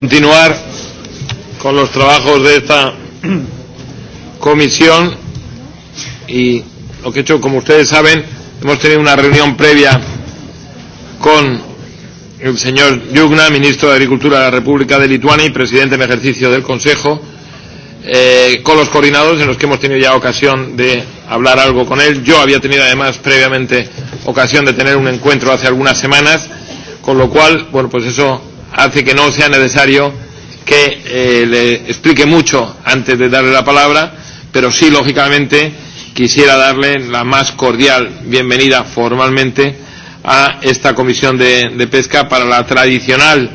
continuar con los trabajos de esta comisión y lo que he hecho, como ustedes saben, hemos tenido una reunión previa con el señor Jugna, ministro de Agricultura de la República de Lituania y presidente en ejercicio del Consejo, eh, con los coordinadores en los que hemos tenido ya ocasión de hablar algo con él. Yo había tenido además previamente ocasión de tener un encuentro hace algunas semanas, con lo cual, bueno, pues eso hace que no sea necesario que eh, le explique mucho antes de darle la palabra, pero sí, lógicamente, quisiera darle la más cordial bienvenida formalmente a esta Comisión de, de Pesca para la tradicional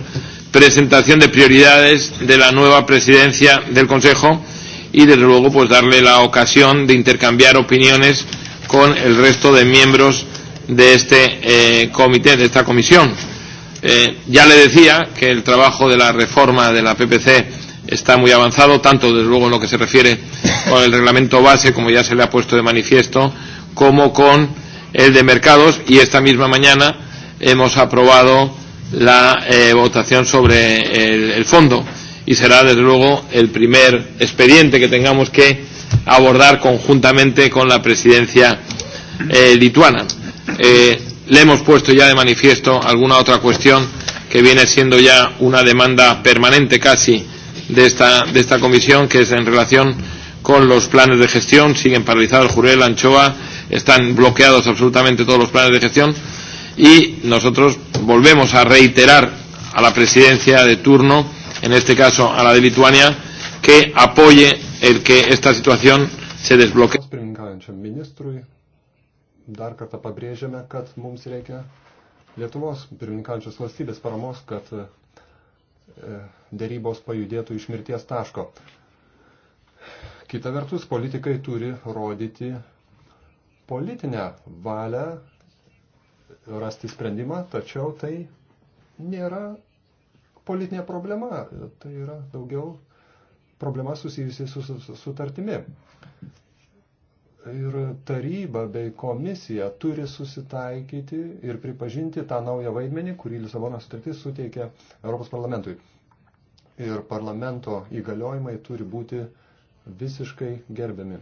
presentación de prioridades de la nueva presidencia del Consejo y, desde luego, pues darle la ocasión de intercambiar opiniones con el resto de miembros de este eh, comité, de esta comisión Eh, ya le decía que el trabajo de la reforma de la PPC está muy avanzado, tanto desde luego en lo que se refiere con el reglamento base, como ya se le ha puesto de manifiesto, como con el de mercados y esta misma mañana hemos aprobado la eh, votación sobre el, el fondo y será desde luego el primer expediente que tengamos que abordar conjuntamente con la presidencia eh, lituana. Eh, le hemos puesto ya de manifiesto alguna otra cuestión que viene siendo ya una demanda permanente casi de esta, de esta comisión, que es en relación con los planes de gestión. Siguen paralizados Jurel, Anchoa, están bloqueados absolutamente todos los planes de gestión y nosotros volvemos a reiterar a la presidencia de turno, en este caso a la de Lituania, que apoye el que esta situación se desbloquee dar kartą pabrėžiame, kad mums reikia Lietuvos pirmininkančios valstybės paramos, kad e, dėrybos pajudėtų iš mirties taško. Kita vertus, politikai turi rodyti politinę valią rasti sprendimą, tačiau tai nėra politinė problema, tai yra daugiau problema susijusi su sutartimi. Su ir taryba bei komisija turi susitaikyti ir pripažinti tą naują vaidmenį, kurį Lisabono sutartis suteikia Europos parlamentui. Ir parlamento įgaliojimai turi būti visiškai gerbiami.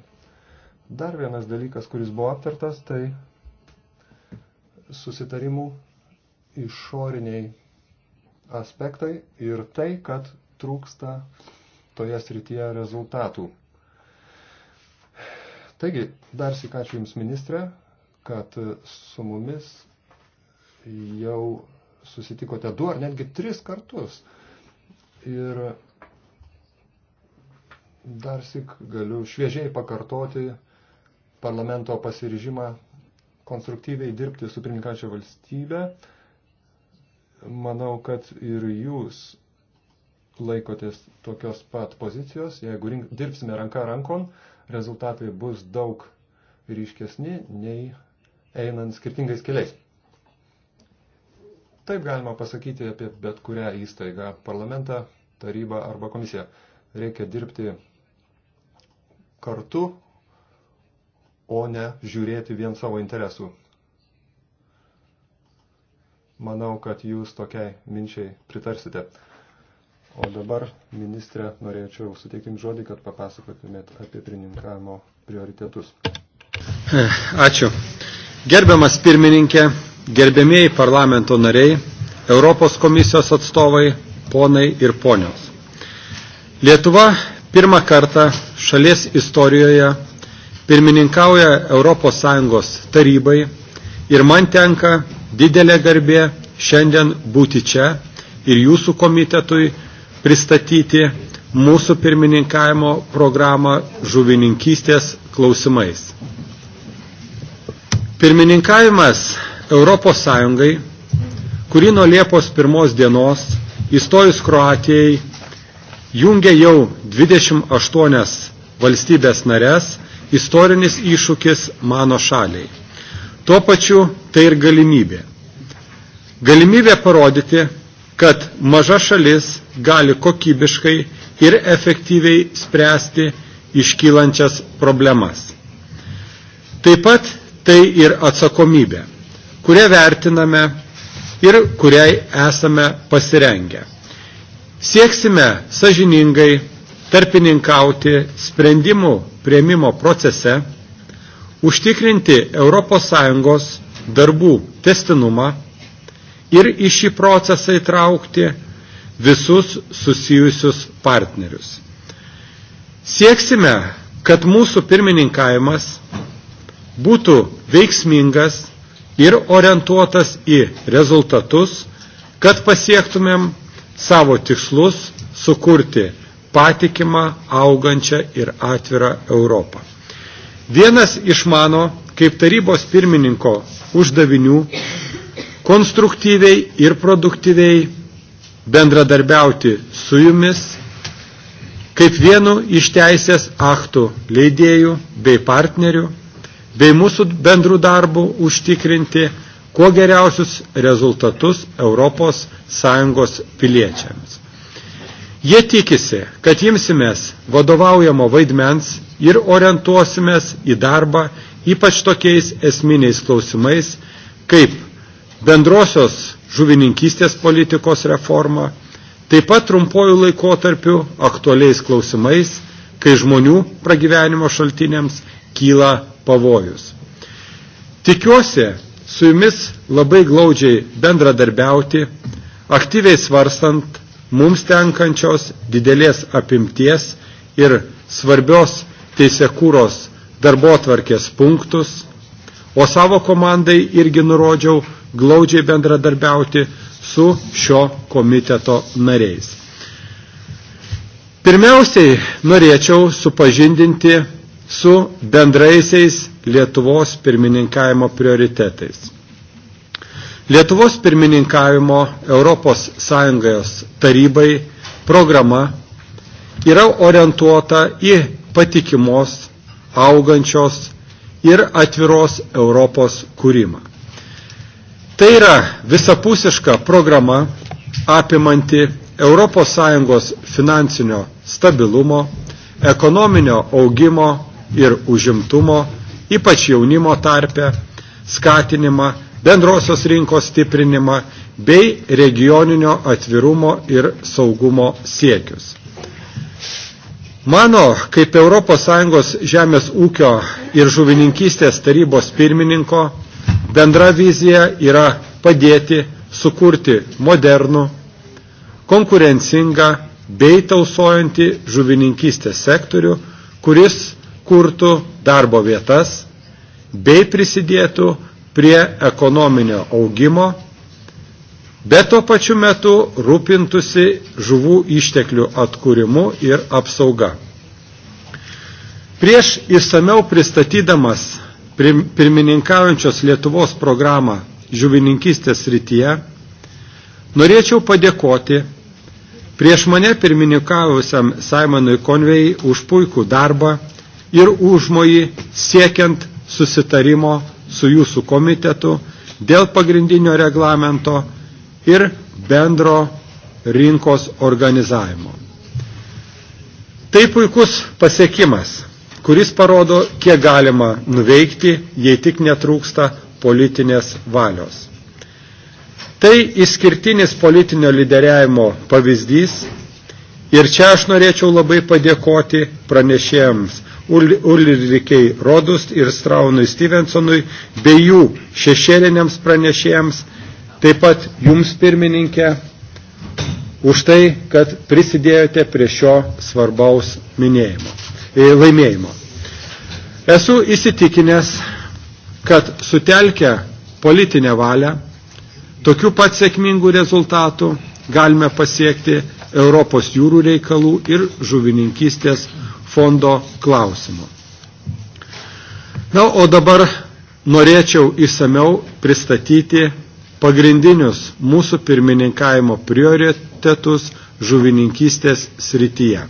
Dar vienas dalykas, kuris buvo aptartas, tai susitarimų išoriniai aspektai ir tai, kad trūksta toje srityje rezultatų. Taigi, dar sikačiu Jums, ministrė, kad e, su mumis jau susitikote du ar netgi tris kartus. Ir dar sik galiu šviežiai pakartoti parlamento pasiryžimą konstruktyviai dirbti su pirmininkančia valstybe. Manau, kad ir jūs laikotės tokios pat pozicijos, jeigu rink, dirbsime ranka rankon, rezultatai bus daug ryškesni nei einant skirtingais keliais. Taip galima pasakyti apie bet kurią įstaigą - parlamentą, tarybą arba komisiją. Reikia dirbti kartu, o ne žiūrėti vien savo interesų. Manau, kad jūs tokiai minčiai pritarsite. O dabar, ministrė, norėčiau suteikti jums žodį, kad papasakotumėt apie pirmininkavimo prioritetus. Eh, ačiū. Gerbiamas pirmininkė, gerbėmėjai parlamento nariai, Europos komisijos atstovai, ponai ir ponios. Lietuva pirmą kartą šalies istorijoje pirmininkauja Europos Sąjungos tarybai ir man tenka didelė garbė šiandien būti čia ir jūsų komitetui pristatyti mūsų pirmininkavimo programą žuvininkystės klausimais. Pirmininkavimas Europos Sąjungai, kuri nuo Liepos pirmos dienos įstojus Kroatijai jungia jau 28 valstybės narės, istorinis iššūkis mano šaliai. Tuo pačiu tai ir galimybė. Galimybė parodyti, kad maža šalis gali kokybiškai ir efektyviai spręsti iškylančias problemas. Taip pat tai ir atsakomybė, kurią vertiname ir kuriai esame pasirengę. Sieksime sažiningai tarpininkauti sprendimų prieimimo procese, užtikrinti ES darbų testinumą ir į šį procesą įtraukti visus susijusius partnerius. Sieksime, kad mūsų pirmininkavimas būtų veiksmingas ir orientuotas į rezultatus, kad pasiektumėm savo tikslus sukurti patikimą, augančią ir atvirą Europą. Vienas iš mano, kaip tarybos pirmininko uždavinių, konstruktyviai ir produktyviai bendradarbiauti su jumis, kaip vienu iš teisės aktų leidėjų bei partnerių, bei mūsų bendrų darbų užtikrinti kuo geriausius rezultatus Europos Sąjungos piliečiams. Jie tikisi, kad imsimės vadovaujamo vaidmens ir orientuosimės į darbą ypač tokiais esminiais klausimais, kaip bendrosios žuvininkystės politikos reforma, taip pat trumpojų laikotarpių aktualiais klausimais, kai žmonių pragyvenimo šaltiniams kyla pavojus. Tikiuosi su jumis labai glaudžiai bendradarbiauti, aktyviai svarstant mums tenkančios didelės apimties ir svarbios teisėkūros darbo tvarkės punktus, o savo komandai irgi nurodžiau glaudžiai bendradarbiauti su šio komiteto nariais. Pirmiausiai norėčiau supažindinti su bendraisiais Lietuvos pirmininkavimo prioritetais. Lietuvos pirmininkavimo Europos Sąjungos tarybai programa yra orientuota į patikimos, augančios ir atviros Europos kūrimą. Tai yra visapusiška programa apimanti ES finansinio stabilumo, ekonominio augimo ir užimtumo, ypač jaunimo tarpe, skatinimą, bendrosios rinkos stiprinimą bei regioninio atvirumo ir saugumo siekius. Mano, kaip ES žemės ūkio ir žuvininkystės tarybos pirmininko, Bendra vizija yra padėti sukurti modernų, konkurencingą bei tausojantį žuvininkystės sektorių, kuris kurtų darbo vietas bei prisidėtų prie ekonominio augimo, bet tuo pačiu metu rūpintusi žuvų išteklių atkūrimu ir apsauga. Prieš išsameu pristatydamas pirmininkaujančios Lietuvos programą žuvininkistės srityje, norėčiau padėkoti prieš mane pirmininkavusiam Simonui Konvejai už puikų darbą ir užmojį siekiant susitarimo su jūsų komitetu dėl pagrindinio reglamento ir bendro rinkos organizavimo. Tai puikus pasiekimas kuris parodo, kiek galima nuveikti, jei tik netrūksta politinės valios. Tai išskirtinis politinio lyderiavimo pavyzdys ir čia aš norėčiau labai padėkoti pranešėjams Ulrikei Rodust ir Straunui Stevensonui bei jų šešėliniams pranešėjams, taip pat jums pirmininkė, už tai, kad prisidėjote prie šio svarbaus minėjimo. E, laimėjimo. Esu įsitikinęs, kad sutelkę politinę valią, tokių pat sėkmingų rezultatų galime pasiekti Europos jūrų reikalų ir žuvininkystės fondo klausimu. Na, o dabar norėčiau įsameu pristatyti pagrindinius mūsų pirmininkavimo prioritetus žuvininkystės srityje.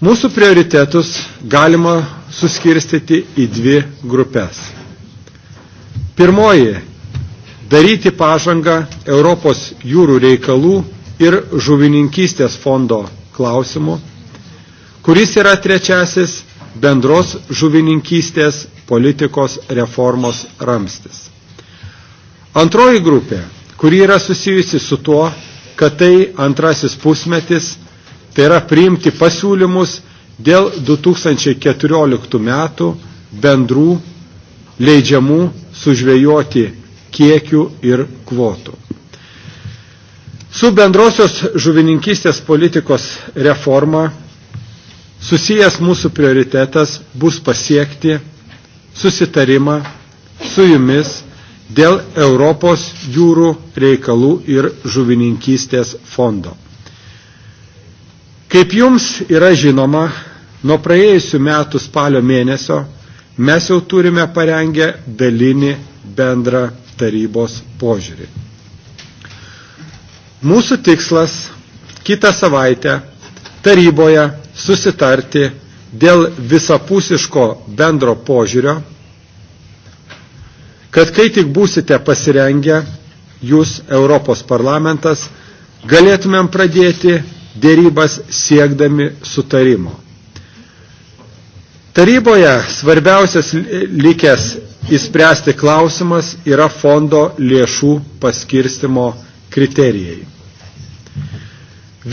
Mūsų prioritetus galima suskirstyti į dvi grupės. Pirmoji – daryti pažangą Europos jūrų reikalų ir žuvininkystės fondo klausimu, kuris yra trečiasis bendros žuvininkystės politikos reformos ramstis. Antroji grupė, kuri yra susijusi su tuo, kad tai antrasis pusmetis – tai yra priimti pasiūlymus dėl 2014 metų bendrų leidžiamų sužvejoti kiekių ir kvotų. Su bendrosios žuvininkystės politikos reforma susijęs mūsų prioritetas bus pasiekti susitarimą su jumis dėl Europos jūrų reikalų ir žuvininkystės fondo. Kaip jums yra žinoma, nuo praėjusių metų spalio mėnesio mes jau turime parengę dalinį bendrą tarybos požiūrį. Mūsų tikslas kitą savaitę taryboje susitarti dėl visapusiško bendro požiūrio, kad kai tik būsite pasirengę, jūs Europos parlamentas galėtumėm pradėti dėrybas siekdami sutarimo. Taryboje svarbiausias likęs įspręsti klausimas yra fondo lėšų paskirstimo kriterijai.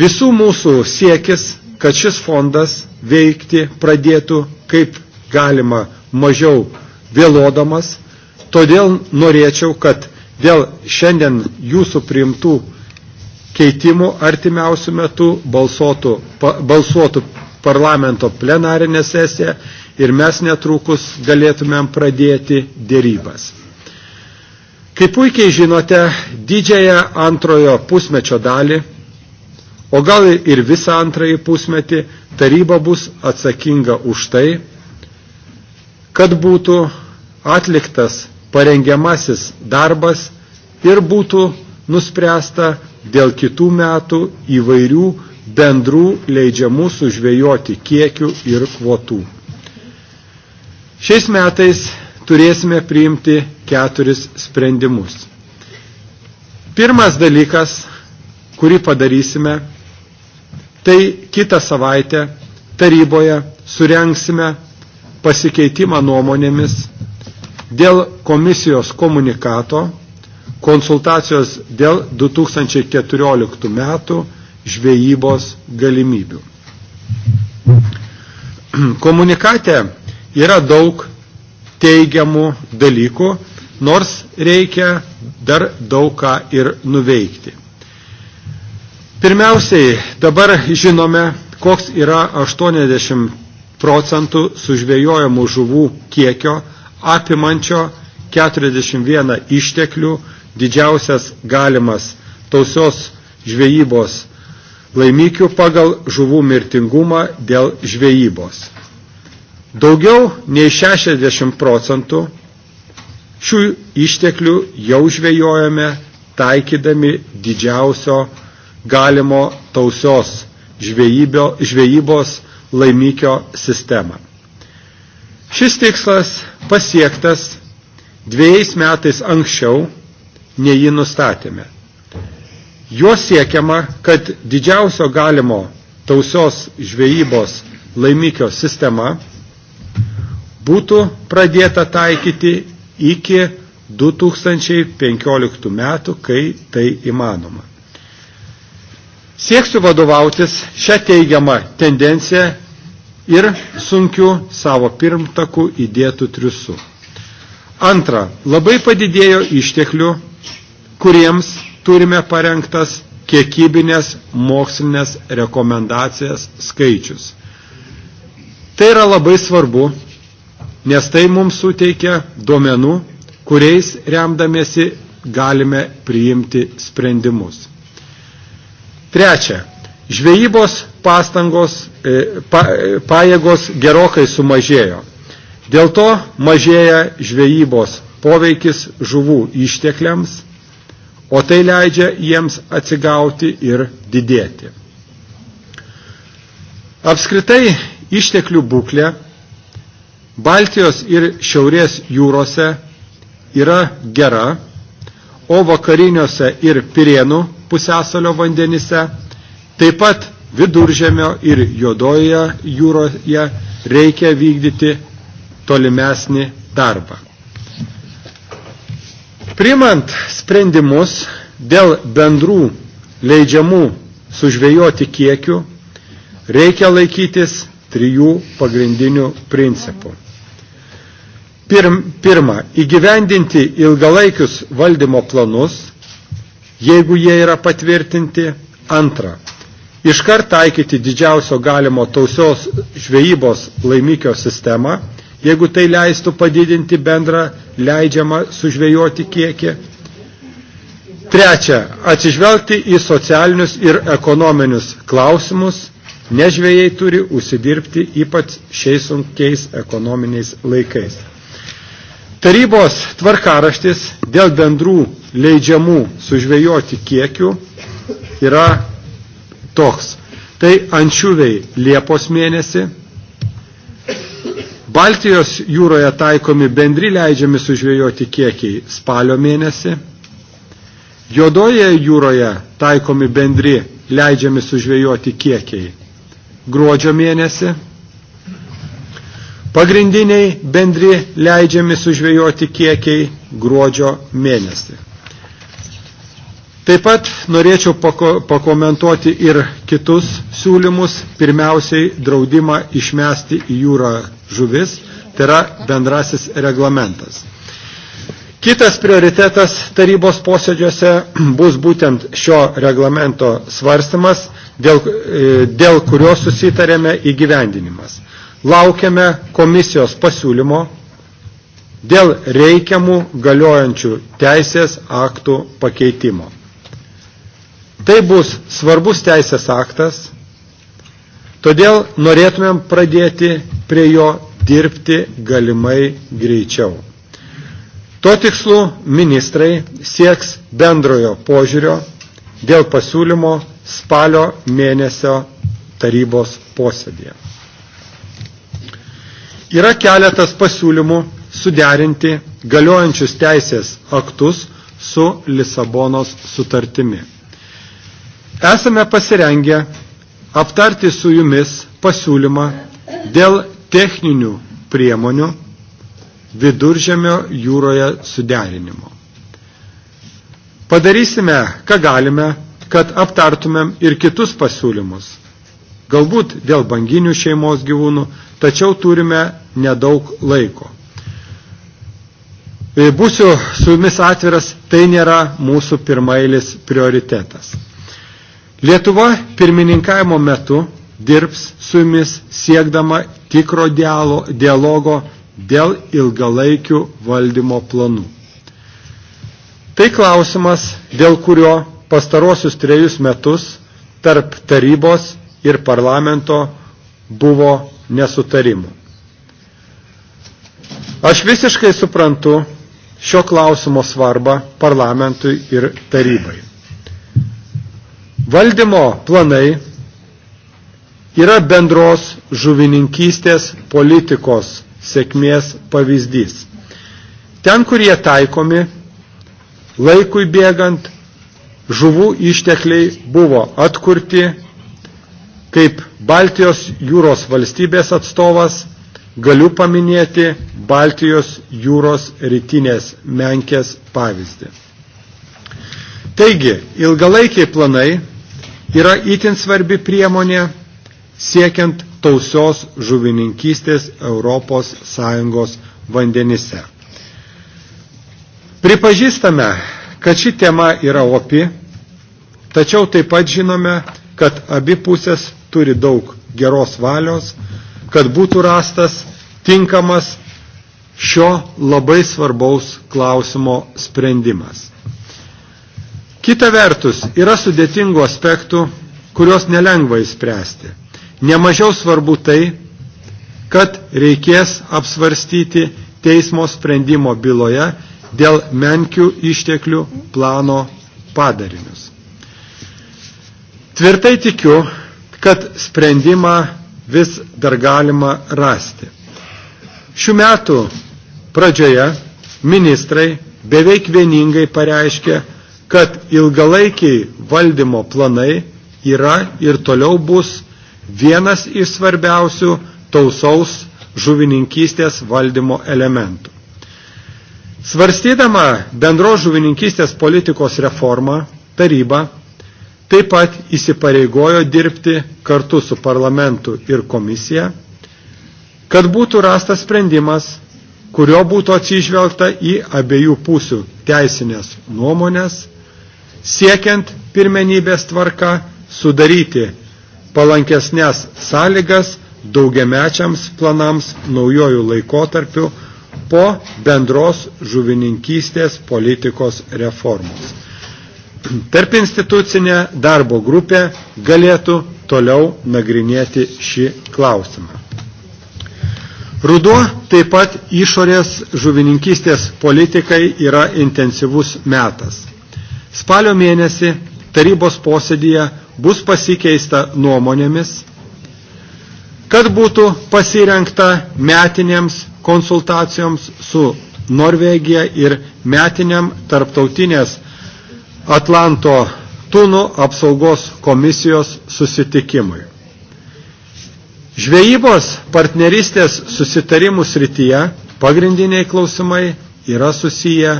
Visų mūsų siekis, kad šis fondas veikti pradėtų kaip galima mažiau vėlodamas, todėl norėčiau, kad dėl šiandien jūsų priimtų keitimų artimiausių metų balsuotų, pa, balsuotų parlamento plenarinę sesiją ir mes netrukus galėtumėm pradėti dėrybas. Kaip puikiai žinote, didžiąją antrojo pusmečio dalį, o gal ir visą antrąjį pusmetį, taryba bus atsakinga už tai, kad būtų atliktas parengiamasis darbas ir būtų nuspręsta dėl kitų metų įvairių bendrų leidžiamų sužvejoti kiekių ir kvotų. Šiais metais turėsime priimti keturis sprendimus. Pirmas dalykas, kurį padarysime, tai kitą savaitę taryboje surenksime pasikeitimą nuomonėmis dėl komisijos komunikato konsultacijos dėl 2014 metų žvejybos galimybių. Komunikate yra daug teigiamų dalykų, nors reikia dar daug ką ir nuveikti. Pirmiausiai, dabar žinome, koks yra 80 procentų sužvėjojamų žuvų kiekio apimančio 41 išteklių didžiausias galimas tausios žvejybos laimikių pagal žuvų mirtingumą dėl žvejybos. Daugiau nei 60 procentų šių išteklių jau žvejojame taikydami didžiausio galimo tausios žvejybio, žvejybos laimikio sistemą. Šis tikslas pasiektas dviejais metais anksčiau nei jį nustatėme. Jo siekiama, kad didžiausio galimo tausios žvejybos laimikio sistema būtų pradėta taikyti iki 2015 metų, kai tai įmanoma. Sieksiu vadovautis šią teigiamą tendenciją ir sunkiu savo pirmtakų įdėtų triusu. Antra, labai padidėjo išteklių kuriems turime parengtas kiekybinės mokslinės rekomendacijas skaičius. Tai yra labai svarbu, nes tai mums suteikia duomenų, kuriais remdamėsi galime priimti sprendimus. Trečia, žvejybos pastangos, e, pa, e, pajėgos gerokai sumažėjo. Dėl to mažėja žvejybos poveikis žuvų ištekliams o tai leidžia jiems atsigauti ir didėti. Apskritai išteklių būklė Baltijos ir Šiaurės jūrose yra gera, o vakariniuose ir Pirėnų pusėsalio vandenise, taip pat viduržemio ir juodoje jūroje reikia vykdyti tolimesnį darbą. Primant sprendimus dėl bendrų leidžiamų sužvėjoti kiekių, reikia laikytis trijų pagrindinių principų. Pirm, pirma, įgyvendinti ilgalaikius valdymo planus, jeigu jie yra patvirtinti. Antra, iškart taikyti didžiausio galimo tausios žvejybos laimikio sistemą jeigu tai leistų padidinti bendrą leidžiamą sužvejoti kiekį. Trečia, atsižvelgti į socialinius ir ekonominius klausimus, nežvėjai turi užsidirbti ypač šiais sunkiais ekonominiais laikais. Tarybos tvarkaraštis dėl bendrų leidžiamų sužvejoti kiekių yra toks. Tai ančiuviai Liepos mėnesį, Baltijos jūroje taikomi bendri leidžiami sužvėjoti kiekiai spalio mėnesį. Jodoje jūroje taikomi bendri leidžiami sužvėjoti kiekiai gruodžio mėnesį. Pagrindiniai bendri leidžiami sužvėjoti kiekiai gruodžio mėnesį. Taip pat norėčiau pako, pakomentuoti ir kitus siūlymus. Pirmiausiai draudimą išmesti į jūrą žuvis, tai yra bendrasis reglamentas. Kitas prioritetas tarybos posėdžiuose bus būtent šio reglamento svarstymas, dėl, e, dėl kurio susitarėme įgyvendinimas. Laukiame komisijos pasiūlymo dėl reikiamų galiojančių teisės aktų pakeitimo. Tai bus svarbus teisės aktas, todėl norėtumėm pradėti prie jo dirbti galimai greičiau. Tuo tikslu ministrai sieks bendrojo požiūrio dėl pasiūlymo spalio mėnesio tarybos posėdėje. Yra keletas pasiūlymų suderinti galiojančius teisės aktus su Lisabonos sutartimi esame pasirengę aptarti su jumis pasiūlymą dėl techninių priemonių viduržemio jūroje suderinimo. Padarysime, ką galime, kad aptartumėm ir kitus pasiūlymus. Galbūt dėl banginių šeimos gyvūnų, tačiau turime nedaug laiko. Būsiu su jumis atviras, tai nėra mūsų pirmailis prioritetas. Lietuva pirmininkavimo metu dirbs su jumis siekdama tikro dialogo dėl ilgalaikių valdymo planų. Tai klausimas, dėl kurio pastarosius trejus metus tarp tarybos ir parlamento buvo nesutarimų. Aš visiškai suprantu šio klausimo svarbą parlamentui ir tarybai. Valdymo planai yra bendros žuvininkystės politikos sėkmės pavyzdys. Ten, kur jie taikomi, laikui bėgant žuvų ištekliai buvo atkurti, kaip Baltijos jūros valstybės atstovas galiu paminėti Baltijos jūros rytinės menkės pavyzdį. Taigi, ilgalaikiai planai yra itin svarbi priemonė siekiant tausios žuvininkystės Europos Sąjungos vandenise. Pripažįstame, kad ši tema yra opi, tačiau taip pat žinome, kad abi pusės turi daug geros valios, kad būtų rastas tinkamas šio labai svarbaus klausimo sprendimas. Kita vertus, yra sudėtingų aspektų, kuriuos nelengva įspręsti. Nemažiau svarbu tai, kad reikės apsvarstyti teismo sprendimo byloje dėl menkių išteklių plano padarinius. Tvirtai tikiu, kad sprendimą vis dar galima rasti. Šių metų pradžioje ministrai beveik vieningai pareiškė, kad ilgalaikiai valdymo planai yra ir toliau bus vienas iš svarbiausių tausaus žuvininkystės valdymo elementų. Svarstydama bendros žuvininkystės politikos reformą, taryba taip pat įsipareigojo dirbti kartu su parlamentu ir komisija, kad būtų rastas sprendimas, kurio būtų atsižvelgta į abiejų pusių teisinės nuomonės siekiant pirmenybės tvarka sudaryti palankesnės sąlygas daugiamečiams planams naujojų laikotarpių po bendros žuvininkystės politikos reformos. Tarp institucinė darbo grupė galėtų toliau nagrinėti šį klausimą. Ruduo taip pat išorės žuvininkystės politikai yra intensyvus metas – Spalio mėnesį tarybos posėdėje bus pasikeista nuomonėmis, kad būtų pasirenkta metinėms konsultacijoms su Norvegija ir metiniam tarptautinės Atlanto tunų apsaugos komisijos susitikimui. Žvejybos partneristės susitarimų srityje pagrindiniai klausimai yra susiję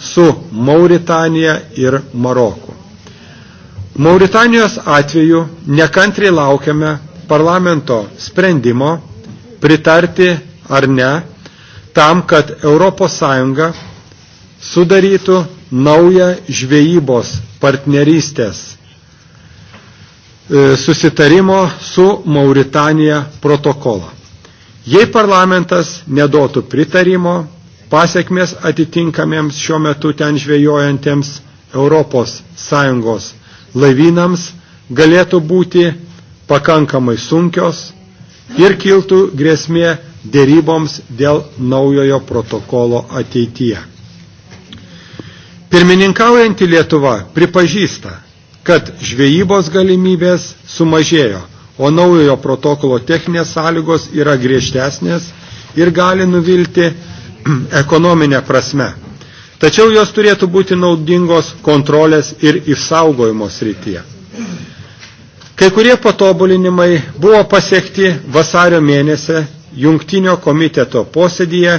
su Mauritanija ir Maroku. Mauritanijos atveju nekantriai laukiame parlamento sprendimo pritarti ar ne tam, kad ES sudarytų naują žvejybos partnerystės e, susitarimo su Mauritanija protokolą. Jei parlamentas nedotų pritarimo, pasiekmės atitinkamiems šiuo metu ten žvejojantiems Europos Sąjungos laivynams galėtų būti pakankamai sunkios ir kiltų grėsmė dėryboms dėl naujojo protokolo ateityje. Pirmininkaujanti Lietuva pripažįsta, kad žvejybos galimybės sumažėjo, o naujojo protokolo techninės sąlygos yra griežtesnės ir gali nuvilti ekonominė prasme. Tačiau jos turėtų būti naudingos kontrolės ir išsaugojimo srityje. Kai kurie patobulinimai buvo pasiekti vasario mėnesį jungtinio komiteto posėdyje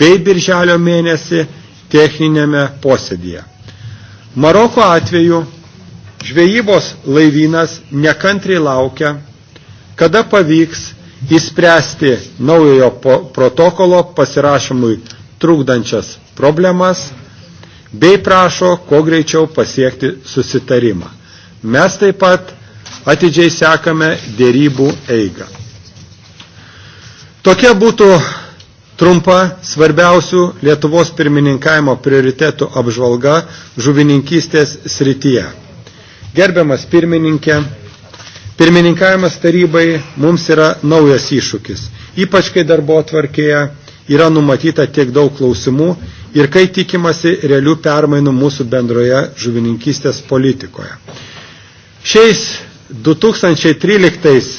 bei birželio mėnesį techninėme posėdyje. Maroko atveju žvejybos laivynas nekantriai laukia, kada pavyks įspręsti naujojo protokolo pasirašymui trukdančias problemas, bei prašo kuo greičiau pasiekti susitarimą. Mes taip pat atidžiai sekame dėrybų eigą. Tokia būtų trumpa svarbiausių Lietuvos pirmininkavimo prioritetų apžvalga žuvininkystės srityje. Gerbiamas pirmininkė, Pirmininkavimas tarybai mums yra naujas iššūkis, ypač kai darbo tvarkėje yra numatyta tiek daug klausimų ir kai tikimasi realių permainų mūsų bendroje žuvininkystės politikoje. Šiais 2013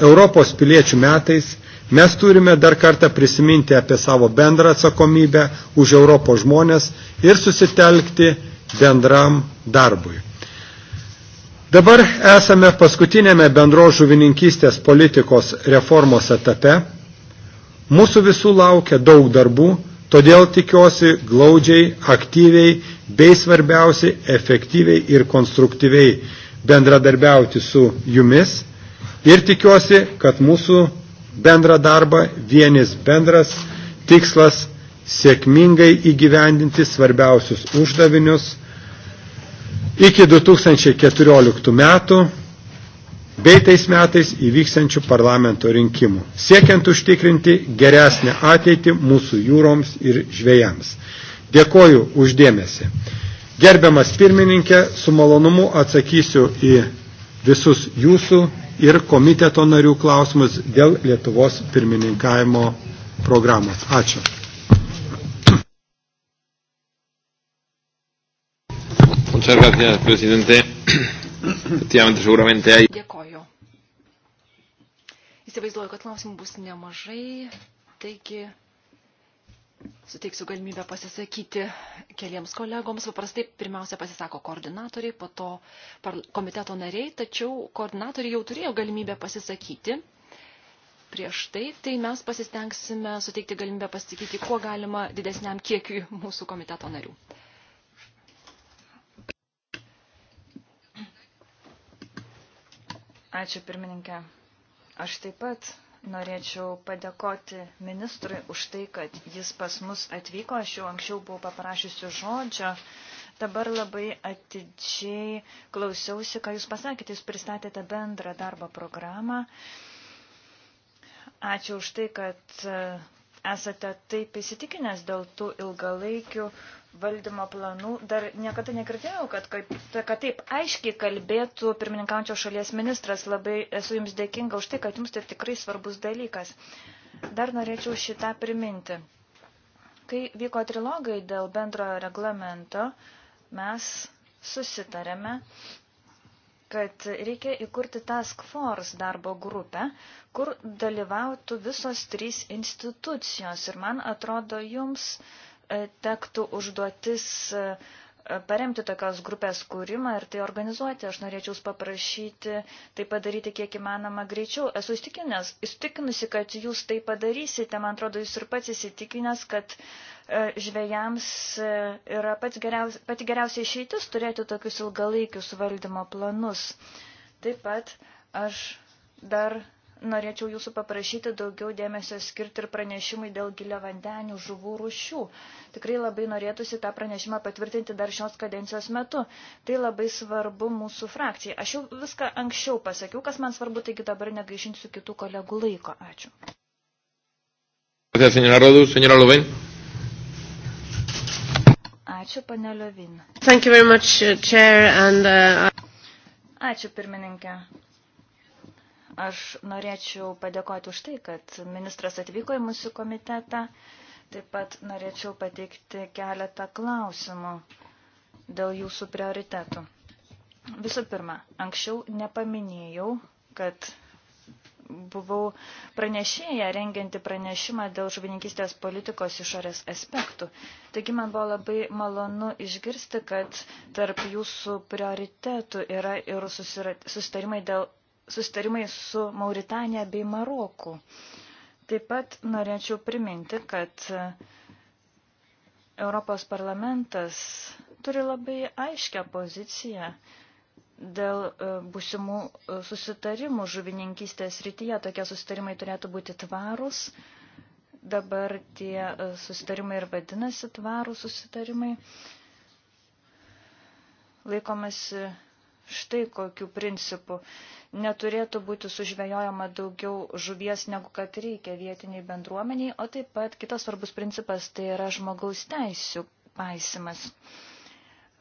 Europos piliečių metais mes turime dar kartą prisiminti apie savo bendrą atsakomybę už Europos žmonės ir susitelkti bendram darbui. Dabar esame paskutinėme bendro žuvininkystės politikos reformos etape. Mūsų visų laukia daug darbų, todėl tikiuosi glaudžiai, aktyviai bei svarbiausiai efektyviai ir konstruktyviai bendradarbiauti su jumis ir tikiuosi, kad mūsų bendrą darbą vienis bendras tikslas sėkmingai įgyvendinti svarbiausius uždavinius iki 2014 metų bei tais metais įvyksiančių parlamento rinkimų, siekiant užtikrinti geresnę ateitį mūsų jūroms ir žvėjams. Dėkoju uždėmesi. Gerbiamas pirmininkė, su malonumu atsakysiu į visus jūsų ir komiteto narių klausimus dėl Lietuvos pirmininkavimo programos. Ačiū. Muchas gracias, presidente. Efectivamente, seguramente hay. Dėkoju. Įsivaizduoju, kad klausimų bus nemažai, taigi suteiksiu galimybę pasisakyti keliems kolegoms. Paprastai pirmiausia pasisako koordinatoriai, po to komiteto nariai, tačiau koordinatoriai jau turėjo galimybę pasisakyti prieš tai, tai mes pasistengsime suteikti galimybę pasisakyti, kuo galima didesniam kiekiui mūsų komiteto narių. Ačiū pirmininkė. Aš taip pat norėčiau padėkoti ministrui už tai, kad jis pas mus atvyko. Aš jau anksčiau buvau paprašysiu žodžio. Dabar labai atidžiai klausiausi, ką jūs pasakėte. Jūs pristatėte bendrą darbo programą. Ačiū už tai, kad e, esate taip įsitikinęs dėl tų ilgalaikių valdymo planų, dar niekada negirdėjau, kad, kad, kad taip aiškiai kalbėtų pirmininkaujančio šalies ministras. Labai esu jums dėkinga už tai, kad jums tai tikrai svarbus dalykas. Dar norėčiau šitą priminti. Kai vyko trilogai dėl bendro reglamento, mes susitarėme, kad reikia įkurti task force darbo grupę, kur dalyvautų visos trys institucijos. Ir man atrodo, jums uh, tektų užduotis e, paremti tokios grupės kūrimą ir tai organizuoti. Aš norėčiau paprašyti tai padaryti kiek įmanoma greičiau. Esu įstikinusi, kad jūs tai padarysite. Man atrodo, jūs ir pats įsitikinęs, kad e, žvėjams e, yra pats geriausia, pati geriausia išeitis turėti tokius ilgalaikius valdymo planus. Taip pat aš dar norėčiau jūsų paprašyti daugiau dėmesio skirti ir pranešimui dėl giliavandenių žuvų rušių. Tikrai labai norėtųsi tą pranešimą patvirtinti dar šios kadencijos metu. Tai labai svarbu mūsų frakcijai. Aš jau viską anksčiau pasakiau, kas man svarbu, taigi dabar negaišinsiu kitų kolegų laiko. Ačiū. Ačiū, panė Liovin. Uh, uh, Ačiū, pirmininkė. Aš norėčiau padėkoti už tai, kad ministras atvyko į mūsų komitetą. Taip pat norėčiau pateikti keletą klausimų dėl jūsų prioritetų. Visų pirma, anksčiau nepaminėjau, kad buvau pranešėja rengianti pranešimą dėl žuvininkystės politikos išorės aspektų. Taigi man buvo labai malonu išgirsti, kad tarp jūsų prioritetų yra ir susitarimai dėl susitarimai su Mauritanija bei Maroku. Taip pat norėčiau priminti, kad Europos parlamentas turi labai aiškę poziciją dėl e, būsimų e, susitarimų žuvininkystės rytyje. Tokie susitarimai turėtų būti tvarūs. Dabar tie e, susitarimai ir vadinasi tvarų susitarimai. Laikomasi štai kokiu principu. Neturėtų būti sužvejojama daugiau žuvies, negu kad reikia vietiniai bendruomeniai, o taip pat kitas svarbus principas tai yra žmogaus teisų paisimas.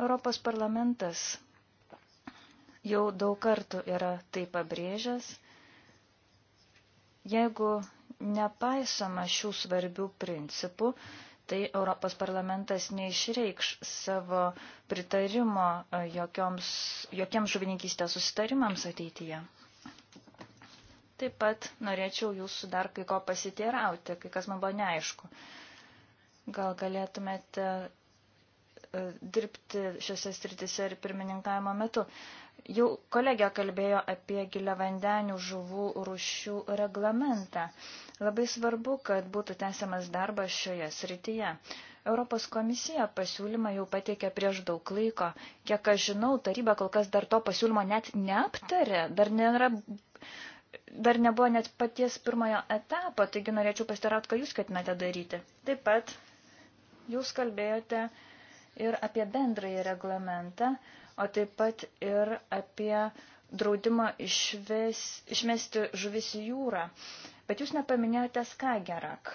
Europos parlamentas jau daug kartų yra tai pabrėžęs. Jeigu nepaisoma šių svarbių principų, tai Europos parlamentas neišreikš savo pritarimo e, jokioms, jokiems žuvininkystės susitarimams ateityje. Taip pat norėčiau jūsų dar kai ko pasiteirauti, kai kas man buvo neaišku. Gal galėtumėte e, dirbti šiose stritise ir pirmininkavimo metu. Uh, Jau kolegė kalbėjo apie giliavandenių žuvų rušių reglamentą. Labai svarbu, kad būtų tęsiamas darbas šioje srityje. Europos komisija pasiūlymą jau pateikė prieš daug laiko. Kiek aš žinau, taryba kol kas dar to pasiūlymo net neaptarė, dar nėra dar nebuvo net paties pirmojo etapo, taigi norėčiau pastarauti, ką jūs ketinate daryti. Taip pat jūs kalbėjote ir apie bendrąjį reglamentą, o taip pat ir apie draudimą išves, išmesti žuvis į jūrą. Bet jūs nepaminėjote Skagerak.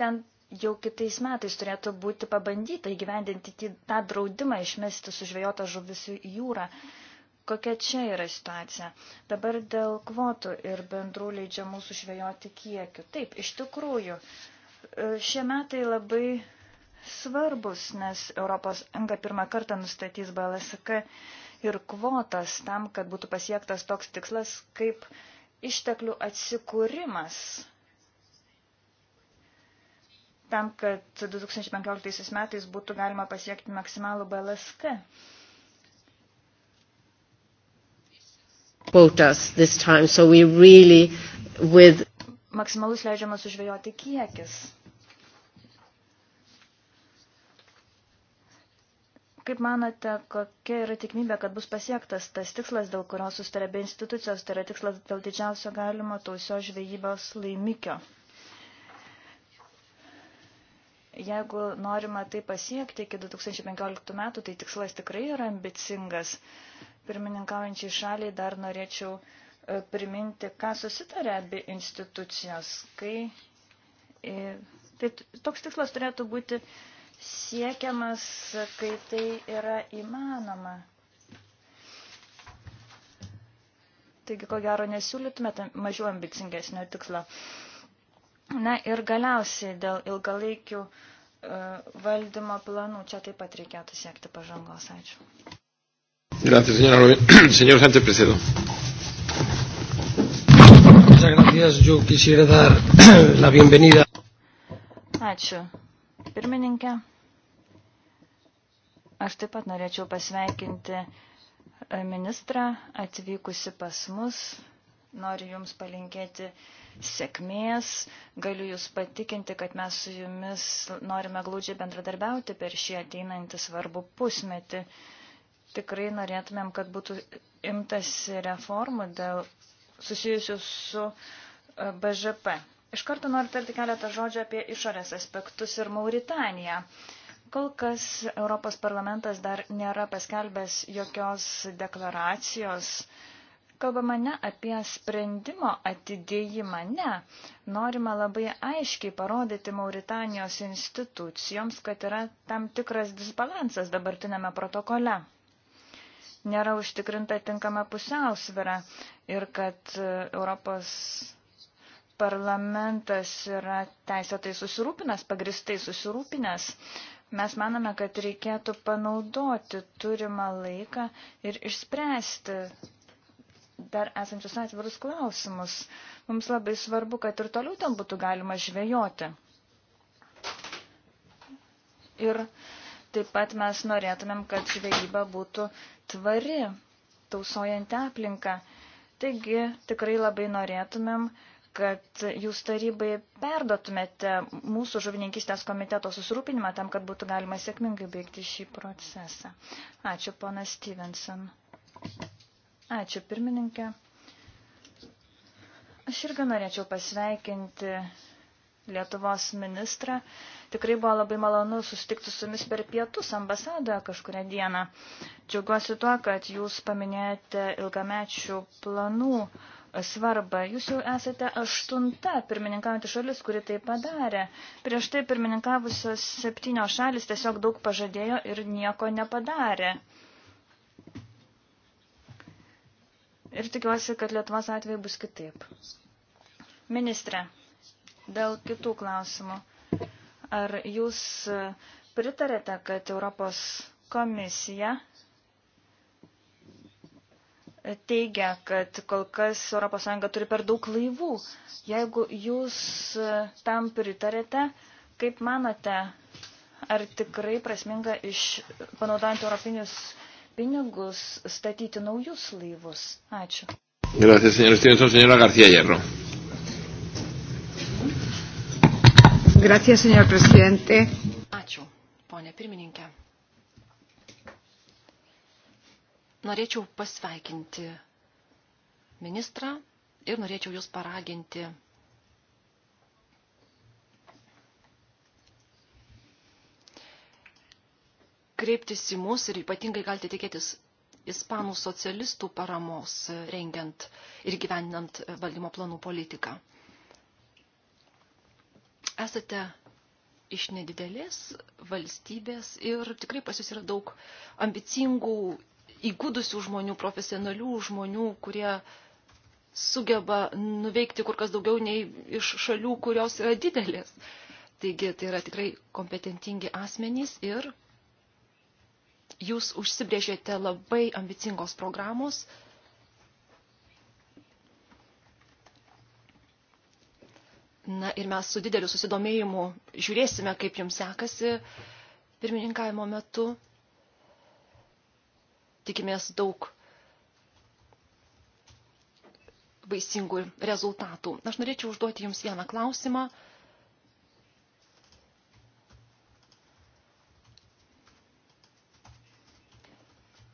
Ten jau kitais metais turėtų būti pabandyta įgyvendinti tą draudimą išmesti sužvėjotą žuvis į jūrą. Kokia čia yra situacija? Dabar dėl kvotų ir bendrų leidžiamų sužvėjoti kiekių. Taip, iš tikrųjų, e, šie metai labai svarbus, nes ES pirmą kartą nustatys BLSK ir kvotas tam, kad būtų pasiektas toks tikslas kaip išteklių atsikūrimas. Tam, kad 2015 metais būtų galima pasiekti maksimalų BLSK. Quotas this time, so we really with maksimalus leidžiamas užvėjoti kiekis. Kaip manote, kokia yra tikimybė, kad bus pasiektas tas tikslas, dėl kurio sustarė be institucijos, tai yra tikslas dėl didžiausio galimo tausio žvejybos laimikio? Jeigu norima tai pasiekti iki 2015 metų, tai tikslas tikrai yra ambicingas. Pirmininkaujančiai šaliai dar norėčiau e, priminti, ką susitarė abi institucijos, kai e, tai toks tikslas turėtų būti uh, siekiamas, kai tai yra įmanoma. Taigi, ko gero, nesiūlytumėte mažiau ambicingesnio tikslo. Na ir galiausiai dėl ilgalaikių uh, valdymo planų čia taip pat reikėtų siekti pažangos. Ačiū. Gracias, señora Robin. Señor Sánchez Precedo. Muchas gracias. Yo quisiera dar la bienvenida. Ačiū pirmininkė. Aš taip pat norėčiau pasveikinti e, ministrą atvykusi pas mus. Noriu Jums palinkėti sėkmės. Galiu Jūs patikinti, kad mes su Jumis norime glaudžiai bendradarbiauti per šį ateinantį svarbų pusmetį. Tikrai norėtumėm, kad būtų imtasi reformų dėl susijusių su e, BŽP. Iš karto noriu tarti keletą žodžių apie išorės aspektus ir Mauritaniją. Kol kas Europos parlamentas dar nėra paskelbęs jokios deklaracijos. Kalbama ne apie sprendimo atidėjimą, ne. Norima labai aiškiai parodyti Mauritanijos institucijoms, kad yra tam tikras disbalansas dabartinėme protokole. Nėra užtikrinta tinkama pusiausvėra ir kad Europos Parlamentas yra teisėtai susirūpinęs, pagristai susirūpinęs. Mes manome, kad reikėtų panaudoti turimą laiką ir išspręsti dar esančius atvirus klausimus. Mums labai svarbu, kad ir toliau ten būtų galima žvejoti. Ir taip pat mes norėtumėm, kad žvejyba būtų tvari, tausojant aplinką. Taigi tikrai labai norėtumėm, kad jūs tarybai perdotumėte mūsų žuvininkistės komiteto susirūpinimą tam, kad būtų galima sėkmingai baigti šį procesą. Ačiū, pana Stevenson. Ačiū, pirmininkė. Aš irgi norėčiau pasveikinti Lietuvos ministrą. Tikrai buvo labai malonu susitikti su jumis per pietus ambasadoje kažkuria diena. Džiaugiuosi tuo, kad jūs paminėjote ilgamečių planų svarbą. Jūs jau esate aštunta pirmininkaujantį šalis, kuri tai padarė. Prieš tai pirmininkavusios septynios šalis tiesiog daug pažadėjo ir nieko nepadarė. Ir tikiuosi, kad Lietuvos atveju bus kitaip. Ministre, dėl kitų klausimų. Ar jūs pritarėte, kad Europos komisija teigia, kad kol kas ES turi per daug laivų. Jeigu jūs e, tam pritarėte, kaip manote, ar tikrai prasminga iš panaudojant europinius pinigus statyti naujus laivus? Ačiū. Gracias, señor Stevenson. Señora García Hierro. Gracias, señor presidente. Ačiū, ponė pirmininkė. norėčiau pasveikinti ministrą ir norėčiau jūs paraginti kreiptis į mus ir ypatingai galite tikėtis ispanų socialistų paramos rengiant ir gyvendinant valdymo planų politiką. Esate iš nedidelės valstybės ir tikrai pas jūs yra daug ambicingų įgudusių žmonių, profesionalių žmonių, kurie sugeba nuveikti kur kas daugiau nei iš šalių, kurios yra didelės. Taigi tai yra tikrai kompetentingi asmenys ir jūs užsibrėžėte labai ambicingos programos. Na ir mes su dideliu susidomėjimu žiūrėsime, kaip jums sekasi pirmininkavimo metu tikimės daug vaisingų rezultatų. Aš norėčiau užduoti Jums vieną klausimą.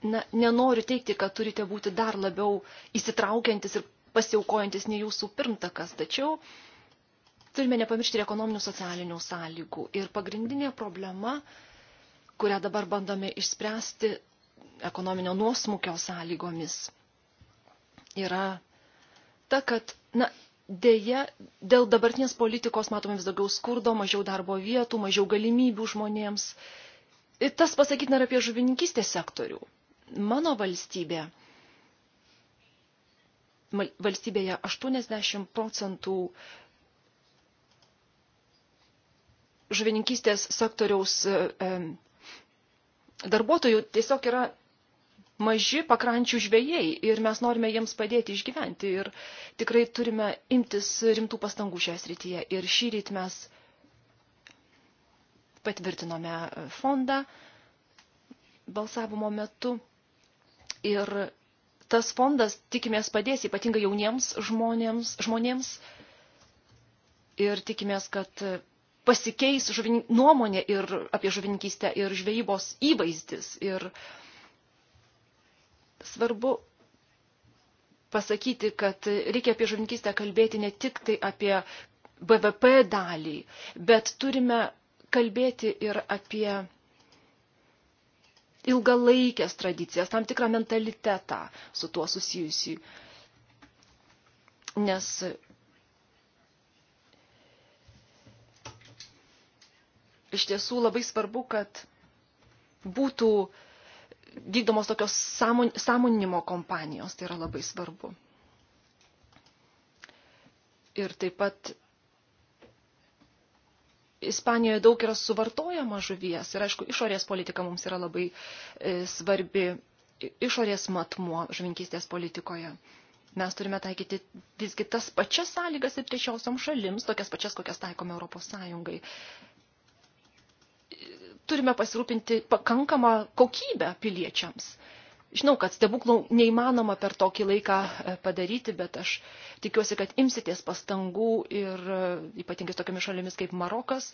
Na, nenoriu teikti, kad turite būti dar labiau įsitraukiantis ir pasiaukojantis nei jūsų pirmtakas, tačiau turime nepamiršti ir ekonominių socialinių sąlygų. Ir pagrindinė problema, kurią dabar bandome išspręsti, ekonominio nuosmukio sąlygomis yra ta, kad, na, dėja, dėl dabartinės politikos matome vis daugiau skurdo, mažiau darbo vietų, mažiau galimybių žmonėms. Ir tas pasakytina ir apie žuvininkystės sektorių. Mano valstybė, valstybėje 80 procentų žuvininkystės sektoriaus e, e, darbuotojų tiesiog yra maži pakrančių žvėjai ir mes norime jiems padėti išgyventi ir tikrai turime imtis rimtų pastangų šioje srityje. Ir šį rytą mes patvirtinome fondą balsavimo metu ir tas fondas tikimės padės ypatingai jauniems žmonėms, žmonėms ir tikimės, kad pasikeis žuvin, nuomonė ir apie žuvininkystę ir žvejybos įvaizdis. Ir uh, Svarbu pasakyti, kad reikia apie žuvininkystę kalbėti ne tik tai apie BVP dalį, bet turime kalbėti ir apie ilgalaikės tradicijas, tam tikrą mentalitetą su tuo susijusi. Nes iš tiesų labai svarbu, kad būtų uh, vykdomos tokios sąmon, sąmoninimo kompanijos, tai yra labai svarbu. Ir taip pat Ispanijoje daug yra suvartojama žuvies ir aišku, išorės politika mums yra labai e, svarbi, išorės matmuo žuvinkystės politikoje. Mes turime taikyti visgi tas pačias sąlygas ir trečiosiom šalims, tokias pačias, kokias taikome Europos Sąjungai turime pasirūpinti pakankamą kokybę piliečiams. Žinau, kad stebuklų neįmanoma per tokį laiką e, padaryti, bet aš tikiuosi, kad imsitės pastangų ir e, ypatingai tokiamis šalimis kaip Marokas,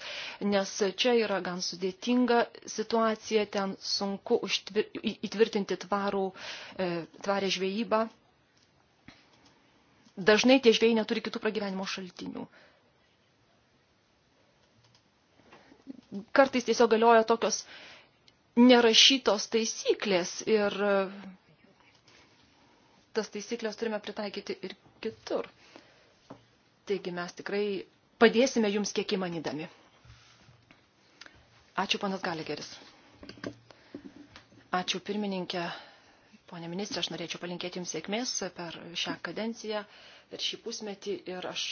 nes čia yra gan sudėtinga situacija, ten sunku užtvir, įtvirtinti tvarų, e, tvarę žvejybą. Dažnai tie žvėjai neturi kitų pragyvenimo šaltinių. kartais tiesiog galioja tokios nerašytos taisyklės ir e, tas taisyklės turime pritaikyti ir kitur. Taigi mes tikrai padėsime jums kiek įmanydami. Ačiū, panas Galegeris. Ačiū, pirmininkė. Pone ministrė, aš norėčiau palinkėti jums sėkmės per šią kadenciją, per šį pusmetį ir aš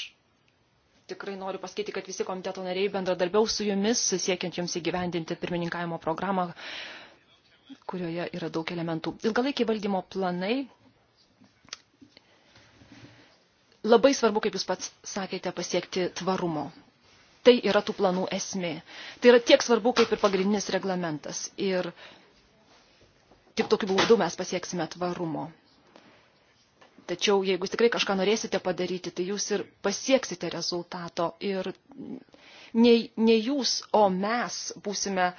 tikrai noriu pasakyti, kad visi komiteto nariai bendradarbiaus su jumis, siekiant jums įgyvendinti pirmininkavimo programą, kurioje yra daug elementų. Ilgalaikiai valdymo planai. Labai svarbu, kaip jūs pats sakėte, pasiekti tvarumo. Tai yra tų planų esmė. Tai yra tiek svarbu, kaip ir pagrindinis reglamentas. Ir tik tokiu būdu mes pasieksime tvarumo. Tačiau jeigu tikrai kažką norėsite padaryti, tai jūs ir pasieksite rezultato. Ir ne, ne jūs, o mes būsime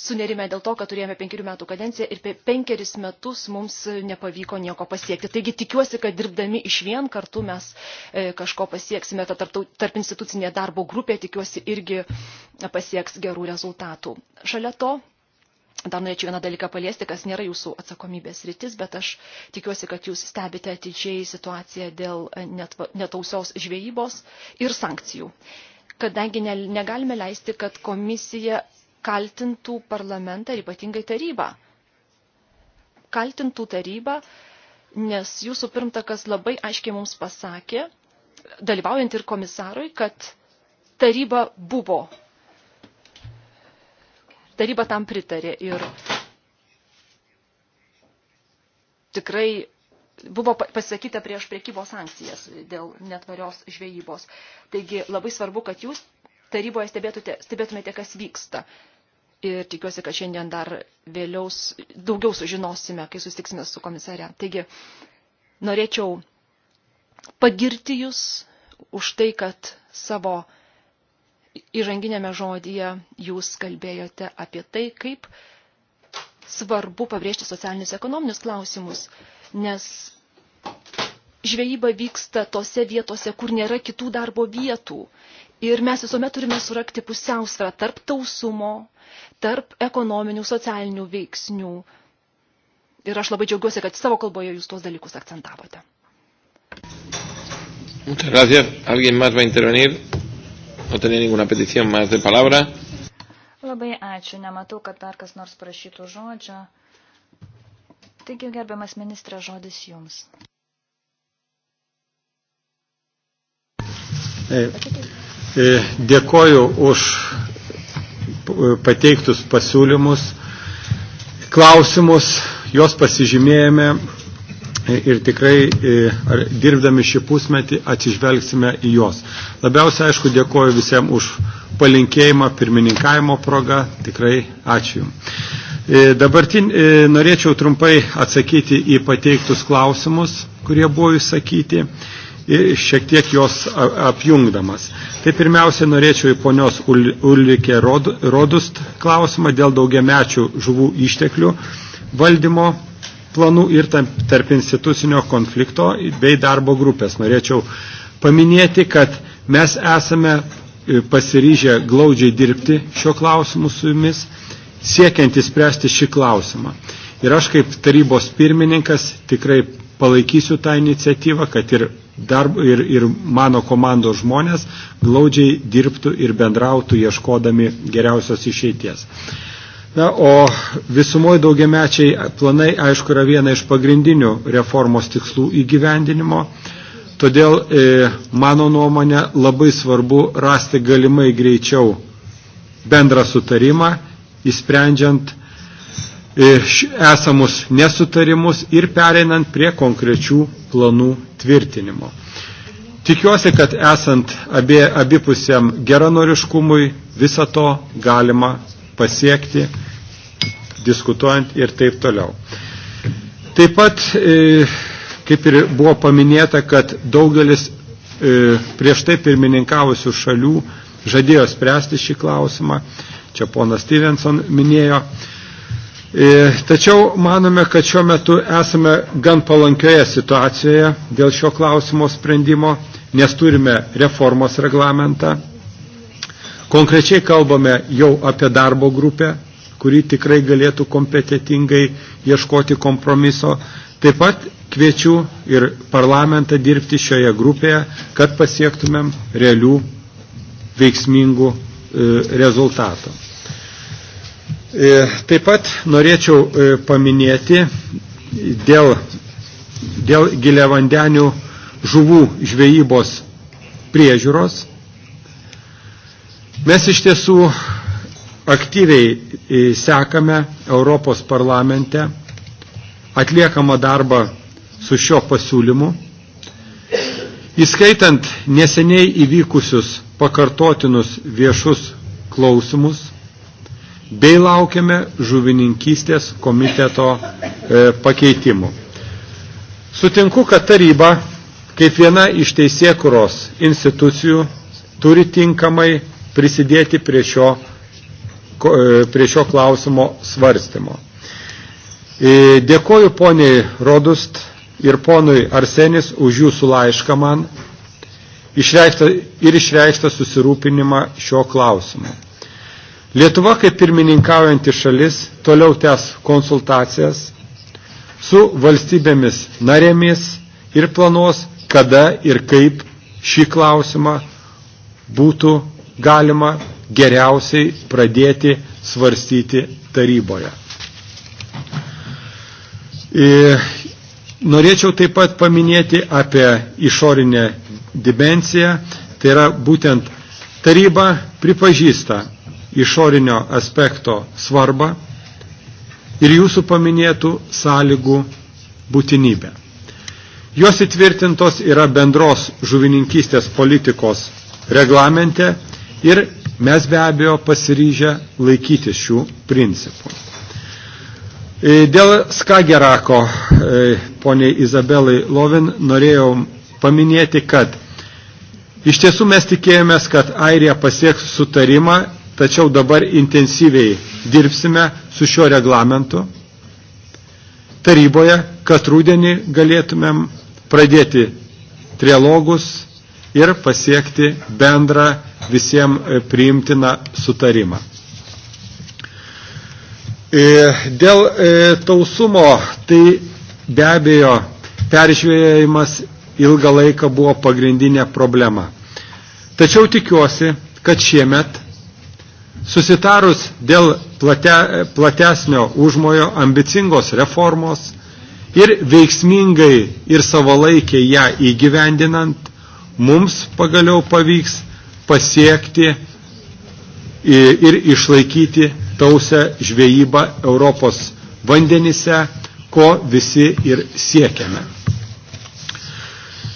sunerime dėl to, kad turėjome penkerių metų kadenciją ir per penkeris metus mums nepavyko nieko pasiekti. Taigi tikiuosi, kad dirbdami iš vien kartu mes e, kažko pasieksime. Ta tarp, tarp institucinė darbo grupė tikiuosi irgi pasieks gerų rezultatų. Šalia to Dar norėčiau vieną dalyką paliesti, kas nėra jūsų atsakomybės rytis, bet aš tikiuosi, kad jūs stebite atidžiai situaciją dėl e, netausios žvejybos ir sankcijų. Kadangi negalime leisti, kad komisija kaltintų parlamentą ir ypatingai tarybą. Kaltintų tarybą, nes jūsų pirmtakas labai aiškiai mums pasakė, dalyvaujant ir komisarui, kad taryba buvo taryba tam pritarė ir tikrai buvo pasakyta prieš priekybos sankcijas dėl netvarios žvejybos. Taigi labai svarbu, kad jūs taryboje stebėtumėte, kas vyksta. Ir tikiuosi, kad šiandien dar vėliau daugiau sužinosime, kai susitiksime su komisare. Taigi norėčiau pagirti jūs už tai, kad savo įžanginėme žodyje jūs kalbėjote apie tai, kaip svarbu pabrėžti socialinius ekonominius klausimus, nes žvejyba vyksta tose vietose, kur nėra kitų darbo vietų. Ir mes visuomet turime surakti pusiausvę tarp tausumo, tarp ekonominių, socialinių veiksnių. Ir aš labai džiaugiuosi, kad savo kalboje jūs tuos dalykus akcentavote. Muchas gracias. ¿Alguien más va a intervenir? No tenía ninguna petición más de palabra. Labai ačiū, nematau, kad dar kas nors prašytų žodžio. Taigi, gerbiamas ministrė, žodis jums. E, e, dėkoju už pateiktus pasiūlymus, klausimus, jos pasižymėjome E, ir tikrai e, dirbdami šį pusmetį atsižvelgsime į juos. Labiausiai, aišku, dėkoju visiems už palinkėjimą pirmininkavimo progą. Tikrai ačiū Jums. E, dabartin norėčiau trumpai atsakyti į pateiktus klausimus, kurie buvo išsakyti šiek tiek jos apjungdamas. Tai pirmiausia, norėčiau į ponios Ulrike Rodust klausimą dėl daugiamečių žuvų išteklių valdymo planų ir tarp institucinio konflikto bei darbo grupės. Norėčiau paminėti, kad mes esame e, pasiryžę glaudžiai dirbti šio klausimu su jumis, siekiant įspręsti šį klausimą. Ir aš kaip tarybos pirmininkas tikrai palaikysiu tą iniciatyvą, kad ir, darb, ir, ir mano komandos žmonės glaudžiai dirbtų ir bendrautų ieškodami geriausios išeities. Na, o visumoji daugiamečiai planai, aišku, yra viena iš pagrindinių reformos tikslų įgyvendinimo. Todėl, e, mano nuomonė, labai svarbu rasti galimai greičiau bendrą sutarimą, įsprendžiant e, esamus nesutarimus ir pereinant prie konkrečių planų tvirtinimo. Tikiuosi, kad esant abie, abipusiam geranoriškumui, visą to galima pasiekti, diskutuojant ir taip toliau. Taip pat, e, kaip ir buvo paminėta, kad daugelis e, prieš tai pirmininkavusių šalių žadėjo spręsti šį klausimą. Čia ponas Stevenson minėjo. E, tačiau manome, kad šiuo metu esame gan palankioje situacijoje dėl šio klausimo sprendimo, nes turime reformos reglamentą Konkrečiai kalbame jau apie darbo grupę, kuri tikrai galėtų kompetitingai ieškoti kompromiso. Taip pat kviečiu ir parlamentą dirbti šioje grupėje, kad pasiektumėm realių veiksmingų e, rezultatų. E, taip pat norėčiau e, paminėti dėl, dėl giliavandenių žuvų žvejybos priežiūros Mes iš tiesų aktyviai e, sekame Europos parlamente atliekamą darbą su šio pasiūlymu, įskaitant neseniai įvykusius pakartotinus viešus klausimus, bei laukiame žuvininkystės komiteto e, pakeitimų. Sutinku, kad taryba, kaip viena iš teisėkuros institucijų, turi tinkamai prisidėti prie šio, e, prie šio klausimo svarstymo. E, dėkoju poniai Rodust ir ponui Arsenis už jūsų laišką man išreikštą ir išreikštą susirūpinimą šio klausimu. Lietuva kaip pirmininkaujanti šalis toliau tęs konsultacijas su valstybėmis narėmis ir planuos, kada ir kaip šį klausimą būtų galima geriausiai pradėti svarstyti taryboje. E, norėčiau taip pat paminėti apie išorinę dimenciją, tai yra būtent taryba pripažįsta išorinio aspekto svarbą ir jūsų paminėtų sąlygų būtinybę. Jos įtvirtintos yra bendros žuvininkystės politikos reglamente ir mes be abejo pasiryžę laikyti šių principų. E, dėl Skagerako, e, poniai Izabelai Lovin, norėjau paminėti, kad iš tiesų mes tikėjomės, kad Airija pasieks sutarimą, tačiau dabar intensyviai dirbsime su šiuo reglamentu taryboje, kad rūdienį galėtumėm pradėti trialogus ir pasiekti bendrą visiems e, priimtiną sutarimą. E, dėl e, tausumo tai be abejo peržvėjimas ilgą laiką buvo pagrindinė problema. Tačiau tikiuosi, kad šiemet susitarus dėl plate, platesnio užmojo ambicingos reformos ir veiksmingai ir savalaikiai ją įgyvendinant, mums pagaliau pavyks pasiekti ir išlaikyti tausią žvejybą Europos vandenise, ko visi ir siekiame.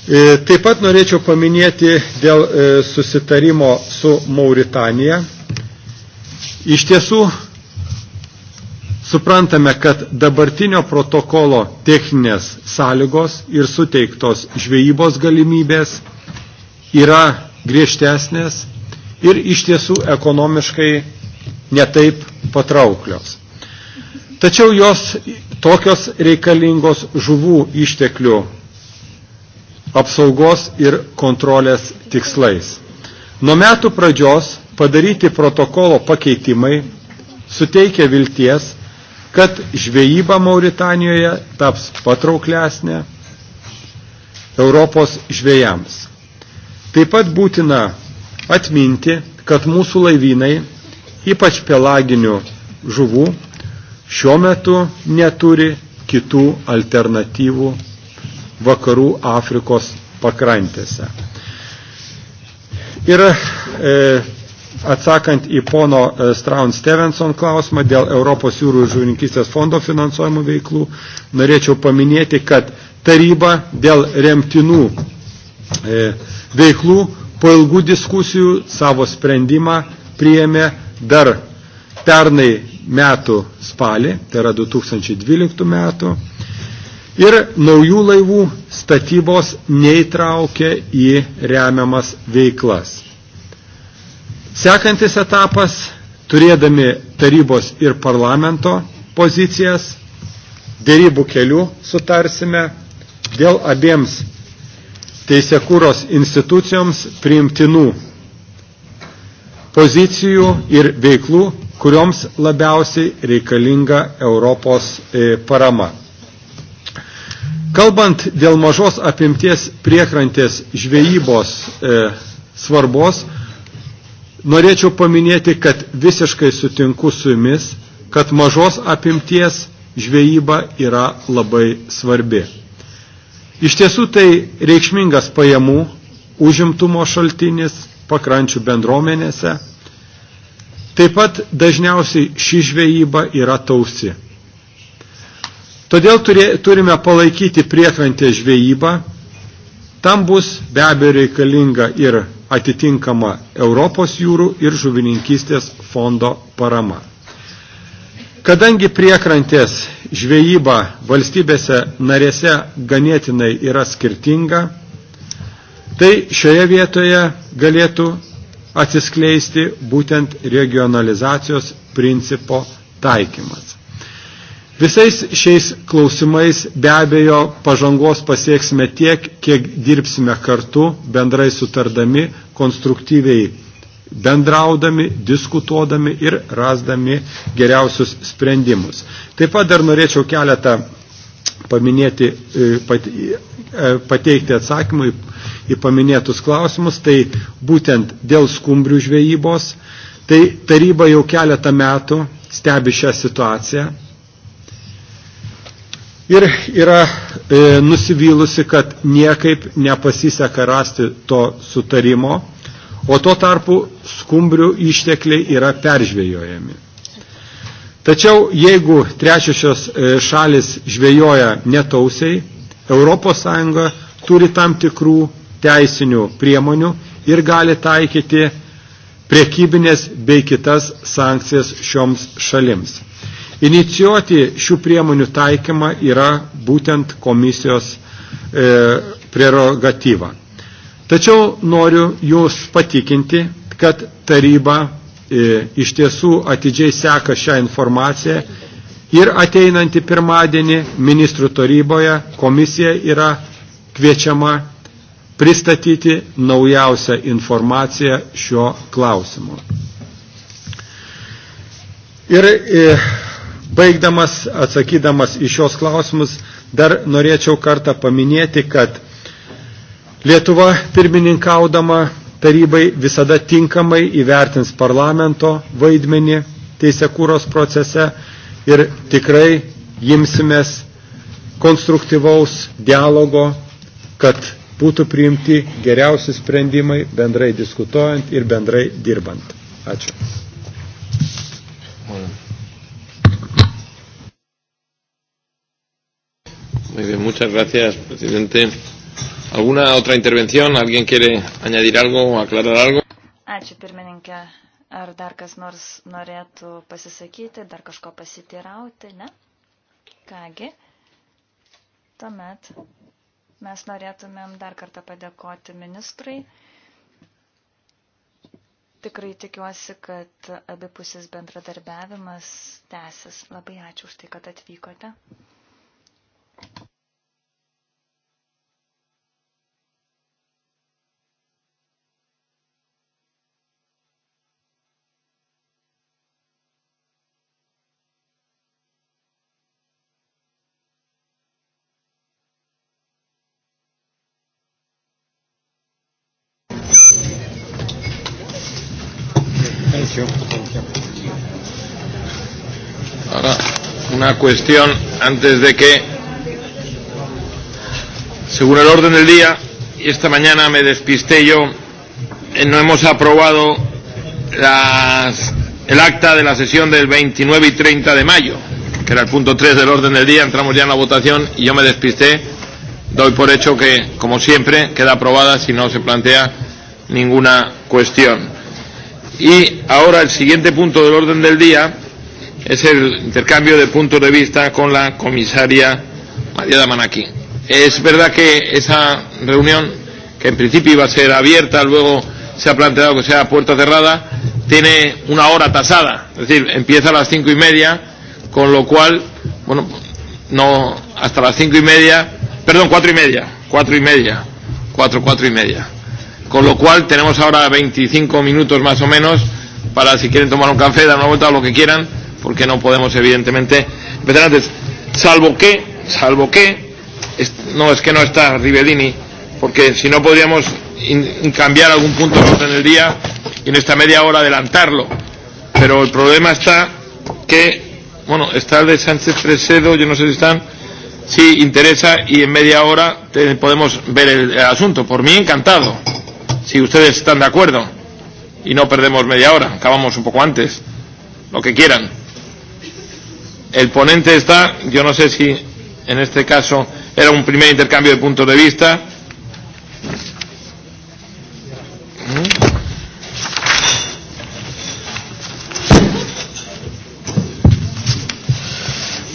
E, taip pat norėčiau paminėti dėl e, susitarimo su Mauritanija. Iš tiesų, suprantame, kad dabartinio protokolo techninės sąlygos ir suteiktos žvejybos galimybės yra griežtesnės ir iš tiesų ekonomiškai netaip patrauklios. Tačiau jos tokios reikalingos žuvų išteklių apsaugos ir kontrolės tikslais. Nuo metų pradžios padaryti protokolo pakeitimai suteikia vilties, kad žvejyba Mauritanijoje taps patrauklesnė Europos žvėjams. Taip pat būtina atminti, kad mūsų laivynai, ypač pelaginių žuvų, šiuo metu neturi kitų alternatyvų vakarų Afrikos pakrantėse. Ir e, atsakant į pono e, Straun Stevenson klausimą dėl Europos jūrų žuvininkystės fondo finansuojamų veiklų, norėčiau paminėti, kad taryba dėl remtinų E, veiklų po ilgų diskusijų savo sprendimą priėmė dar pernai metų spalį, tai yra 2012 metų, ir naujų laivų statybos neįtraukė į remiamas veiklas. Sekantis etapas, turėdami tarybos ir parlamento pozicijas, dėrybų kelių sutarsime dėl abiems teisėkūros institucijoms priimtinų pozicijų ir veiklų, kurioms labiausiai reikalinga Europos e, parama. Kalbant dėl mažos apimties priekrantės žvejybos e, svarbos, norėčiau paminėti, kad visiškai sutinku su jumis, kad mažos apimties žvejyba yra labai svarbi. Iš tiesų tai reikšmingas pajamų užimtumo šaltinis pakrančių bendruomenėse. Taip pat dažniausiai ši žvejyba yra tausi. Todėl turė, turime palaikyti priekrantę žvejybą. Tam bus be abejo reikalinga ir atitinkama Europos jūrų ir žuvininkystės fondo parama. Kadangi priekrantės žvejyba valstybėse narėse ganėtinai yra skirtinga, tai šioje vietoje galėtų atsiskleisti būtent regionalizacijos principo taikymas. Visais šiais klausimais be abejo pažangos pasieksime tiek, kiek dirbsime kartu, bendrai sutardami, konstruktyviai bendraudami, diskutuodami ir rasdami geriausius sprendimus. Taip pat dar norėčiau keletą paminėti, e, e, e, pateikti atsakymą į paminėtus klausimus, tai būtent dėl skumbrių žvejybos, tai taryba jau keletą metų stebi šią situaciją ir yra e, nusivylusi, kad niekaip nepasiseka rasti to sutarimo o tuo tarpu skumbrių ištekliai yra peržvėjojami. Tačiau jeigu trečiosios e, šalis žvejoja netausiai, ES turi tam tikrų teisinių priemonių ir gali taikyti priekybinės bei kitas sankcijas šioms šalims. Inicijuoti šių priemonių taikymą yra būtent komisijos e, prerogatyva. Tačiau noriu Jūs patikinti, kad taryba e, iš tiesų atidžiai seka šią informaciją ir ateinantį pirmadienį ministrų taryboje komisija yra kviečiama pristatyti naujausią informaciją šio klausimu. Ir e, baigdamas, atsakydamas į šios klausimus, dar norėčiau kartą paminėti, kad Lietuva pirmininkaudama tarybai visada tinkamai įvertins parlamento vaidmenį teisėkūros procese ir tikrai imsimės konstruktyvaus dialogo, kad būtų priimti geriausi sprendimai bendrai diskutuojant ir bendrai dirbant. Ačiū. Muy bien, muchas gracias, presidente. ¿Alguna otra intervención? ¿Alguien quiere añadir algo o aclarar algo? Ačiū pirmininkė. Ar dar kas nors norėtų pasisakyti, dar kažko pasitirauti, ne? Kągi, tuomet mes norėtumėm dar kartą padėkoti ministrui. Tikrai tikiuosi, kad abipusis bendradarbiavimas tęsis. Labai ačiū už tai, kad atvykote. Thank you. Thank you. Ahora, una cuestión antes de que, según el orden del día, y esta mañana me despisté yo, eh, no hemos aprobado las, el acta de la sesión del 29 y 30 de mayo, que era el punto 3 del orden del día, entramos ya en la votación y yo me despisté. Doy por hecho que, como siempre, queda aprobada si no se plantea ninguna cuestión. Y ahora el siguiente punto del orden del día es el intercambio de puntos de vista con la comisaria María Damanaki. Es verdad que esa reunión, que en principio iba a ser abierta, luego se ha planteado que sea puerta cerrada, tiene una hora tasada, es decir, empieza a las cinco y media, con lo cual, bueno, no hasta las cinco y media, perdón, cuatro y media, cuatro y media, cuatro, cuatro y media. Con lo cual tenemos ahora 25 minutos más o menos para si quieren tomar un café, dar una vuelta o lo que quieran, porque no podemos evidentemente empezar antes. Salvo que, salvo que, es, no es que no está Rivedini, porque si no podríamos in, cambiar algún punto en el día y en esta media hora adelantarlo. Pero el problema está que, bueno, está el de Sánchez Fresedo, yo no sé si están, sí, interesa y en media hora te, podemos ver el, el asunto. Por mí, encantado si ustedes están de acuerdo y no perdemos media hora, acabamos un poco antes, lo que quieran. El ponente está, yo no sé si en este caso era un primer intercambio de puntos de vista.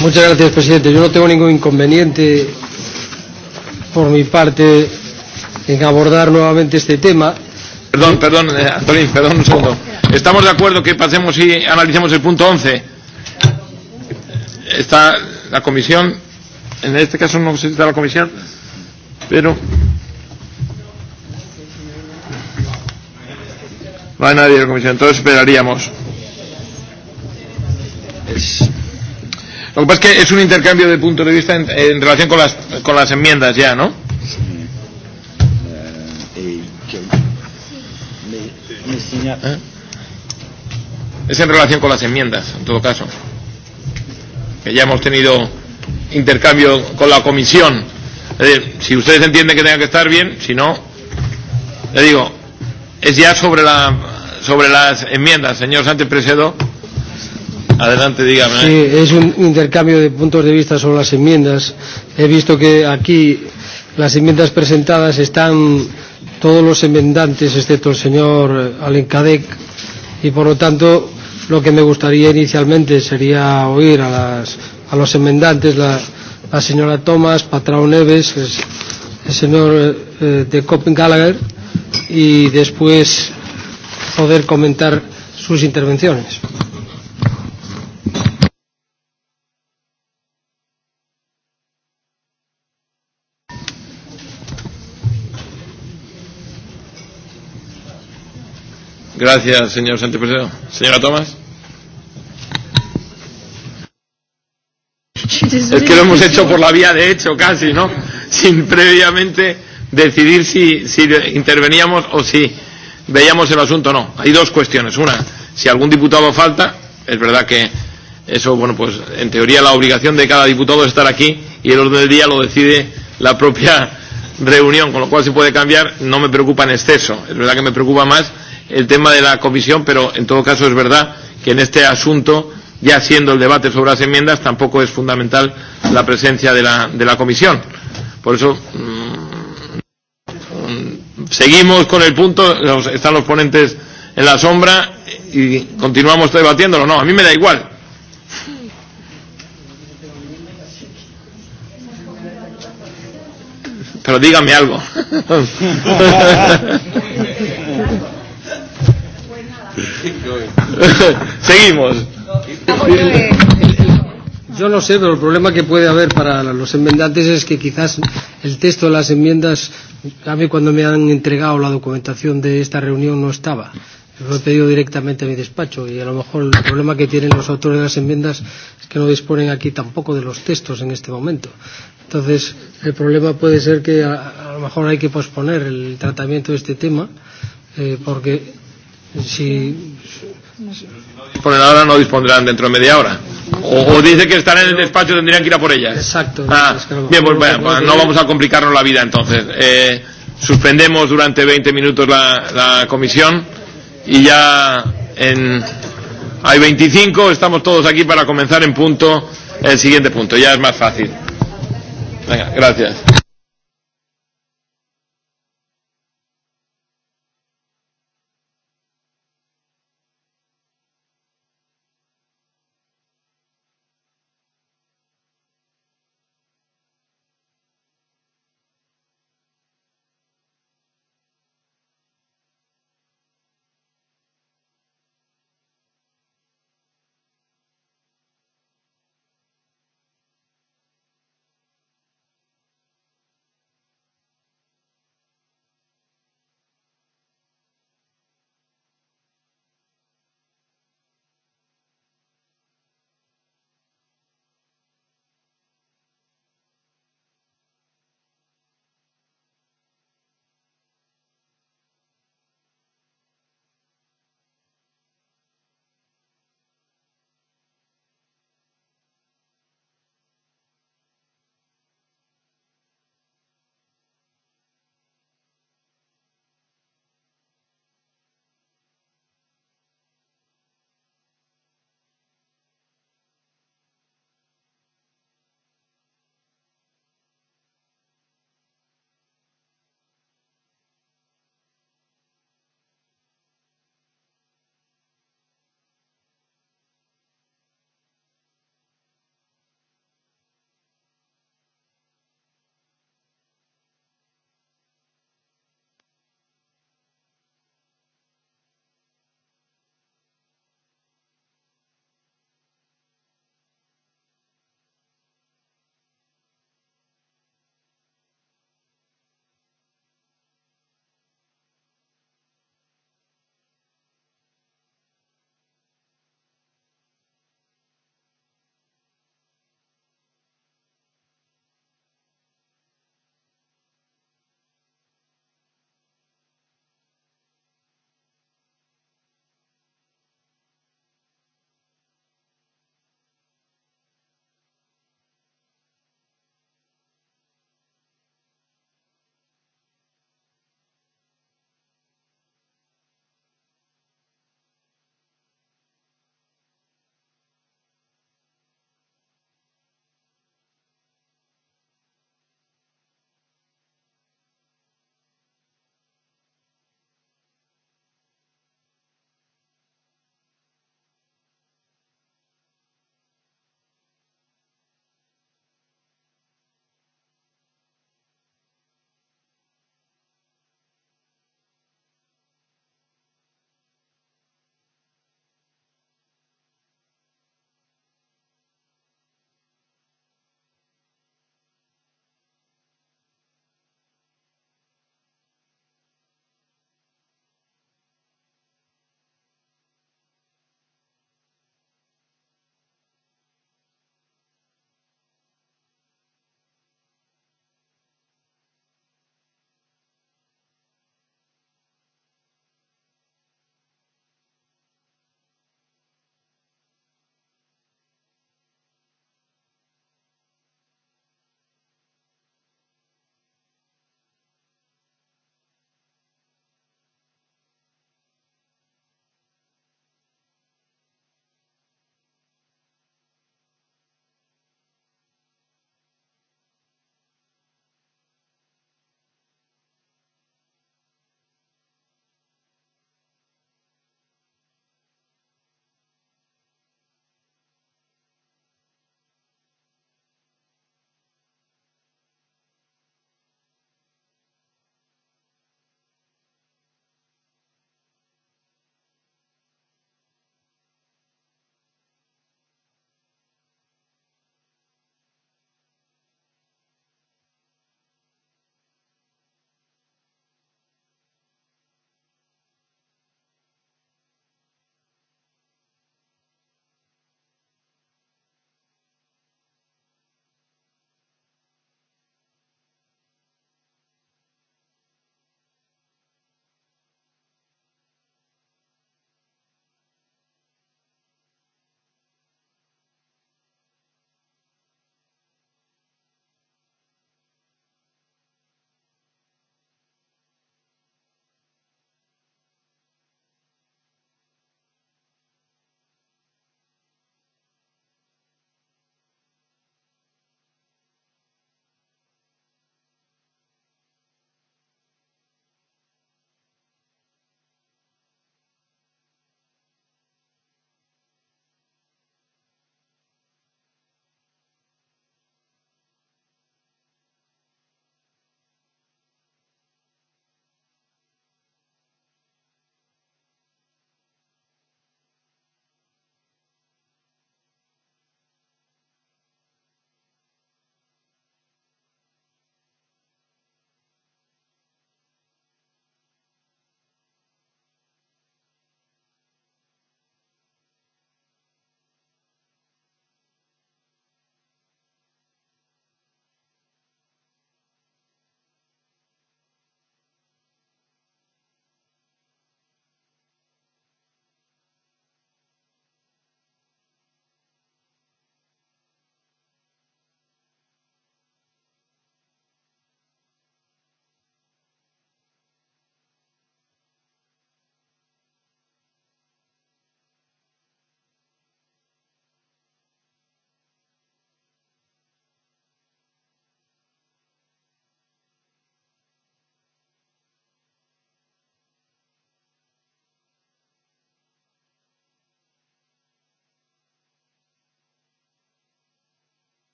Muchas gracias, presidente. Yo no tengo ningún inconveniente por mi parte en abordar nuevamente este tema. Perdón, perdón, eh, Antolín, perdón un segundo. Estamos de acuerdo que pasemos y analicemos el punto 11. Está la comisión, en este caso no se está la comisión, pero. No hay nadie de la comisión, entonces esperaríamos. Es... Lo que pasa es que es un intercambio de puntos de vista en, en relación con las, con las enmiendas ya, ¿no? señor. ¿Eh? Es en relación con las enmiendas, en todo caso. Que ya hemos tenido intercambio con la comisión. Es decir, si ustedes entienden que tenga que estar bien, si no, le digo, es ya sobre, la, sobre las enmiendas. Señor Sánchez Presedo, adelante, dígame. Sí, es un intercambio de puntos de vista sobre las enmiendas. He visto que aquí las enmiendas presentadas están todos los enmendantes, excepto el señor eh, Alencadec, y por lo tanto lo que me gustaría inicialmente sería oír a, las, a los enmendantes, la, la señora Tomás, Patrao Neves, es, el señor eh, eh, de Copen Gallagher, y después poder comentar sus intervenciones. Gracias, señor Sánchez Presidente. Señora Tomás. Es que lo hemos hecho por la vía de hecho casi, ¿no? Sin previamente decidir si, si interveníamos o si veíamos el asunto o no. Hay dos cuestiones. Una, si algún diputado falta, es verdad que eso, bueno, pues en teoría la obligación de cada diputado es estar aquí y el orden del día lo decide la propia reunión, con lo cual se puede cambiar. No me preocupa en exceso. Es verdad que me preocupa más el tema de la comisión, pero en todo caso es verdad que en este asunto, ya siendo el debate sobre las enmiendas, tampoco es fundamental la presencia de la, de la comisión. Por eso mmm, seguimos con el punto, los, están los ponentes en la sombra y continuamos debatiéndolo. No, a mí me da igual. Pero dígame algo. Seguimos. Yo no sé, pero el problema que puede haber para los enmendantes es que quizás el texto de las enmiendas, a mí cuando me han entregado la documentación de esta reunión no estaba. Lo he pedido directamente a mi despacho y a lo mejor el problema que tienen los autores de las enmiendas es que no disponen aquí tampoco de los textos en este momento. Entonces, el problema puede ser que a, a lo mejor hay que posponer el tratamiento de este tema eh, porque Si... Por ahora no dispondrán dentro de media hora. O, o dice que estarán en el despacho, tendrían que ir a por ellas. Exacto. Ah, es que bien, pues bueno, pues, no vamos a complicarnos la vida entonces. Eh, suspendemos durante 20 minutos la, la comisión y ya en. Hay 25, estamos todos aquí para comenzar en punto el siguiente punto. Ya es más fácil. Venga, gracias.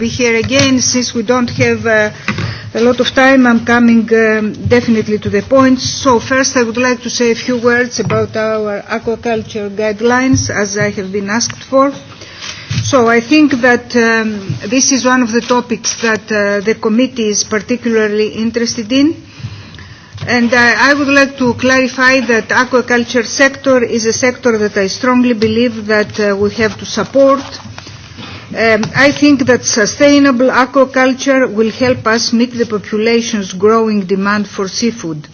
be here again since we don't have uh, a lot of time. I'm coming um, definitely to the point. So first I would like to say a few words about our aquaculture guidelines as I have been asked for. So I think that um, this is one of the topics that uh, the committee is particularly interested in. And I, uh, I would like to clarify that aquaculture sector is a sector that I strongly believe that uh, we have to support uh, Um, I think that sustainable aquaculture will help us meet the population's growing demand for seafood.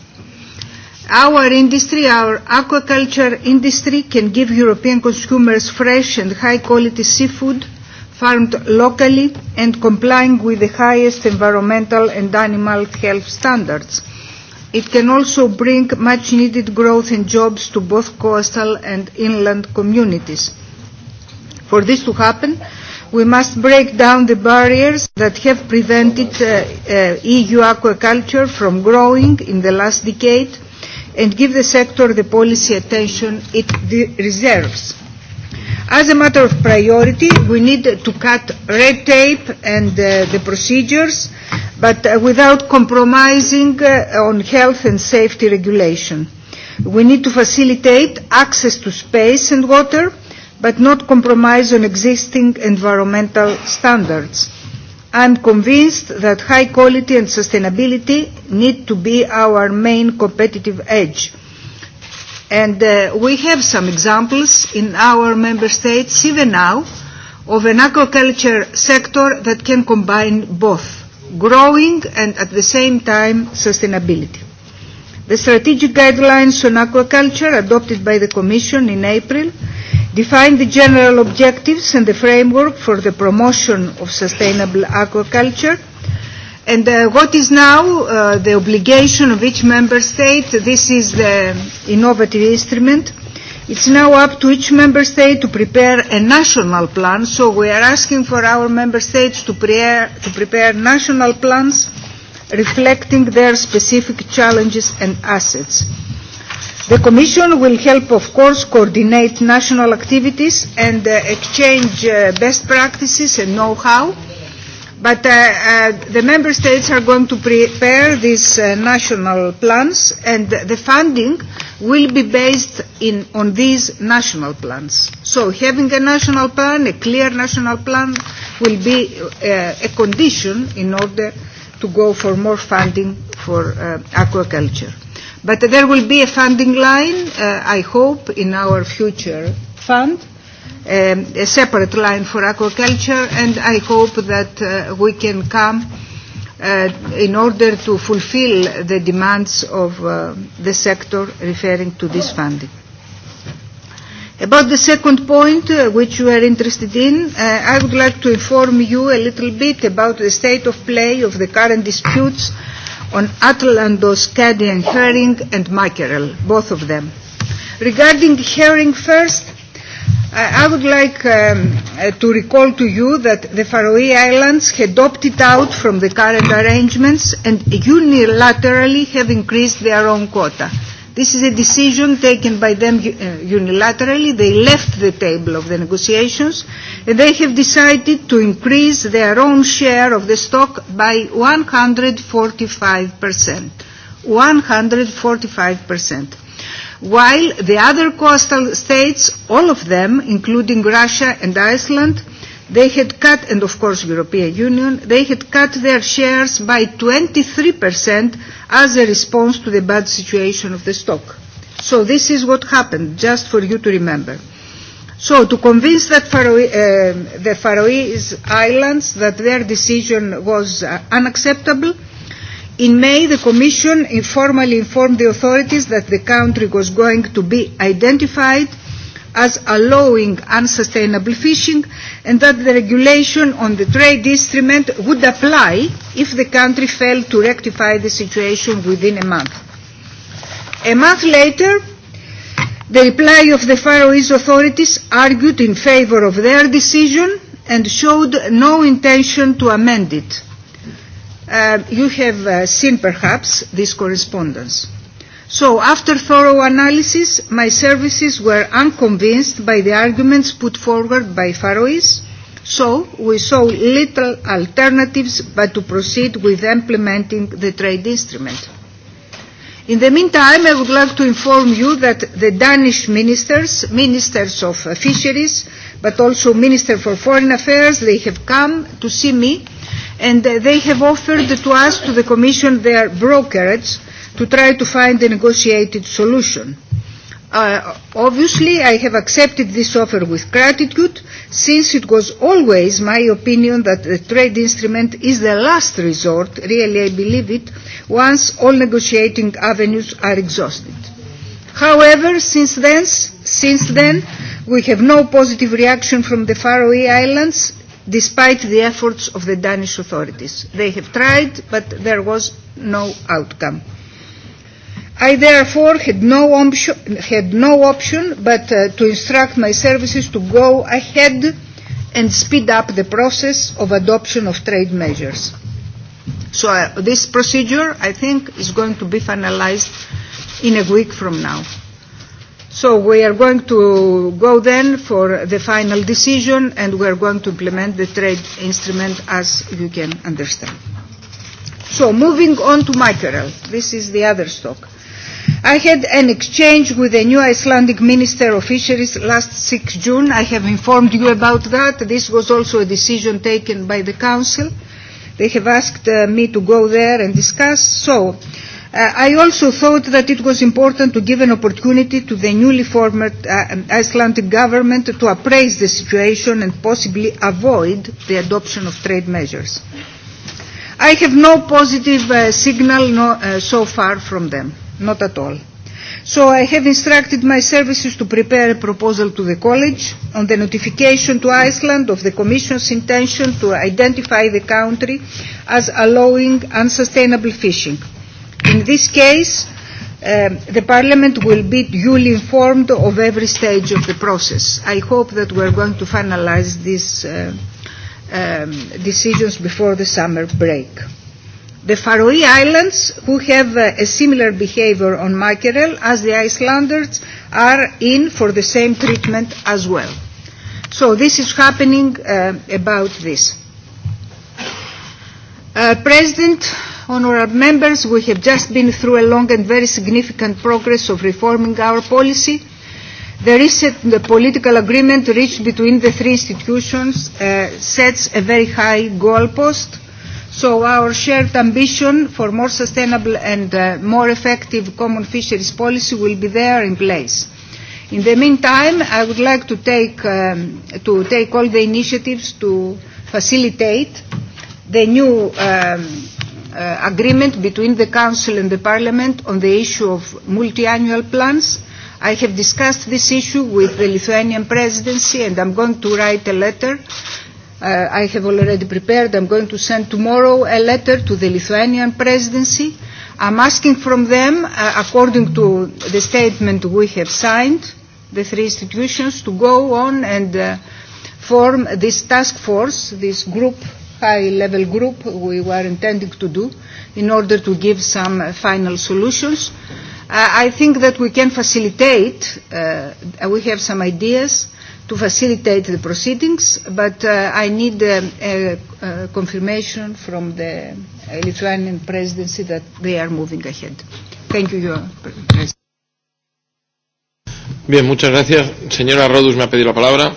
Our industry, our aquaculture industry, can give European consumers fresh and high-quality seafood farmed locally and complying with the highest environmental and animal health standards. It can also bring much-needed growth and jobs to both coastal and inland communities. For this to happen, We must break down the barriers that have prevented uh, uh, EU aquaculture from growing in the last decade and give the sector the policy attention it deserves. As a matter of priority, we need to cut red tape and uh, the procedures, but uh, without compromising uh, on health and safety regulation. We need to facilitate access to space and water, uh, but not compromise on existing environmental standards. I am convinced that high quality and sustainability need to be our main competitive edge. And uh, we have some examples in our member states, even now, of an aquaculture sector that can combine both growing and at the same time sustainability. The strategic guidelines on aquaculture adopted by the Commission in April define the general objectives and the framework for the promotion of sustainable aquaculture And uh, what is now uh, the obligation of each member state? This is the innovative instrument. It's now up to each member state to prepare a national plan. So we are asking for our member states to prepare, to prepare national plans reflecting their specific challenges and assets. The Commission will help, of course, coordinate national activities and uh, exchange uh, best practices and know-how, but uh, uh, the Member States are going to prepare these uh, national plans and the funding will be based in, on these national plans. So having a national plan, a clear national plan, will be uh, a condition in order uh, to go for more funding for uh, aquaculture. But there will be a funding line, uh, I hope, in our future fund, um, a separate line for aquaculture, and I hope that uh, we can come uh, in order to fulfill the demands of uh, the sector referring to this funding. About the second point, uh, which you are interested in, uh, I would like to inform you a little bit about the state of play of the current disputes on Atlantos, Cadian herring and mackerel, both of them. Regarding herring first, I, I would like um, uh, to recall to you that the Faroe Islands had opted out from the current arrangements and unilaterally have increased their own quota This is a decision taken by them uh, unilaterally. They left the table of the negotiations and they have decided to increase their own share of the stock by 145%. 145%. While the other coastal states, all of them, including Russia and Iceland, They had cut, and of course European Union, they had cut their shares by 23% as a response to the bad situation of the stock. So this is what happened, just for you to remember. So to convince that Faroe, uh, the Faroese Islands that their decision was uh, unacceptable, in May the Commission informally informed the authorities that the country was going to be identified – as allowing unsustainable fishing and that the regulation on the trade instrument would apply if the country failed to rectify the situation within a month. A month later, the reply of the Faroese authorities argued in favor of their decision and showed no intention to amend it. Uh, you have uh, seen perhaps this correspondence. So after thorough analysis, my services were unconvinced by the arguments put forward by Faroese, so we saw little alternatives but to proceed with implementing the trade instrument. In the meantime, I would like to inform you that the Danish ministers, ministers of fisheries, but also Minister for Foreign Affairs, they have come to see me and they have offered to us, to the Commission, their brokerage to try to find a negotiated solution. Uh, obviously, I have accepted this offer with gratitude, since it was always my opinion that the trade instrument is the last resort, really I believe it, once all negotiating avenues are exhausted. However, since then, since then we have no positive reaction from the Faroe Islands, despite the efforts of the Danish authorities. They have tried, but there was no outcome. I therefore had no, option, had no option but uh, to instruct my services to go ahead and speed up the process of adoption of trade measures. So uh, this procedure, I think, is going to be finalized in a week from now. So we are going to go then for the final decision and we are going to implement the trade instrument as you can understand. So moving on to mackerel. This is the other stock. I had an exchange with the new Icelandic Minister of Fisheries last 6 June. I have informed you about that. This was also a decision taken by the Council. They have asked uh, me to go there and discuss. So, uh, I also thought that it was important to give an opportunity to the newly formed uh, Icelandic government to appraise the situation and possibly avoid the adoption of trade measures. I have no positive uh, signal no, uh, so far from them not at all. So I have instructed my services to prepare a proposal to the College on the notification to Iceland of the Commission's intention to identify the country as allowing unsustainable fishing. In this case, um, the Parliament will be duly informed of every stage of the process. I hope that we are going to finalize these uh, um, decisions before the summer break. The Faroe Islands, who have uh, a similar behavior on mackerel as the Icelanders, are in for the same treatment as well. So this is happening uh, about this. Uh, President, honorable members, we have just been through a long and very significant progress of reforming our policy. The recent the political agreement reached between the three institutions uh, sets a very high goalpost. post So our shared ambition for more sustainable and uh, more effective common fisheries policy will be there in place. In the meantime, I would like to take, um, to take all the initiatives to facilitate the new um, uh, agreement between the Council and the Parliament on the issue of multiannual plans. I have discussed this issue with the Lithuanian presidency and I'm going to write a letter uh, Uh, I have already prepared. I'm going to send tomorrow a letter to the Lithuanian presidency. I'm asking from them, uh, according to the statement we have signed, the three institutions, to go on and uh, form this task force, this group, high-level group we were intending to do, in order to give some uh, final solutions. Uh, I think that we can facilitate, uh, we have some ideas, uh, to facilitate the proceedings, but uh, I need um, a, a confirmation from the Lithuanian presidency that they are moving ahead. Thank you, Your President. Bien, muchas gracias. Señora Rodus me ha pedido la palabra.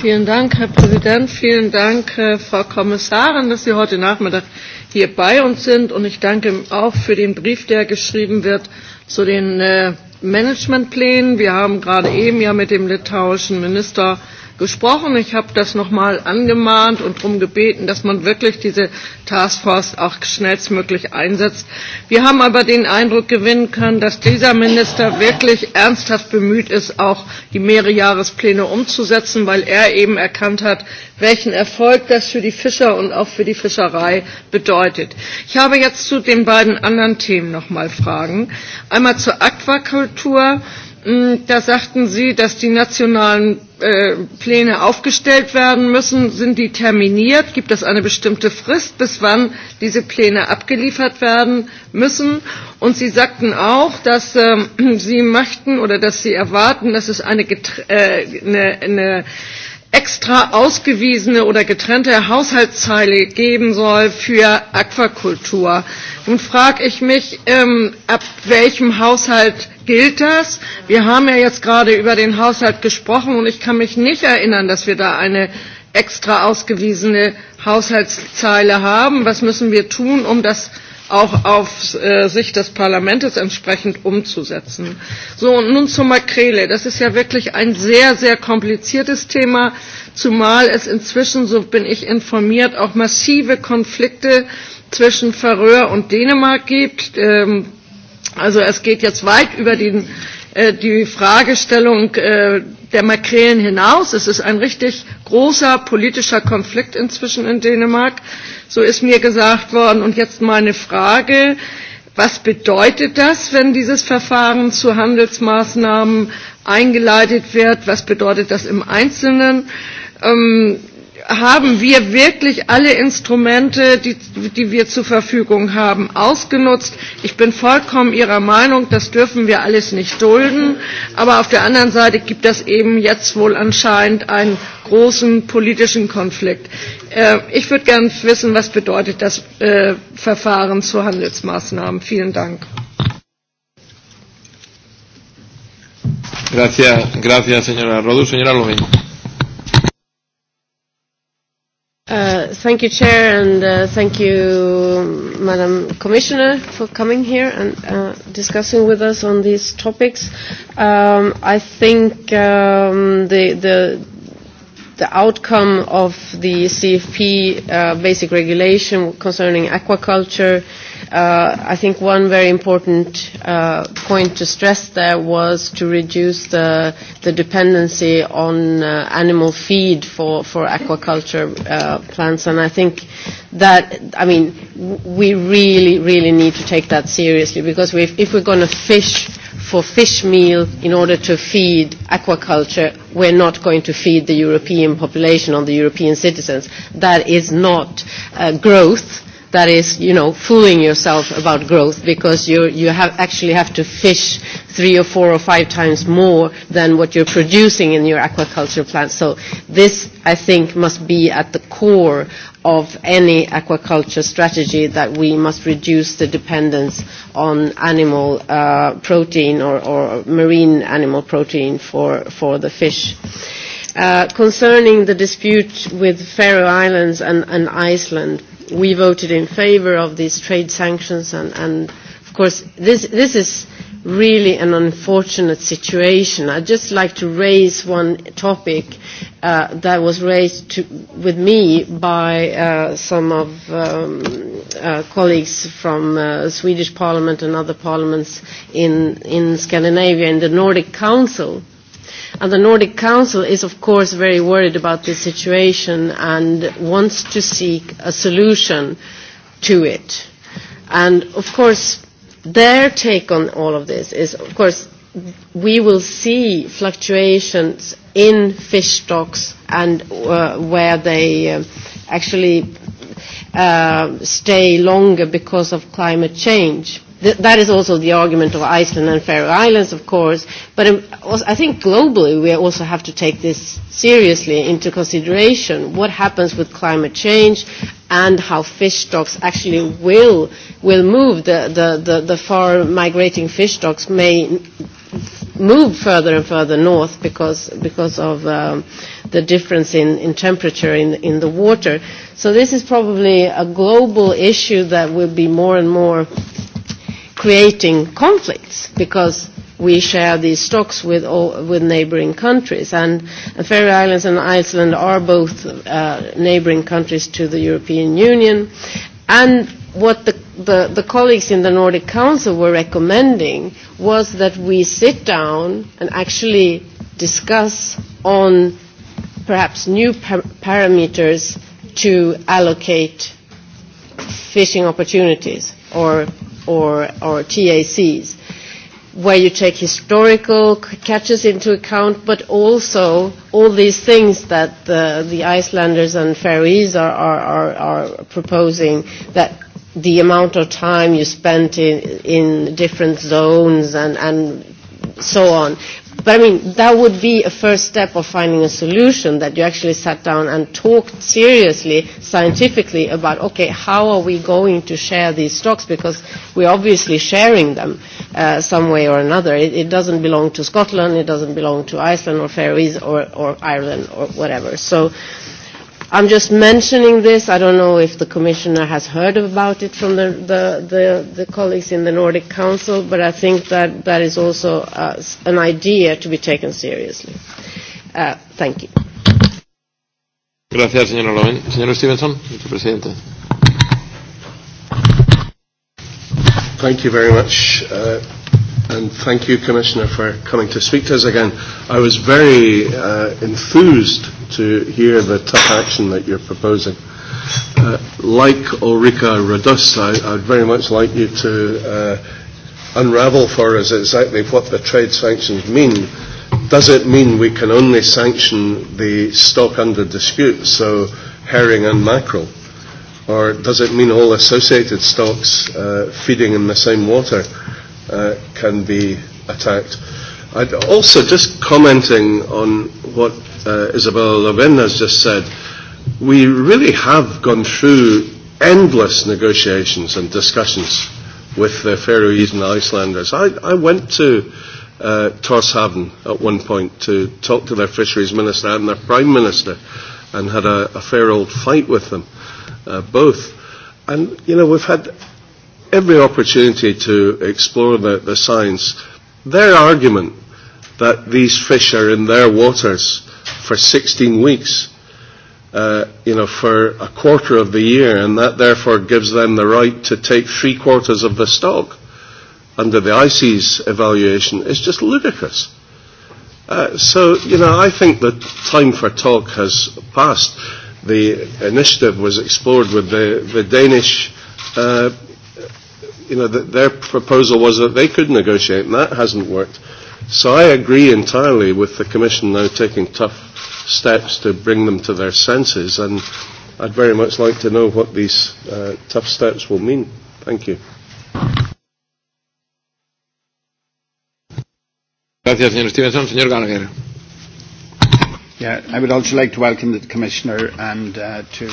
Vielen Dank, Herr Präsident. Vielen Dank, äh, Frau Kommissarin, dass Sie heute Nachmittag hier bei uns sind. Und ich danke auch für den Brief, der geschrieben wird zu den äh, Managementplänen. Wir haben gerade eben ja mit dem litauischen Minister gesprochen. Ich habe das nochmal angemahnt und darum gebeten, dass man wirklich diese Taskforce auch schnellstmöglich einsetzt. Wir haben aber den Eindruck gewinnen können, dass dieser Minister wirklich ernsthaft bemüht ist, auch die Mehrjahrespläne umzusetzen, weil er eben erkannt hat, welchen Erfolg das für die Fischer und auch für die Fischerei bedeutet. Ich habe jetzt zu den beiden anderen Themen noch mal Fragen. Einmal zur Aquakultur. Hm, da sagten Sie, dass die nationalen äh, Pläne aufgestellt werden müssen. Sind die terminiert? Gibt es eine bestimmte Frist, bis wann diese Pläne abgeliefert werden müssen? Und Sie sagten auch, dass äh, Sie möchten oder dass Sie erwarten, dass es eine, äh, eine, eine extra ausgewiesene oder getrennte Haushaltszeile geben soll für Aquakultur. Nun frage ich mich, ähm, ab welchem Haushalt gilt das? Wir haben ja jetzt gerade über den Haushalt gesprochen und ich kann mich nicht erinnern, dass wir da eine extra ausgewiesene Haushaltszeile haben. Was müssen wir tun, um das auch auf äh, Sicht des Parlaments entsprechend umzusetzen. So, und nun zur Makrele. Das ist ja wirklich ein sehr, sehr kompliziertes Thema, zumal es inzwischen, so bin ich informiert, auch massive Konflikte zwischen Färöer und Dänemark gibt. Ähm, also es geht jetzt weit über den Äh, die Fragestellung äh, der Makrelen hinaus. Es ist ein richtig großer politischer Konflikt inzwischen in Dänemark. So ist mir gesagt worden. Und jetzt meine Frage. Was bedeutet das, wenn dieses Verfahren zu Handelsmaßnahmen eingeleitet wird? Was bedeutet das im Einzelnen? Ähm, haben wir wirklich alle Instrumente, die, die wir zur Verfügung haben, ausgenutzt. Ich bin vollkommen Ihrer Meinung, das dürfen wir alles nicht dulden. Aber auf der anderen Seite gibt es eben jetzt wohl anscheinend einen großen politischen Konflikt. Äh, ich würde gern wissen, was bedeutet das äh, Verfahren zu Handelsmaßnahmen. Vielen Dank. Gracias, gracias, señora Rodu. Señora Lovin. Uh, thank you, Chair, and uh, thank you, Madam Commissioner, for coming here and uh, discussing with us on these topics. Um, I think um, the, the the outcome of the CFP uh, basic regulation concerning aquaculture. Uh, I think one very important uh, point to stress there was to reduce the, the dependency on uh, animal feed for, for aquaculture uh, plants. And I think that, I mean, w- we really, really need to take that seriously because we, if we're going to fish for fish meal in order to feed aquaculture, we're not going to feed the European population or the European citizens. That is not uh, growth. That is, you know, fooling yourself about growth because you you have actually have to fish three or four or five times more than what you're producing in your aquaculture plants. So this, I think, must be at the core of any aquaculture strategy that we must reduce the dependence on animal uh, protein or, or marine animal protein for, for the fish. Uh, concerning the dispute with Faroe Islands and, and Iceland, we voted in favor of these trade sanctions and, and of course this, this is really an unfortunate situation. I'd just like to raise one topic uh, that was raised to, with me by uh, some of um, uh, colleagues from uh, Swedish Parliament and other parliaments in, in Scandinavia, in the Nordic Council. And the Nordic Council is, of course, very worried about this situation and wants to seek a solution to it. And, of course, their take on all of this is, of course, we will see fluctuations in fish stocks and uh, where they uh, actually uh, stay longer because of climate change. Th- that is also the argument of Iceland and Faroe Islands, of course. But um, also, I think globally we also have to take this seriously into consideration. What happens with climate change and how fish stocks actually will will move. The, the, the, the far migrating fish stocks may move further and further north because because of um, the difference in, in temperature in, in the water. So this is probably a global issue that will be more and more creating conflicts because we share these stocks with, all, with neighboring countries. And, and Faroe Islands and Iceland are both uh, neighboring countries to the European Union. And what the, the, the colleagues in the Nordic Council were recommending was that we sit down and actually discuss on perhaps new par- parameters to allocate fishing opportunities or, or, or TACs where you take historical catches into account, but also all these things that the, the Icelanders and Faroese are, are, are, are proposing, that the amount of time you spent in, in different zones and, and so on. But I mean, that would be a first step of finding a solution that you actually sat down and talked seriously, scientifically about, okay, how are we going to share these stocks? Because we're obviously sharing them uh, some way or another. It, it doesn't belong to Scotland, it doesn't belong to Iceland or Faroese or, or Ireland or whatever. So I'm just mentioning this. I don't know if the Commissioner has heard about it from the, the, the, the colleagues in the Nordic Council, but I think that that is also uh, an idea to be taken seriously. Uh, thank you. Gracias, señora Loven. Señor Stevenson, vicepresidente. Thank you very much. Uh, And thank you, Commissioner, for coming to speak to us again. I was very uh, enthused to hear the tough action that you're proposing. Uh, like Ulrika Rodus, I, I'd very much like you to uh, unravel for us exactly what the trade sanctions mean. Does it mean we can only sanction the stock under dispute, so herring and mackerel? Or does it mean all associated stocks uh, feeding in the same water? Uh, uh, can be attacked. I'd also, just commenting on what uh, Isabella Levin has just said, we really have gone through endless negotiations and discussions with the Faroese and Icelanders. I, I went to uh, Torshavn at one point to talk to their fisheries minister and their prime minister and had a, a fair old fight with them, uh, both. And, you know, we've had every opportunity to explore the, the science. Their argument that these fish are in their waters for 16 weeks, uh, you know, for a quarter of the year, and that therefore gives them the right to take three quarters of the stock under the ICES evaluation is just ludicrous. Uh, so, you know, I think the time for talk has passed. The initiative was explored with the, the Danish uh, you know, the, their proposal was that they could negotiate, and that hasn't worked. So I agree entirely with the Commission now taking tough steps to bring them to their senses, and I'd very much like to know what these uh, tough steps will mean. Thank you. Gracias, señor Stevenson. Señor Gallagher. Yeah, I would also like to welcome the Commissioner and uh, to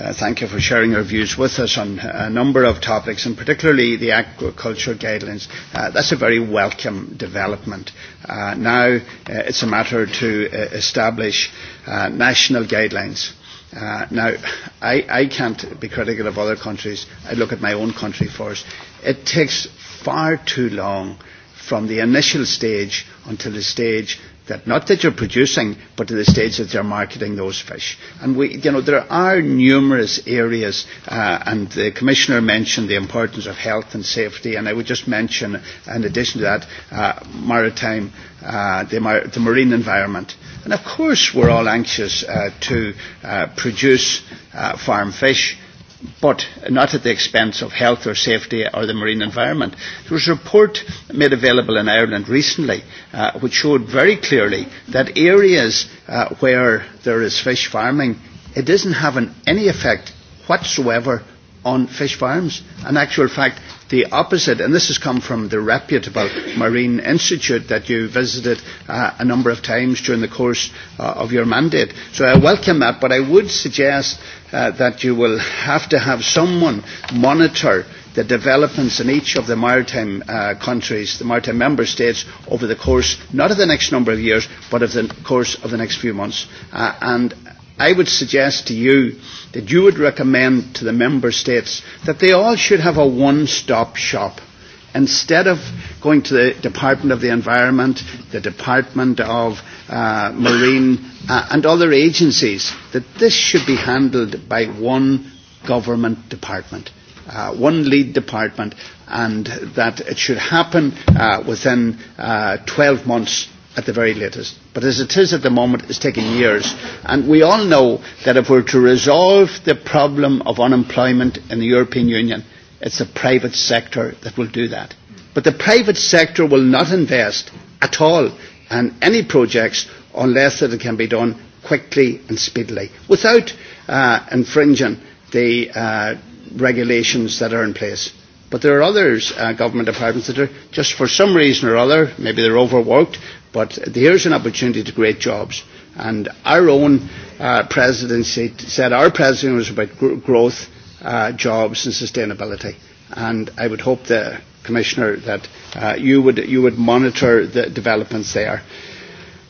Uh, thank you for sharing your views with us on a number of topics, and particularly the agriculture guidelines. Uh, that's a very welcome development. Uh, now uh, it's a matter to uh, establish uh, national guidelines. Uh, now, I, I can't be critical of other countries. I look at my own country first. It takes far too long from the initial stage until the stage that not that you're producing, but to the stage that you're marketing those fish. And we, you know, there are numerous areas, uh, and the commissioner mentioned the importance of health and safety, and I would just mention, in addition to that, uh, maritime, uh, the, mar- the marine environment. And of course, we're all anxious uh, to uh, produce uh, farm fish but not at the expense of health or safety or the marine environment. There was a report made available in Ireland recently uh, which showed very clearly that areas uh, where there is fish farming, it isn't having any effect whatsoever on fish farms. In actual fact, the opposite, and this has come from the reputable Marine Institute that you visited uh, a number of times during the course uh, of your mandate. So I welcome that, but I would suggest uh, that you will have to have someone monitor the developments in each of the maritime uh, countries, the maritime member states, over the course, not of the next number of years, but of the course of the next few months. Uh, and I would suggest to you that you would recommend to the member states that they all should have a one-stop shop. Instead of going to the Department of the Environment, the Department of uh, Marine uh, and other agencies, that this should be handled by one government department, uh, one lead department, and that it should happen uh, within uh, 12 months at the very latest. But as it is at the moment, it's taking years. And we all know that if we're to resolve the problem of unemployment in the European Union, it's the private sector that will do that. But the private sector will not invest at all in any projects unless that it can be done quickly and speedily without uh, infringing the uh, regulations that are in place. But there are others, uh, government departments that are, just for some reason or other, maybe they're overworked, But here's an opportunity to create jobs. And our own uh, presidency said our presidency was about gr- growth, uh, jobs and sustainability. And I would hope the Commissioner that uh, you, would, you would monitor the developments there.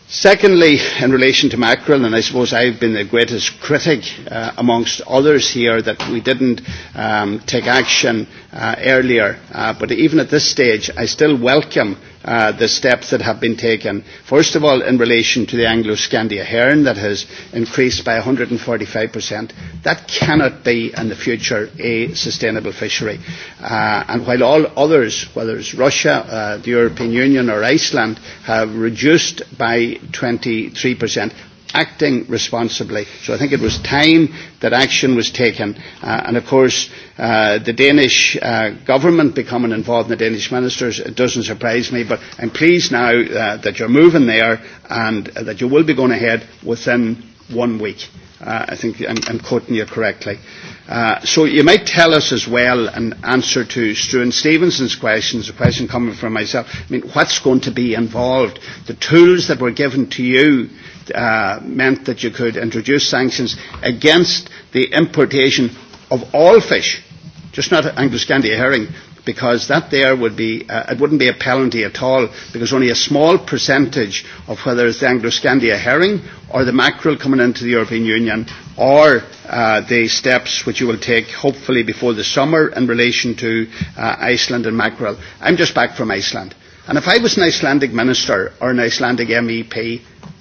Secondly, in relation to mackerel, and I suppose I've been the greatest critic uh, amongst others here that we didn't um, take action uh, earlier, uh, but even at this stage I still welcome uh, the steps that have been taken. First of all, in relation to the Anglo-Scandia hern that has increased by 145%, that cannot be in the future a sustainable fishery. Uh, and while all others, whether it's Russia, uh, the European Union or Iceland, have reduced by 23%, acting responsibly. So I think it was time that action was taken. Uh, and of course, uh, the Danish uh, government becoming involved in the Danish ministers, it doesn't surprise me. But I'm pleased now uh, that you're moving there and uh, that you will be going ahead within one week. Uh, I think I'm, I'm quoting you correctly. Uh, so you might tell us as well an answer to Struan Stevenson's questions, a question coming from myself. I mean, what's going to be involved? The tools that were given to you uh, meant that you could introduce sanctions against the importation of all fish, just not Anguscandia herring, because that there would be, uh, it wouldn't be a penalty at all, because only a small percentage of whether it's the Angloscandia herring or the mackerel coming into the European Union or uh, the steps which you will take hopefully before the summer in relation to uh, Iceland and mackerel. I'm just back from Iceland. And if I was an Icelandic minister or an Icelandic MEP,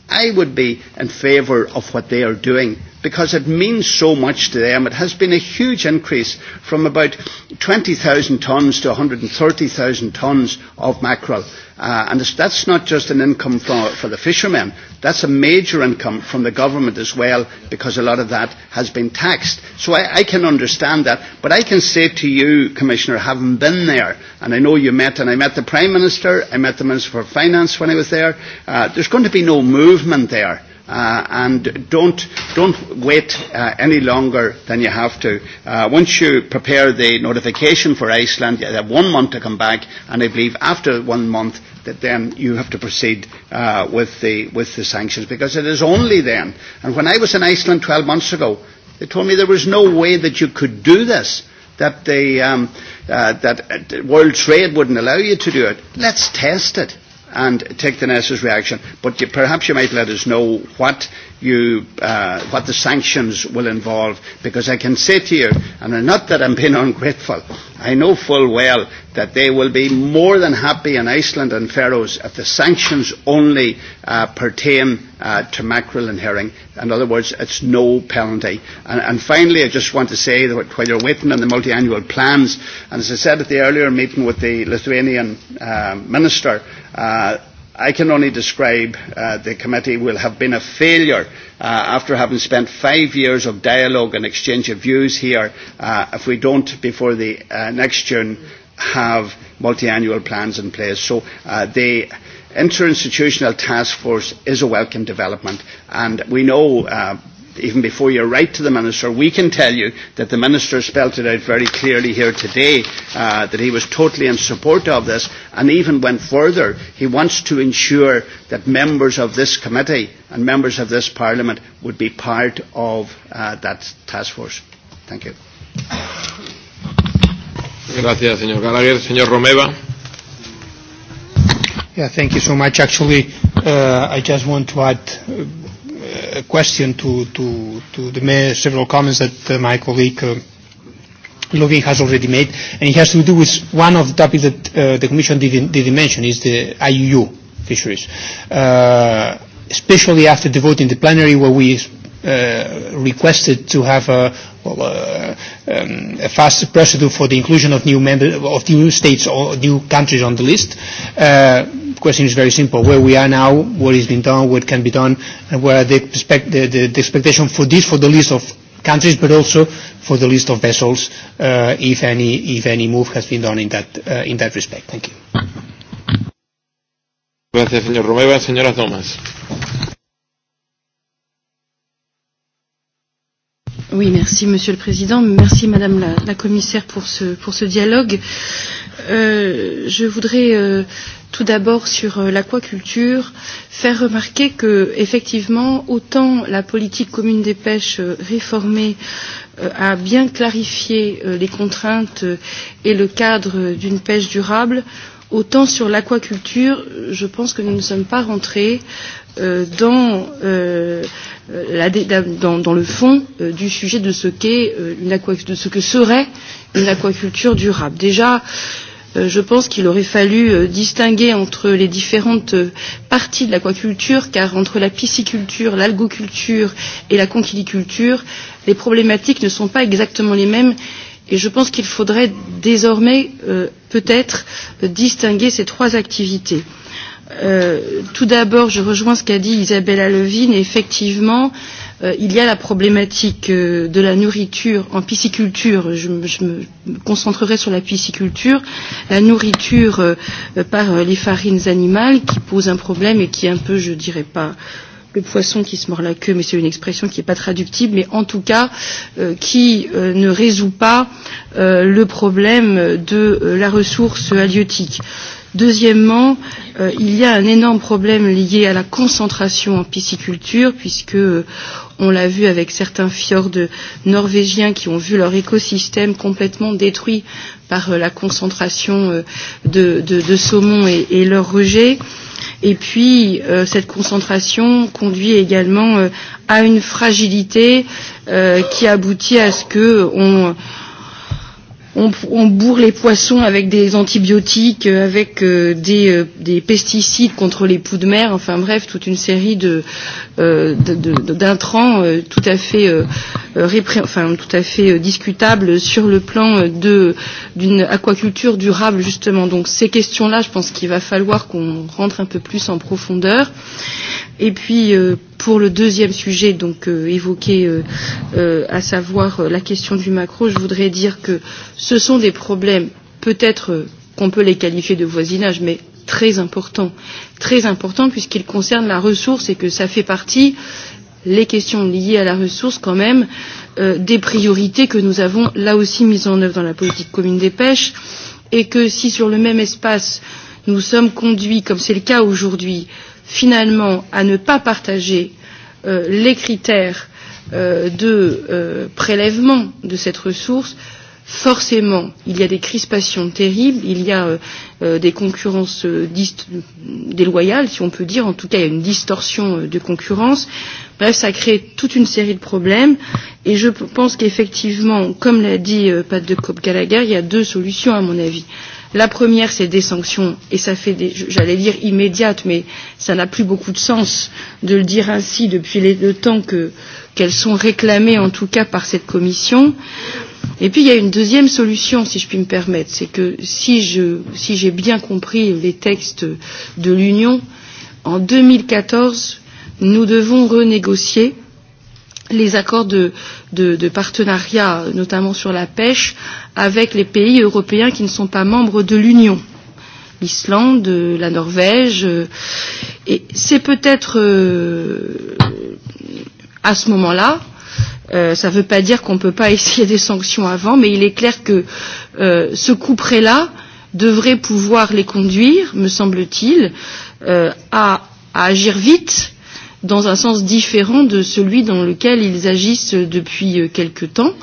I would be in favour of what they are doing because it means so much to them. It has been a huge increase from about 20,000 tonnes to 130,000 tonnes of mackerel. Uh, and that's not just an income for, for the fishermen, that's a major income from the government as well, because a lot of that has been taxed. So I, I can understand that. But I can say to you, Commissioner, having been there, and I know you met, and I met the Prime Minister, I met the Minister for Finance when I was there, uh, there's going to be no movement there uh, and don't, don't wait uh, any longer than you have to. Uh, once you prepare the notification for Iceland, you have one month to come back, and I believe after one month that then you have to proceed uh, with, the, with the sanctions, because it is only then. And when I was in Iceland 12 months ago, they told me there was no way that you could do this that the um, uh, that uh, world trade wouldn't allow you to do it. Let's test it and take the necessary action. But you, perhaps you might let us know what, you, uh, what the sanctions will involve, because I can say to you, and not that I'm being ungrateful, I know full well that they will be more than happy in Iceland and Faroes if the sanctions only uh, pertain uh, to mackerel and herring. In other words, it's no penalty. And, and finally, I just want to say that while you're waiting on the multi-annual plans, and as I said at the earlier meeting with the Lithuanian uh, minister, Uh, I can only describe uh, the committee will have been a failure uh, after having spent five years of dialogue and exchange of views here uh, if we don't, before the uh, next June, have multi-annual plans in place. So uh, the interinstitutional task force is a welcome development and we know uh, even before you write to the Minister, we can tell you that the Minister spelt it out very clearly here today, uh, that he was totally in support of this, and even went further. He wants to ensure that members of this committee and members of this Parliament would be part of uh, that task force. Thank you. Gracias, señor Gallagher. Señor Romeva. Yeah, thank you so much. Actually, uh, I just want to add uh, a question to, to, to the several comments that uh, my colleague uh, Lovin has already made, and it has to do with one of the topics that uh, the Commission didn't, didn't mention, is the IUU fisheries, uh, especially after the vote in the plenary where we uh, requested to have a, well, uh, um, a fast procedure for the inclusion of new member of new states or new countries on the list. Uh, the question is very simple: where we are now, what is being done, what can be done, and where are the, expect, the, the, the expectation for this for the list of countries, but also for the list of vessels, uh, if any if any move has been done in that uh, in that respect. Thank you. Gracias, señor Romeva. Señora Thomas. Oui, merci Monsieur le Président. Merci Madame la, la Commissaire pour ce, pour ce dialogue. Euh, je voudrais euh, tout d'abord sur euh, l'aquaculture faire remarquer que effectivement autant la politique commune des pêches euh, réformée euh, a bien clarifié euh, les contraintes euh, et le cadre euh, d'une pêche durable, autant sur l'aquaculture, je pense que nous ne sommes pas rentrés euh, euh, dans, euh, la, dans, dans le fond euh, du sujet de ce, qu'est, euh, une aqua, de ce que serait une aquaculture durable. Déjà, euh, je pense qu'il aurait fallu euh, distinguer entre les différentes euh, parties de l'aquaculture, car entre la pisciculture, l'algoculture et la conchyliculture, les problématiques ne sont pas exactement les mêmes et je pense qu'il faudrait désormais euh, peut-être euh, distinguer ces trois activités. Euh, Euh, tout d'abord, je rejoins ce qu'a dit Isabella Levine. Et effectivement, euh, il y a la problématique euh, de la nourriture en pisciculture. Je, je me concentrerai sur la pisciculture, la nourriture euh, euh par euh, les farines animales qui pose un problème et qui est un peu, je dirais pas, le poisson qui se mord la queue, mais c'est une expression qui n'est pas traductible, mais en tout cas euh, qui euh, ne résout pas euh, le problème de euh, la ressource halieutique. Euh, Deuxièmement, euh, il y a un énorme problème lié à la concentration en pisciculture, puisque euh, on l'a vu avec certains fjords norvégiens qui ont vu leur écosystème complètement détruit par euh, la concentration euh, de, de, de saumon et, et leur rejet. Et puis, euh, cette concentration conduit également euh, à une fragilité euh, qui aboutit à ce qu'on euh, on, on bourre les poissons avec des antibiotiques, euh, avec euh, des, euh, des pesticides contre les poux de mer, enfin bref, toute une série de, euh, d'intrants euh, tout à fait, euh, euh répré enfin, tout à fait euh, discutables sur le plan euh, de, d'une aquaculture durable, justement. Donc ces questions-là, je pense qu'il va falloir qu'on rentre un peu plus en profondeur. Et puis, euh, pour le deuxième sujet donc euh, évoqué, euh, euh, à savoir euh, la question du macro, je voudrais dire que ce sont des problèmes peut-être euh, qu'on peut les qualifier de voisinage, mais très importants, très importants puisqu'ils concernent la ressource et que ça fait partie les questions liées à la ressource quand même euh, des priorités que nous avons là aussi mises en œuvre dans la politique commune des pêches et que si sur le même espace nous sommes conduits comme c'est le cas aujourd'hui euh, finalement à ne pas partager euh, les critères euh, de euh, prélèvement de cette ressource, forcément, il y a des crispations terribles, il y a euh, euh, des concurrences euh, déloyales, si on peut dire, en tout cas, il y a une distorsion euh, de concurrence. Bref, ça crée toute une série de problèmes et je pense qu'effectivement, comme l'a dit euh, Pat de Cope Gallagher, il y a deux solutions à mon avis. Euh, La première, c'est des sanctions, et ça fait, j'allais dire immédiates, mais ça n'a plus beaucoup de sens de le dire ainsi depuis les, le temps que, qu'elles sont réclamées, en tout cas par cette commission. Et puis il y a une deuxième solution, si je puis me permettre, c'est que si, je, si j'ai bien compris les textes de l'Union, en 2014, nous devons renégocier euh, les accords de, de, de partenariat, notamment sur la pêche, avec les pays européens qui ne sont pas membres de l'Union l'Islande, la Norvège. Euh, et c'est peut-être euh, à ce moment-là, euh, ça ne veut pas dire qu'on ne peut pas essayer des sanctions avant, mais il est clair que euh, ce couperet-là devrait pouvoir les conduire, me semble-t-il, euh, à, à agir vite dans un sens différent de celui dans lequel ils agissent depuis euh, quelque temps.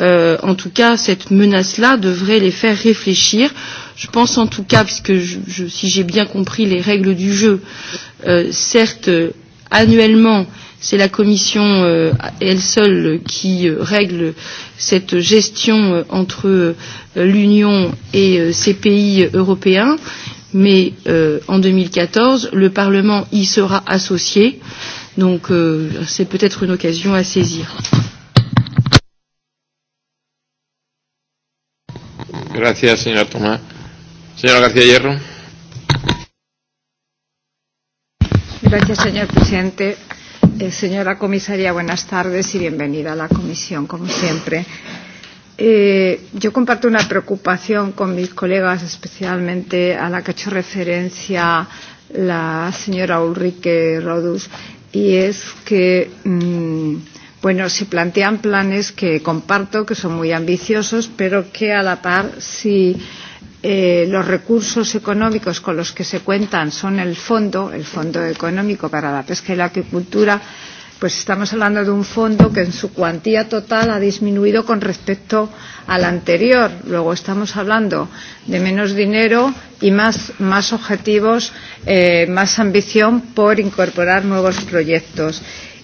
Euh, en tout cas, cette menace-là devrait les faire réfléchir. Je pense en tout cas, puisque je, je, si j'ai bien compris les règles du jeu, euh, certes, euh, annuellement, c'est la Commission euh, elle seule qui euh, règle cette gestion euh, entre euh, l'Union et euh, ces pays européens, mais euh, en 2014, le Parlement y sera associé. Donc euh, c'est peut-être une occasion à saisir. Gracias, señora Tomás. Señora García Hierro. Gracias, señor presidente. Eh, señora comisaria, buenas tardes y bienvenida a la comisión, como siempre. Eh, Eh, yo comparto una preocupación con mis colegas, especialmente a la que ha hecho referencia la señora Ulrike Rodus, y es que, mmm, bueno, se plantean planes que comparto, que son muy ambiciosos, pero que a la par, si eh, los recursos económicos con los que se cuentan son el fondo, el Fondo Económico para la Pesca y la Acuicultura, pues estamos hablando de un fondo que en su cuantía total ha disminuido con respecto al anterior. Luego estamos hablando de menos dinero y más, más objetivos, eh, más ambición por incorporar nuevos proyectos.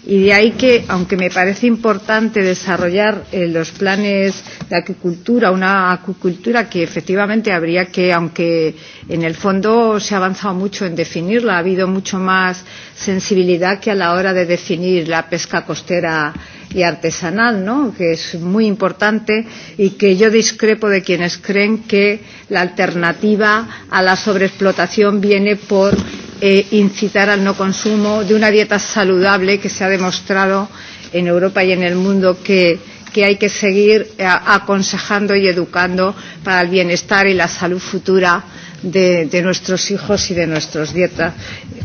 Y de ahí que, aunque me parece importante desarrollar eh, los planes de acuicultura, una acuicultura que efectivamente habría que, aunque en el fondo se ha avanzado mucho en definirla, ha habido mucho más sensibilidad que a la hora de definir la pesca costera y artesanal, ¿no? que es muy importante y que yo discrepo de quienes creen que la alternativa a la sobreexplotación viene por eh, incitar al no consumo, de una dieta saludable que se ha demostrado en Europa y en el mundo que, que hay que seguir a, eh, aconsejando y educando para el bienestar y la salud futura de, de nuestros hijos y de nuestras dietas,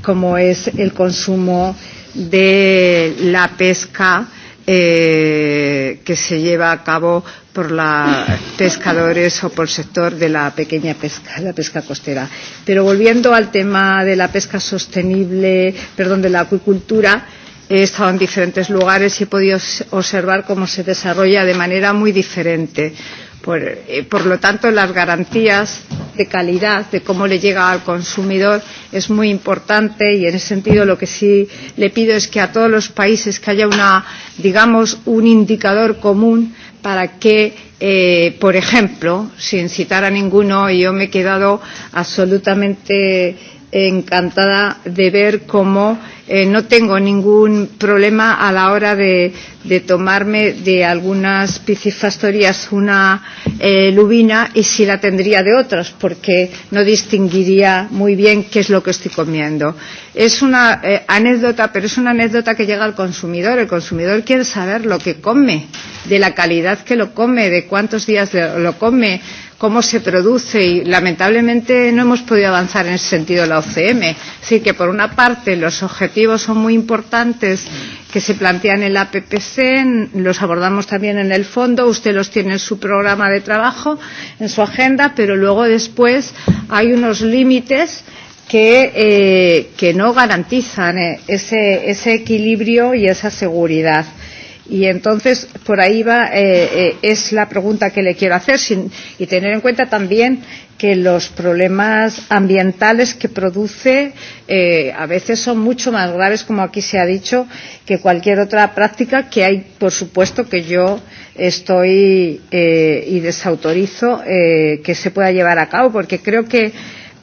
como es el consumo de la pesca eh, que se lleva a cabo por los pescadores o por el sector de la pequeña pesca, la pesca costera. Pero volviendo al tema de la pesca sostenible, perdón, de la acuicultura, he estado en diferentes lugares y he podido observar cómo se desarrolla de manera muy diferente. Por, eh, por lo tanto, las garantías de calidad, de cómo le llega al consumidor, es muy importante y en ese sentido lo que sí le pido es que a todos los países que haya una, digamos, un indicador común para que, eh, por ejemplo, sin citar a ninguno, yo me he quedado absolutamente encantada de ver cómo eh, no tengo ningún problema a la hora de, de tomarme de algunas piscifactorías una eh, lubina y si la tendría de otras, porque no distinguiría muy bien qué es lo que estoy comiendo. Es una eh, anécdota, pero es una anécdota que llega al consumidor. El consumidor quiere saber lo que come, de la calidad que lo come, de cuántos días lo come, cómo se produce y lamentablemente no hemos podido avanzar en ese sentido la OCM. Así que por una parte los objetivos son muy importantes que se plantean en la PPC, los abordamos también en el fondo, usted los tiene en su programa de trabajo, en su agenda, pero luego después hay unos límites que, eh, que no garantizan eh, ese, ese equilibrio y esa seguridad. Eh, Y entonces, por ahí va, eh, eh, es la pregunta que le quiero hacer sin, y tener en cuenta también que los problemas ambientales que produce eh, a veces son mucho más graves, como aquí se ha dicho, que cualquier otra práctica que hay, por supuesto, que yo estoy eh, y desautorizo eh, que se pueda llevar a cabo, porque creo que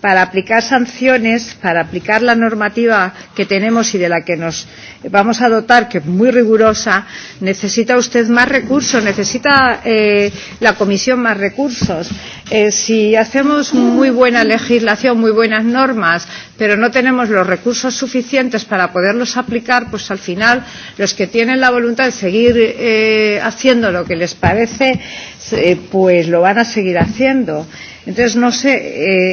para aplicar sanciones, para aplicar la normativa que tenemos y de la que nos vamos a dotar, que es muy rigurosa, necesita usted más recursos, necesita eh, la Comisión más recursos. Eh, si hacemos muy buena legislación, muy buenas normas, pero no tenemos los recursos suficientes para poderlos aplicar, pues al final los que tienen la voluntad de seguir eh, haciendo lo que les parece, eh, pues lo van a seguir haciendo. Eh, Entonces, no sé,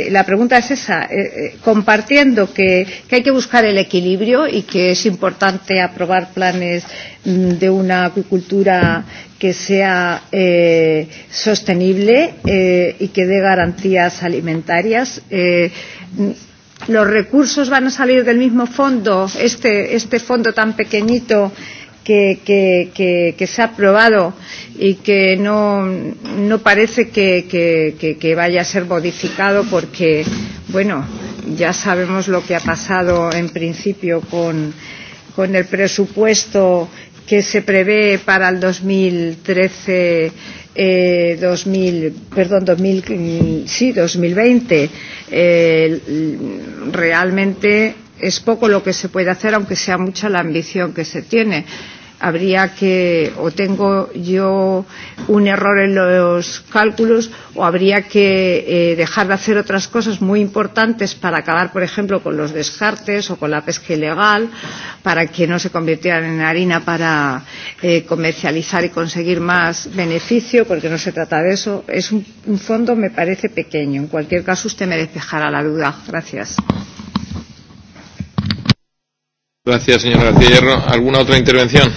eh, la pregunta es esa, eh, eh, compartiendo que, que hay que buscar el equilibrio y que es importante aprobar planes mm, de una acuicultura que sea eh, sostenible eh, y que dé garantías alimentarias. Eh, mm, ¿Los recursos van a salir del mismo fondo, este, este fondo tan pequeñito? Eh, que, que, que, que se ha aprobado y que no, no parece que, que, que, que vaya a ser modificado porque, bueno, ya sabemos lo que ha pasado en principio con, con el presupuesto que se prevé para el 2013 eh, 2000, perdón, 2000, sí, 2020. Eh, realmente es poco lo que se puede hacer, aunque sea mucha la ambición que se tiene. Eh, habría que o tengo yo un error en los cálculos o habría que eh, dejar de hacer otras cosas muy importantes para acabar, por ejemplo, con los descartes o con la pesca ilegal para que no se convirtieran en harina para eh, comercializar y conseguir más beneficio, porque no se trata de eso. Es un, un fondo, me parece, pequeño. En cualquier caso, usted me despejará la duda. Gracias. Gracias. Gracias, señora García Hierro. ¿Alguna otra intervención?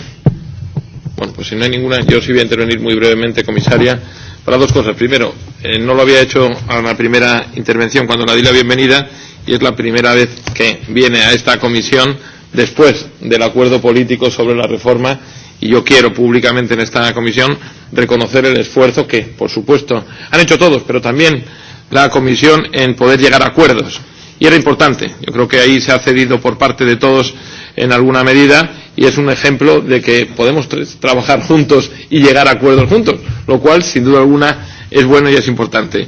Bueno, pues si no hay ninguna, yo sí voy a intervenir muy brevemente, comisaria, para dos cosas. Primero, eh, no lo había hecho a la primera intervención cuando la di la bienvenida y es la primera vez que viene a esta comisión después del acuerdo político sobre la reforma y yo quiero públicamente en esta comisión reconocer el esfuerzo que, por supuesto, han hecho todos, pero también la comisión en poder llegar a acuerdos y era importante. Yo creo que ahí se ha cedido por parte de todos en alguna medida y es un ejemplo de que podemos tra trabajar juntos y llegar a acuerdos juntos, lo cual, sin duda alguna, es bueno y es importante.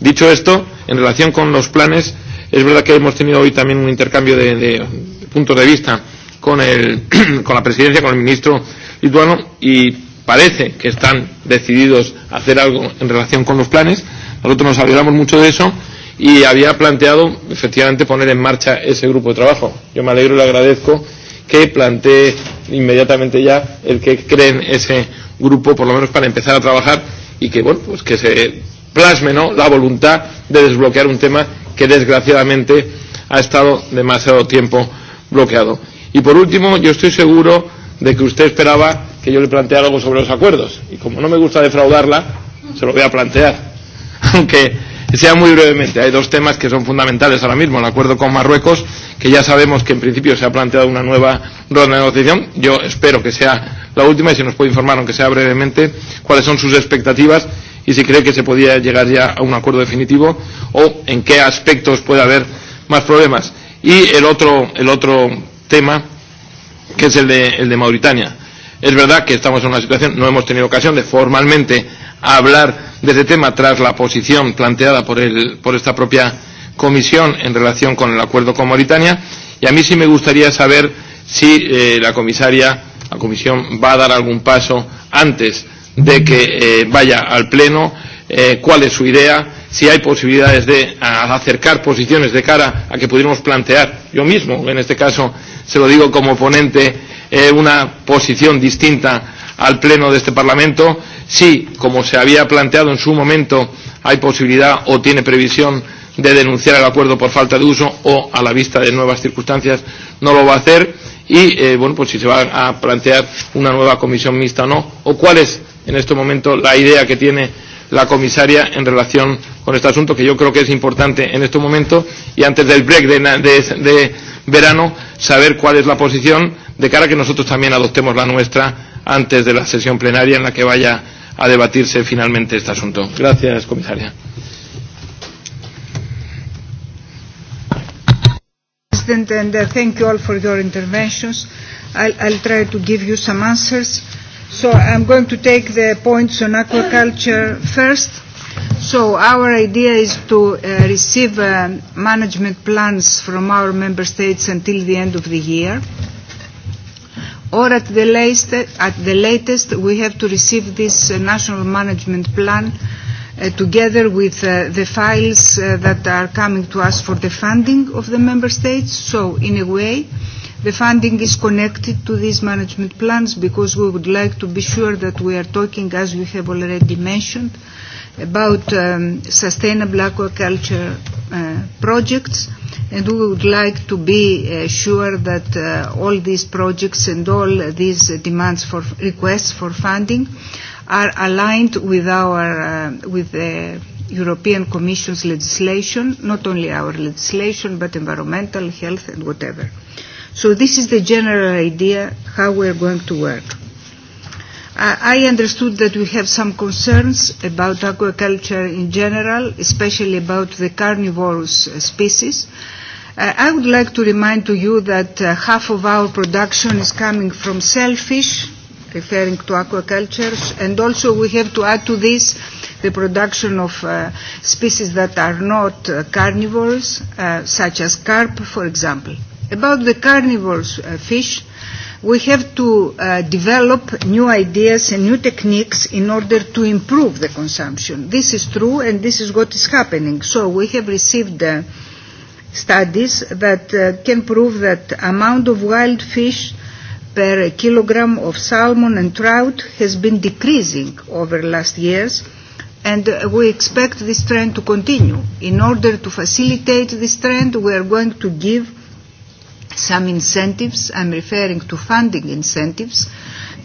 Dicho esto, en relación con los planes, es verdad que hemos tenido hoy también un intercambio de, de puntos de vista con, el, con la presidencia, con el ministro lituano y parece que están decididos a hacer algo en relación con los planes. Nosotros nos alegramos mucho de eso y había planteado efectivamente poner en marcha ese grupo de trabajo. Yo me alegro y le agradezco que plantee inmediatamente ya el que creen ese grupo, por lo menos para empezar a trabajar y que, bueno, pues que se plasme ¿no? la voluntad de desbloquear un tema que desgraciadamente ha estado demasiado tiempo bloqueado. Y por último, yo estoy seguro de que usted esperaba que yo le planteara algo sobre los acuerdos. Y como no me gusta defraudarla, se lo voy a plantear. Aunque Sea muy brevemente, hay dos temas que son fundamentales ahora mismo. El acuerdo con Marruecos, que ya sabemos que en principio se ha planteado una nueva ronda de negociación. Yo espero que sea la última y si nos puede informar, aunque sea brevemente, cuáles son sus expectativas y si cree que se podía llegar ya a un acuerdo definitivo o en qué aspectos puede haber más problemas. Y el otro, el otro tema, que es el de, el de Mauritania. Es verdad que estamos en una situación, no hemos tenido ocasión de formalmente hablar de este tema tras la posición planteada por, el, por esta propia comisión en relación con el acuerdo con Mauritania. Y a mí sí me gustaría saber si eh, la comisaria, la comisión, va a dar algún paso antes de que eh, vaya al Pleno eh, cuál es su idea, si hay posibilidades de a, acercar posiciones de cara a que pudiéramos plantear, yo mismo, en este caso se lo digo como ponente, eh, una posición distinta al Pleno de este Parlamento, si, como se había planteado en su momento, hay posibilidad o tiene previsión de denunciar el acuerdo por falta de uso o a la vista de nuevas circunstancias no lo va a hacer y eh, bueno pues si se va a plantear una nueva comisión mixta o no o cuál es en este momento la idea que tiene la comisaria en relación con este asunto, que yo creo que es importante en este momento y antes del break de, de, de verano saber cuál es la posición de cara a que nosotros también adoptemos la nuestra antes de la sesión plenaria en la que vaya a debatirse finalmente este asunto. Gracias, comisaria. President, and uh, thank you all for your interventions. I'll, I'll try to give you some answers. So I'm going to take the points on aquaculture first. So our idea is to uh, receive uh, management plans from our member states until the end of the year. Or at the, latest, at the latest, we have to receive this uh, national management plan uh, together with uh, the files uh, that are coming to us for the funding of the member states. So in a way, uh, The funding is connected to these management plans because we would like to be sure that we are talking, as you have already mentioned, about um, sustainable aquaculture uh, projects, and we would like to be uh, sure that uh, all these projects and all these demands for requests for funding are aligned with our uh, with the European Commission's legislation, not only our legislation, but environmental, health, and whatever. So this is the general idea how we're going to work. I understood that we have some concerns about aquaculture in general, especially about the carnivorous uh, species. Uh, I would like to remind to you that uh, half of our production is coming from shellfish, referring to aquaculture, and also we have to add to this the production of uh, species that are not uh, carnivores, uh, such as carp, for example. Uh, About the carnivores uh, fish, we have to uh, develop new ideas and new techniques in order to improve the consumption. This is true and this is what is happening. So we have received uh, studies that uh, can prove that amount of wild fish per kilogram of salmon and trout has been decreasing over last years and uh, we expect this trend to continue. In order to facilitate this trend, we are going to give some incentives. I'm referring to funding incentives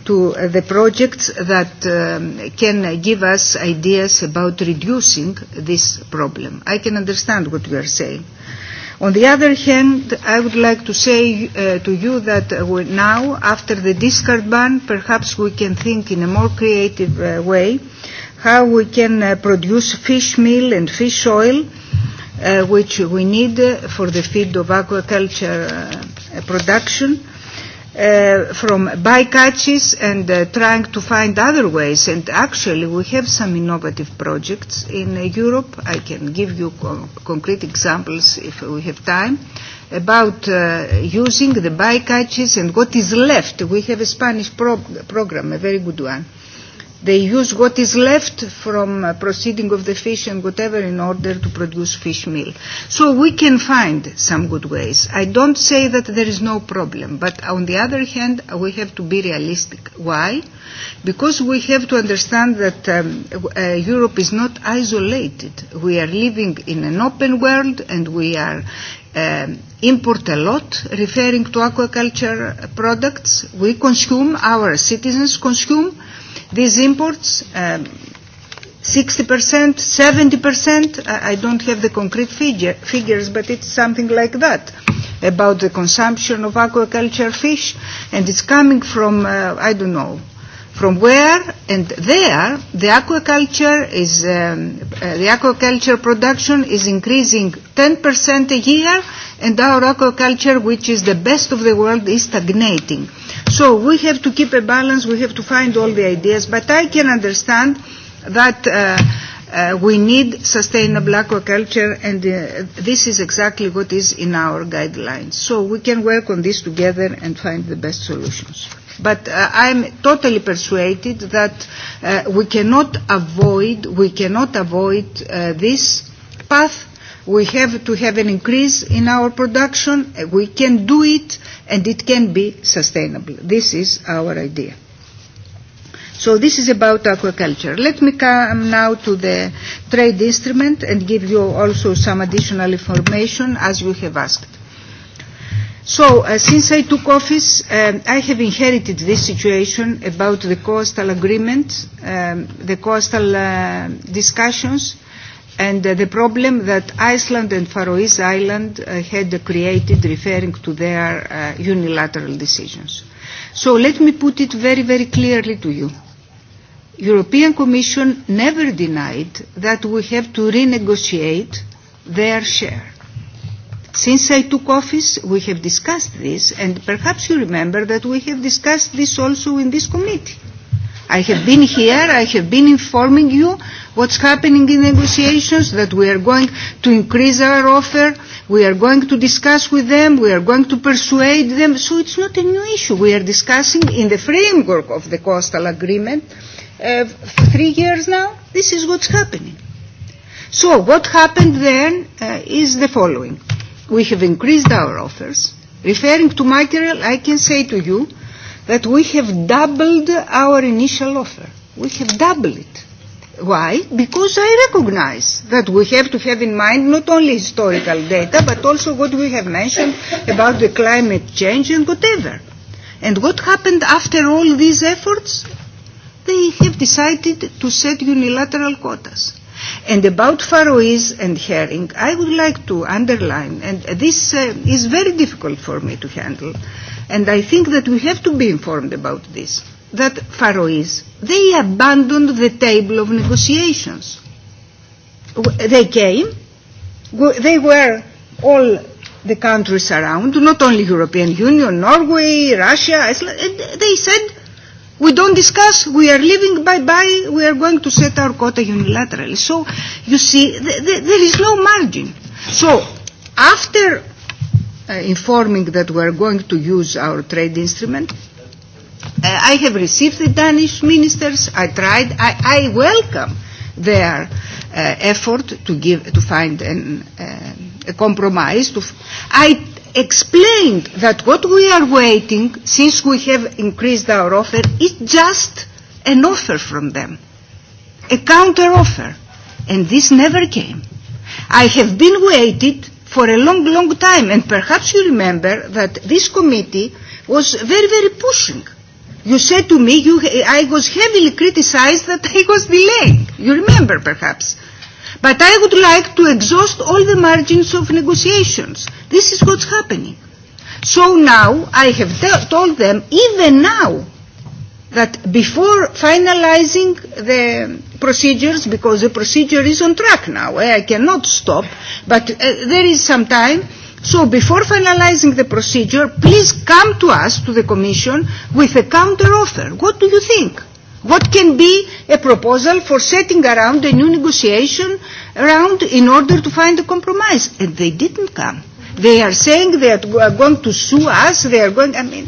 to uh, the projects that um, can give us ideas about reducing this problem. I can understand what you are saying. On the other hand, I would like to say uh, to you that uh, now, after the discard ban, perhaps we can think in a more creative uh, way how we can uh, produce fish meal and fish oil uh, uh, which we need uh, for the field of aquaculture uh, production uh, from bycatches and uh, trying to find other ways. And actually, we have some innovative projects in uh, Europe. I can give you co- concrete examples if we have time about uh, using the bycatches and what is left. We have a Spanish pro- program, a very good one they use what is left from uh, proceeding of the fish and whatever in order to produce fish meal. So we can find some good ways. I don't say that there is no problem, but on the other hand, uh, we have to be realistic. Why? Because we have to understand that um, uh, Europe is not isolated. We are living in an open world and we are um, import a lot referring to aquaculture products. We consume, our citizens consume, These imports, um, 60%, 70%, I don't have the concrete figure, figures, but it's something like that about the consumption of aquaculture fish, and it's coming from, uh, I don't know, from where and there the aquaculture is um, uh, the aquaculture production is increasing 10% a year and our aquaculture which is the best of the world is stagnating so we have to keep a balance we have to find all the ideas but i can understand that uh, uh, we need sustainable aquaculture and uh, this is exactly what is in our guidelines so we can work on this together and find the best solutions But uh, I'm totally persuaded that uh, we cannot avoid, we cannot avoid uh, this path. We have to have an increase in our production. We can do it, and it can be sustainable. This is our idea. So this is about aquaculture. Let me come now to the trade instrument and give you also some additional information as you have asked. So, uh, since I took office, um, I have inherited this situation about the coastal agreement, um, the coastal uh, discussions, and uh, the problem that Iceland and Faroese Island uh, had uh, created referring to their uh, unilateral decisions. So let me put it very, very clearly to you. European Commission never denied that we have to renegotiate their share Since I took office, we have discussed this, and perhaps you remember that we have discussed this also in this committee. I have been here, I have been informing you what's happening in negotiations, that we are going to increase our offer, we are going to discuss with them, we are going to persuade them. So it's not a new issue. We are discussing in the framework of the coastal agreement uh, three years now. This is what's happening. So what happened then uh, is the following. Uh, we have increased our offers. Referring to mackerel, I can say to you that we have doubled our initial offer. We have doubled it. Why? Because I recognize that we have to have in mind not only historical data, but also what we have mentioned about the climate change and whatever. And what happened after all these efforts? They have decided to set unilateral quotas. And about Faroese and herring, I would like to underline, and this uh, is very difficult for me to handle, and I think that we have to be informed about this, that Faroese, they abandoned the table of negotiations. They came, they were all the countries around, not only European Union, Norway, Russia, Iceland, and they said, We don't discuss. We are living by by. We are going to set our quota unilaterally. So, you see, th- th- there is no margin. So, after uh, informing that we are going to use our trade instrument, uh, I have received the Danish ministers. I tried. I, I welcome their uh, effort to give to find an, uh, a compromise. To f- I explained that what we are waiting, since we have increased our offer, is just an offer from them, a counter offer. And this never came. I have been waited for a long, long time, and perhaps you remember that this committee was very, very pushing. You said to me you, I was heavily criticized that I was delaying. You remember, perhaps. But I would like to exhaust all the margins of negotiations. This is what's happening. So now I have te- told them, even now, that before finalizing the procedures, because the procedure is on track now, eh, I cannot stop, but uh, there is some time. So before finalizing the procedure, please come to us, to the Commission, with a counter offer. What do you think? What can be a proposal for setting around a new negotiation round in order to find a compromise? And they didn't come. They are saying they are going to sue us. They are going, I mean,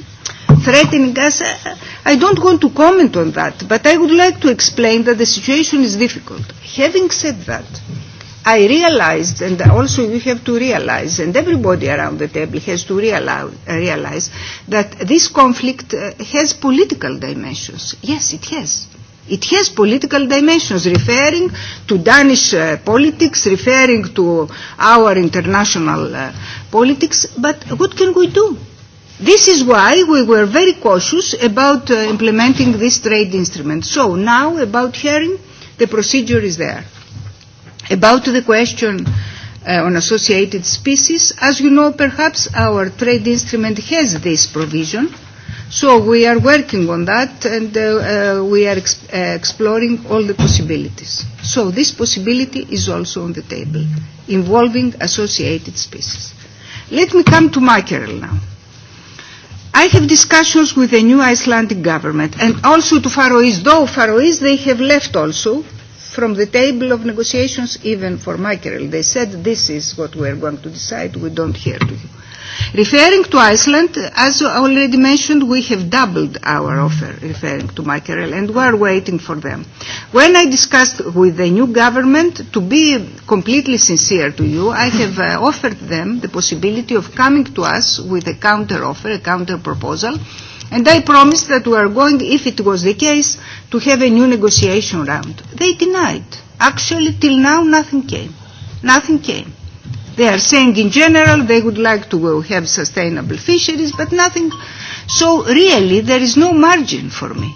threatening us. Uh, I don't want to comment on that, but I would like to explain that the situation is difficult. Having said that, uh, I realized, and also you have to realize, and everybody around the table has to realize, realize that this conflict uh, has political dimensions. Yes, it has. It has political dimensions referring to Danish uh, politics, referring to our international uh, politics, but what can we do? This is why we were very cautious about uh, implementing this trade instrument. So now about hearing, the procedure is there. About the question uh, on associated species, as you know, perhaps our trade instrument has this provision. So we are working on that and uh, uh, we are ex- uh, exploring all the possibilities. So this possibility is also on the table, involving associated species. Let me come to mackerel now. I have discussions with the new Icelandic government and also to Faroese, though Faroese they have left also from the table of negotiations, even for mackerel. They said this is what we are going to decide. We don't hear to you. Referring to Iceland, as already mentioned, we have doubled our offer referring to mackerel, and we are waiting for them. When I discussed with the new government, to be completely sincere to you, I have uh, offered them the possibility of coming to us with a counter offer, a counter proposal, uh, And I promised that we are going, if it was the case, to have a new negotiation round. They denied. Actually, till now, nothing came. Nothing came. They are saying in general they would like to have sustainable fisheries, but nothing. So really, there is no margin for me.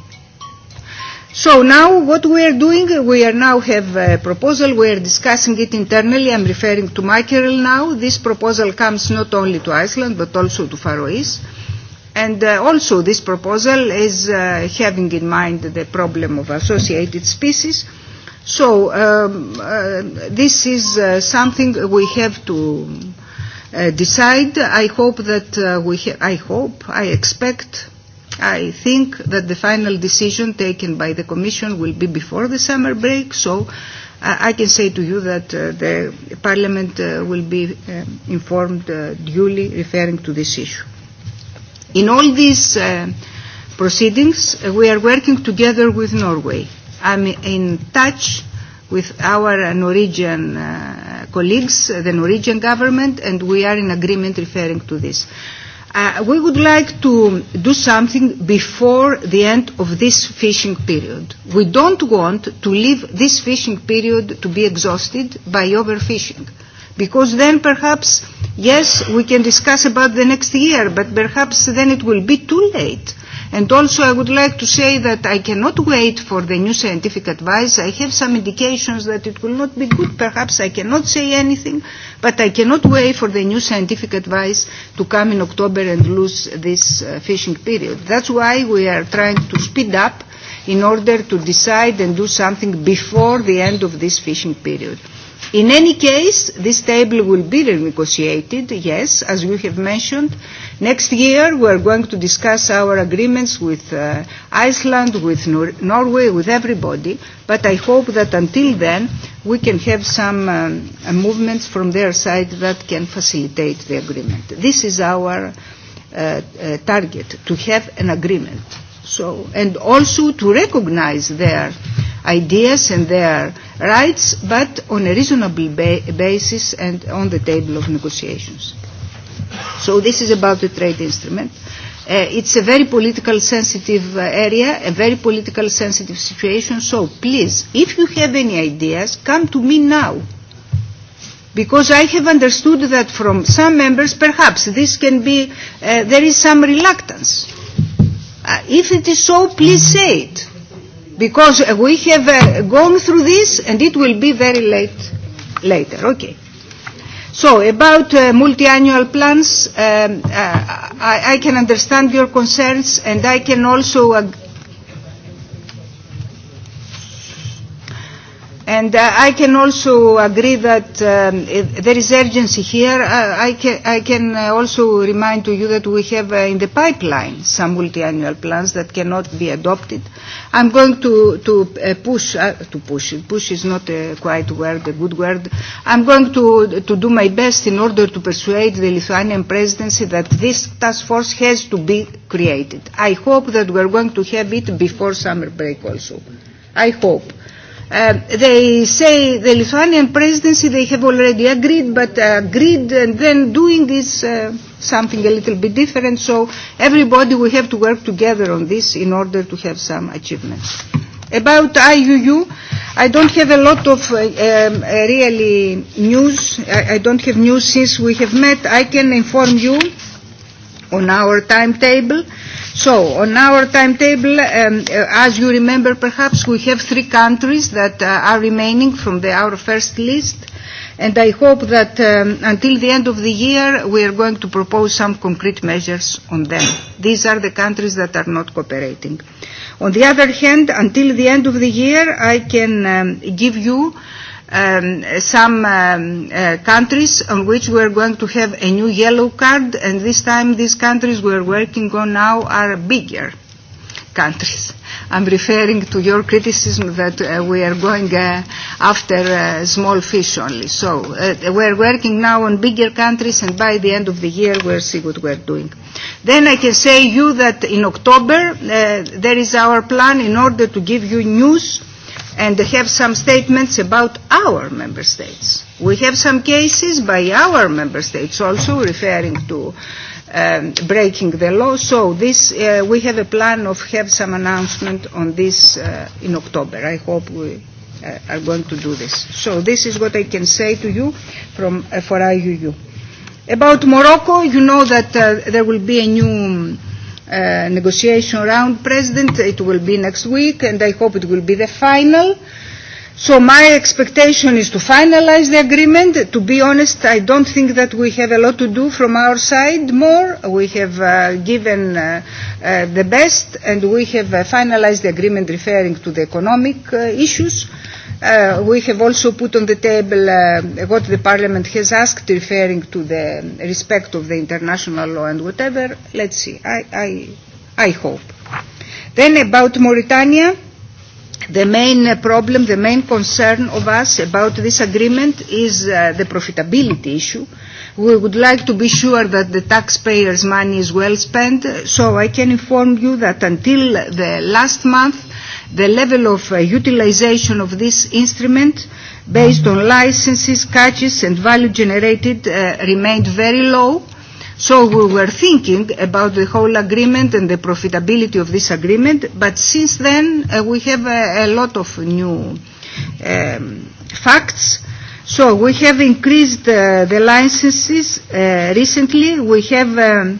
So now what we are doing, we are now have a proposal, we are discussing it internally, I'm referring to mackerel now. This proposal comes not only to Iceland but also to Faroese. Uh, And uh, also this proposal is uh, having in mind the problem of associated species. So um, uh, this is uh, something we have to uh, decide. I hope that uh, we ha- I hope, I expect, I think that the final decision taken by the Commission will be before the summer break. So I can say to you that uh, the Parliament uh, will be um, informed uh, duly referring to this issue. In all these uh, proceedings, uh, we are working together with Norway. I'm in touch with our uh, Norwegian uh, colleagues, uh, the Norwegian government, and we are in agreement referring to this. Uh, we would like to do something before the end of this fishing period. We don't want to leave this fishing period to be exhausted by overfishing. Uh, Because then perhaps, yes, we can discuss about the next year, but perhaps then it will be too late. And also I would like to say that I cannot wait for the new scientific advice. I have some indications that it will not be good. Perhaps I cannot say anything, but I cannot wait for the new scientific advice to come in October and lose this uh, fishing period. That's why we are trying to speed up in order to decide and do something before the end of this fishing period. Uh, In any case, this table will be renegotiated, yes, as you have mentioned. Next year, we are going to discuss our agreements with uh, Iceland, with Nor Norway, with everybody, but I hope that until then, we can have some um, movements from their side that can facilitate the agreement. This is our uh, uh, target, to have an agreement. So, and also to recognize their ideas and their rights, but on a reasonable ba- basis and on the table of negotiations. So this is about the trade instrument. Uh, it's a very political sensitive uh, area, a very political sensitive situation. So please, if you have any ideas, come to me now. Because I have understood that from some members, perhaps this can be, uh, there is some reluctance Uh, if it is so, please say it. Because uh, we have uh, gone through this and it will be very late later. Okay. So about uh, multi-annual plans, um, uh, I, I can understand your concerns and I can also ag And uh, I can also agree that um, there is urgency here. Uh, I, ca I can uh, also remind to you that we have uh, in the pipeline some multi-annual plans that cannot be adopted. I'm going to, to uh, push, uh, to push, push is not a quite word, a good word. I'm going to, to do my best in order to persuade the Lithuanian presidency that this task force has to be created. I hope that we're going to have it before summer break also. I hope. Uh, they say the Lithuanian presidency they have already agreed, but uh, agreed and then doing is uh, something a little bit different. So everybody will have to work together on this in order to have some achievements. About IUU, I don't have a lot of uh, um, uh, really news. I, I don't have news since we have met. I can inform you on our timetable. Uh, So, on our timetable, um, uh, as you remember perhaps, we have three countries that uh, are remaining from the, our first list, and I hope that um, until the end of the year we are going to propose some concrete measures on them. These are the countries that are not cooperating. On the other hand, until the end of the year, I can um, give you uh, um, some um, uh, countries on which we are going to have a new yellow card, and this time these countries we are working on now are bigger countries. I'm referring to your criticism that uh, we are going uh, after uh, small fish only. So uh, we're working now on bigger countries, and by the end of the year we'll see what we're doing. Then I can say you that in October uh, there is our plan in order to give you news and have some statements about our member states. We have some cases by our member states also referring to um, breaking the law. So this, uh, we have a plan of have some announcement on this uh, in October. I hope we uh, are going to do this. So this is what I can say to you from, uh, for IUU. About Morocco, you know that uh, there will be a new um, uh, negotiation round, President. It will be next week, and I hope it will be the final. So my expectation is to finalize the agreement. To be honest, I don't think that we have a lot to do from our side more. We have uh, given uh, uh, the best, and we have uh, finalized the agreement referring to the economic uh, issues. Uh, Uh, we have also put on the table uh, what the Parliament has asked referring to the respect of the international law and whatever. Let's see. I, I, I hope. Then about Mauritania, the main problem, the main concern of us about this agreement is uh, the profitability issue. We would like to be sure that the taxpayers' money is well spent, so I can inform you that until the last month, the level of uh, utilization of this instrument based on licenses, catches and value generated uh, remained very low. So we were thinking about the whole agreement and the profitability of this agreement, but since then uh, we have a, a lot of new um, facts. So we have increased uh, the licenses uh, recently. We have um,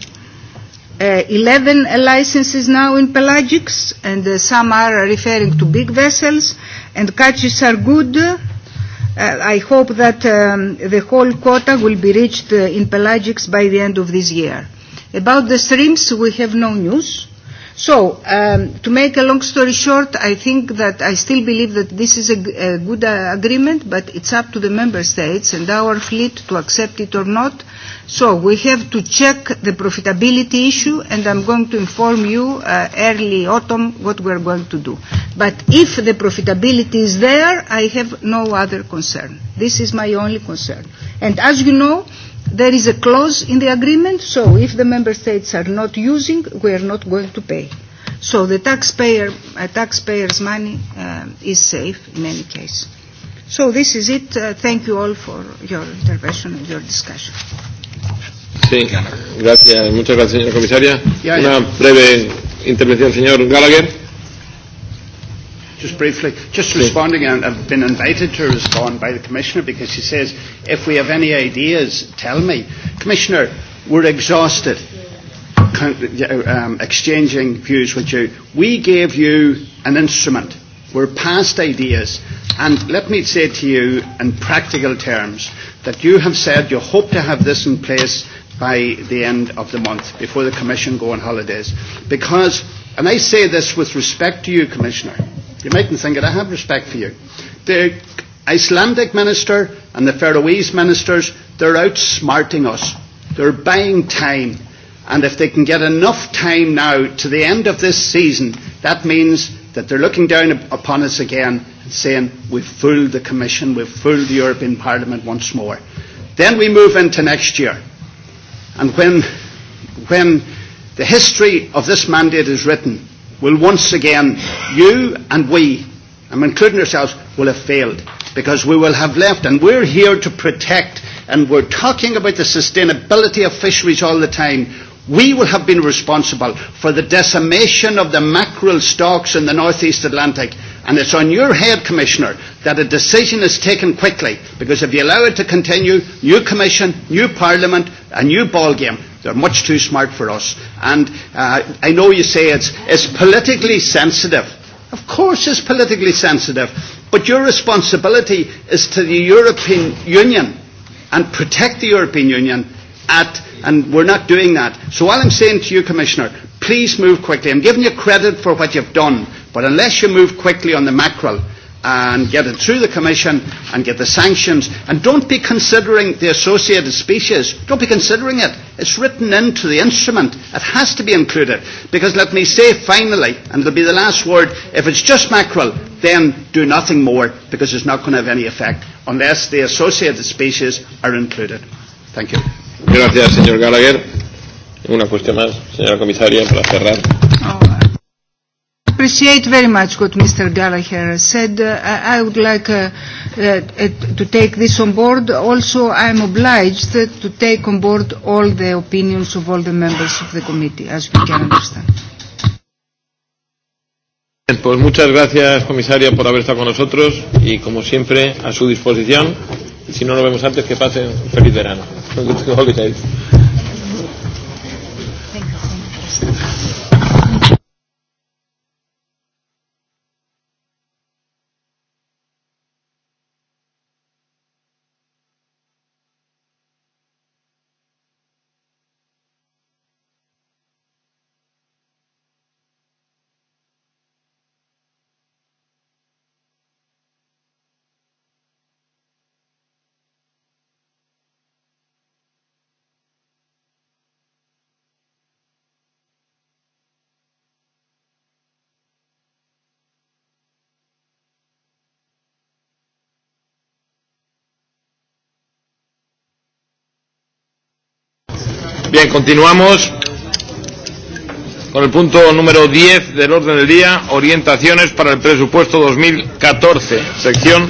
uh, 11 uh, licenses now in pelagics, and uh, some are referring to big vessels, and catches are good. Uh, I hope that um, the whole quota will be reached uh, in pelagics by the end of this year. About the streams, we have no news. So, um, to make a long story short, I think that I still believe that this is a, a good uh, agreement, but it's up to the member states and our fleet to accept it or not. So we have to check the profitability issue, and I'm going to inform you uh, early autumn what we're going to do. But if the profitability is there, I have no other concern. This is my only concern. And as you know, There is a clause in the agreement, so if the member states are not using, we are not going to pay. So the taxpayer, uh, taxpayer's money uh, is safe in any case. So this is it. Uh, thank you all for your intervention and your discussion. Sí, gracias. Muchas gracias, señora comisaria. Ya, ya. Una breve intervención, señor Gallagher just briefly, just responding, and I've been invited to respond by the Commissioner because she says, if we have any ideas, tell me. Commissioner, we're exhausted um, exchanging views with you. We gave you an instrument. We're past ideas. And let me say to you, in practical terms, that you have said you hope to have this in place by the end of the month, before the Commission go on holidays. Because, and I say this with respect to you, Commissioner, Jamaican singer. I have respect for you. The Icelandic minister and the Faroese ministers, they're outsmarting us. They're buying time. And if they can get enough time now to the end of this season, that means that they're looking down upon us again and saying, we've fooled the Commission, we've fooled the European Parliament once more. Then we move into next year. And when, when the history of this mandate is written, will once again, you and we, I'm including ourselves, will have failed because we will have left and we're here to protect and we're talking about the sustainability of fisheries all the time. We will have been responsible for the decimation of the mackerel stocks in the northeast Atlantic. And it's on your head, Commissioner, that a decision is taken quickly, because if you allow it to continue, new Commission, new Parliament, a new ballgame. They're much too smart for us. And uh, I know you say it's, it's politically sensitive. Of course it's politically sensitive. But your responsibility is to the European Union and protect the European Union at, and we're not doing that. So all I'm saying to you, Commissioner, please move quickly. I'm giving you credit for what you've done, but unless you move quickly on the mackerel, and get it through the Commission and get the sanctions. And don't be considering the associated species. Don't be considering it. It's written into the instrument. It has to be included. Because let me say finally, and it'll be the last word, if it's just mackerel, then do nothing more because it's not going to have any effect unless the associated species are included. Thank you. Gracias, señor Gallagher. Una cuestión más, señora comisaria, para cerrar. Oh appreciate very much what Mr. Gallagher said. Uh, I would like uh, uh, uh, to take this on board. Also, I am obliged to take on board all the opinions of all the members of the committee, as you can understand. Pues muchas gracias, comisaria, por haber estado con nosotros y, como siempre, a su disposición. Si no nos vemos antes, que pasen un feliz verano. Good holidays. Thank you. bien, continuamos con el punto número 10 del orden del día, orientaciones para el presupuesto 2014, sección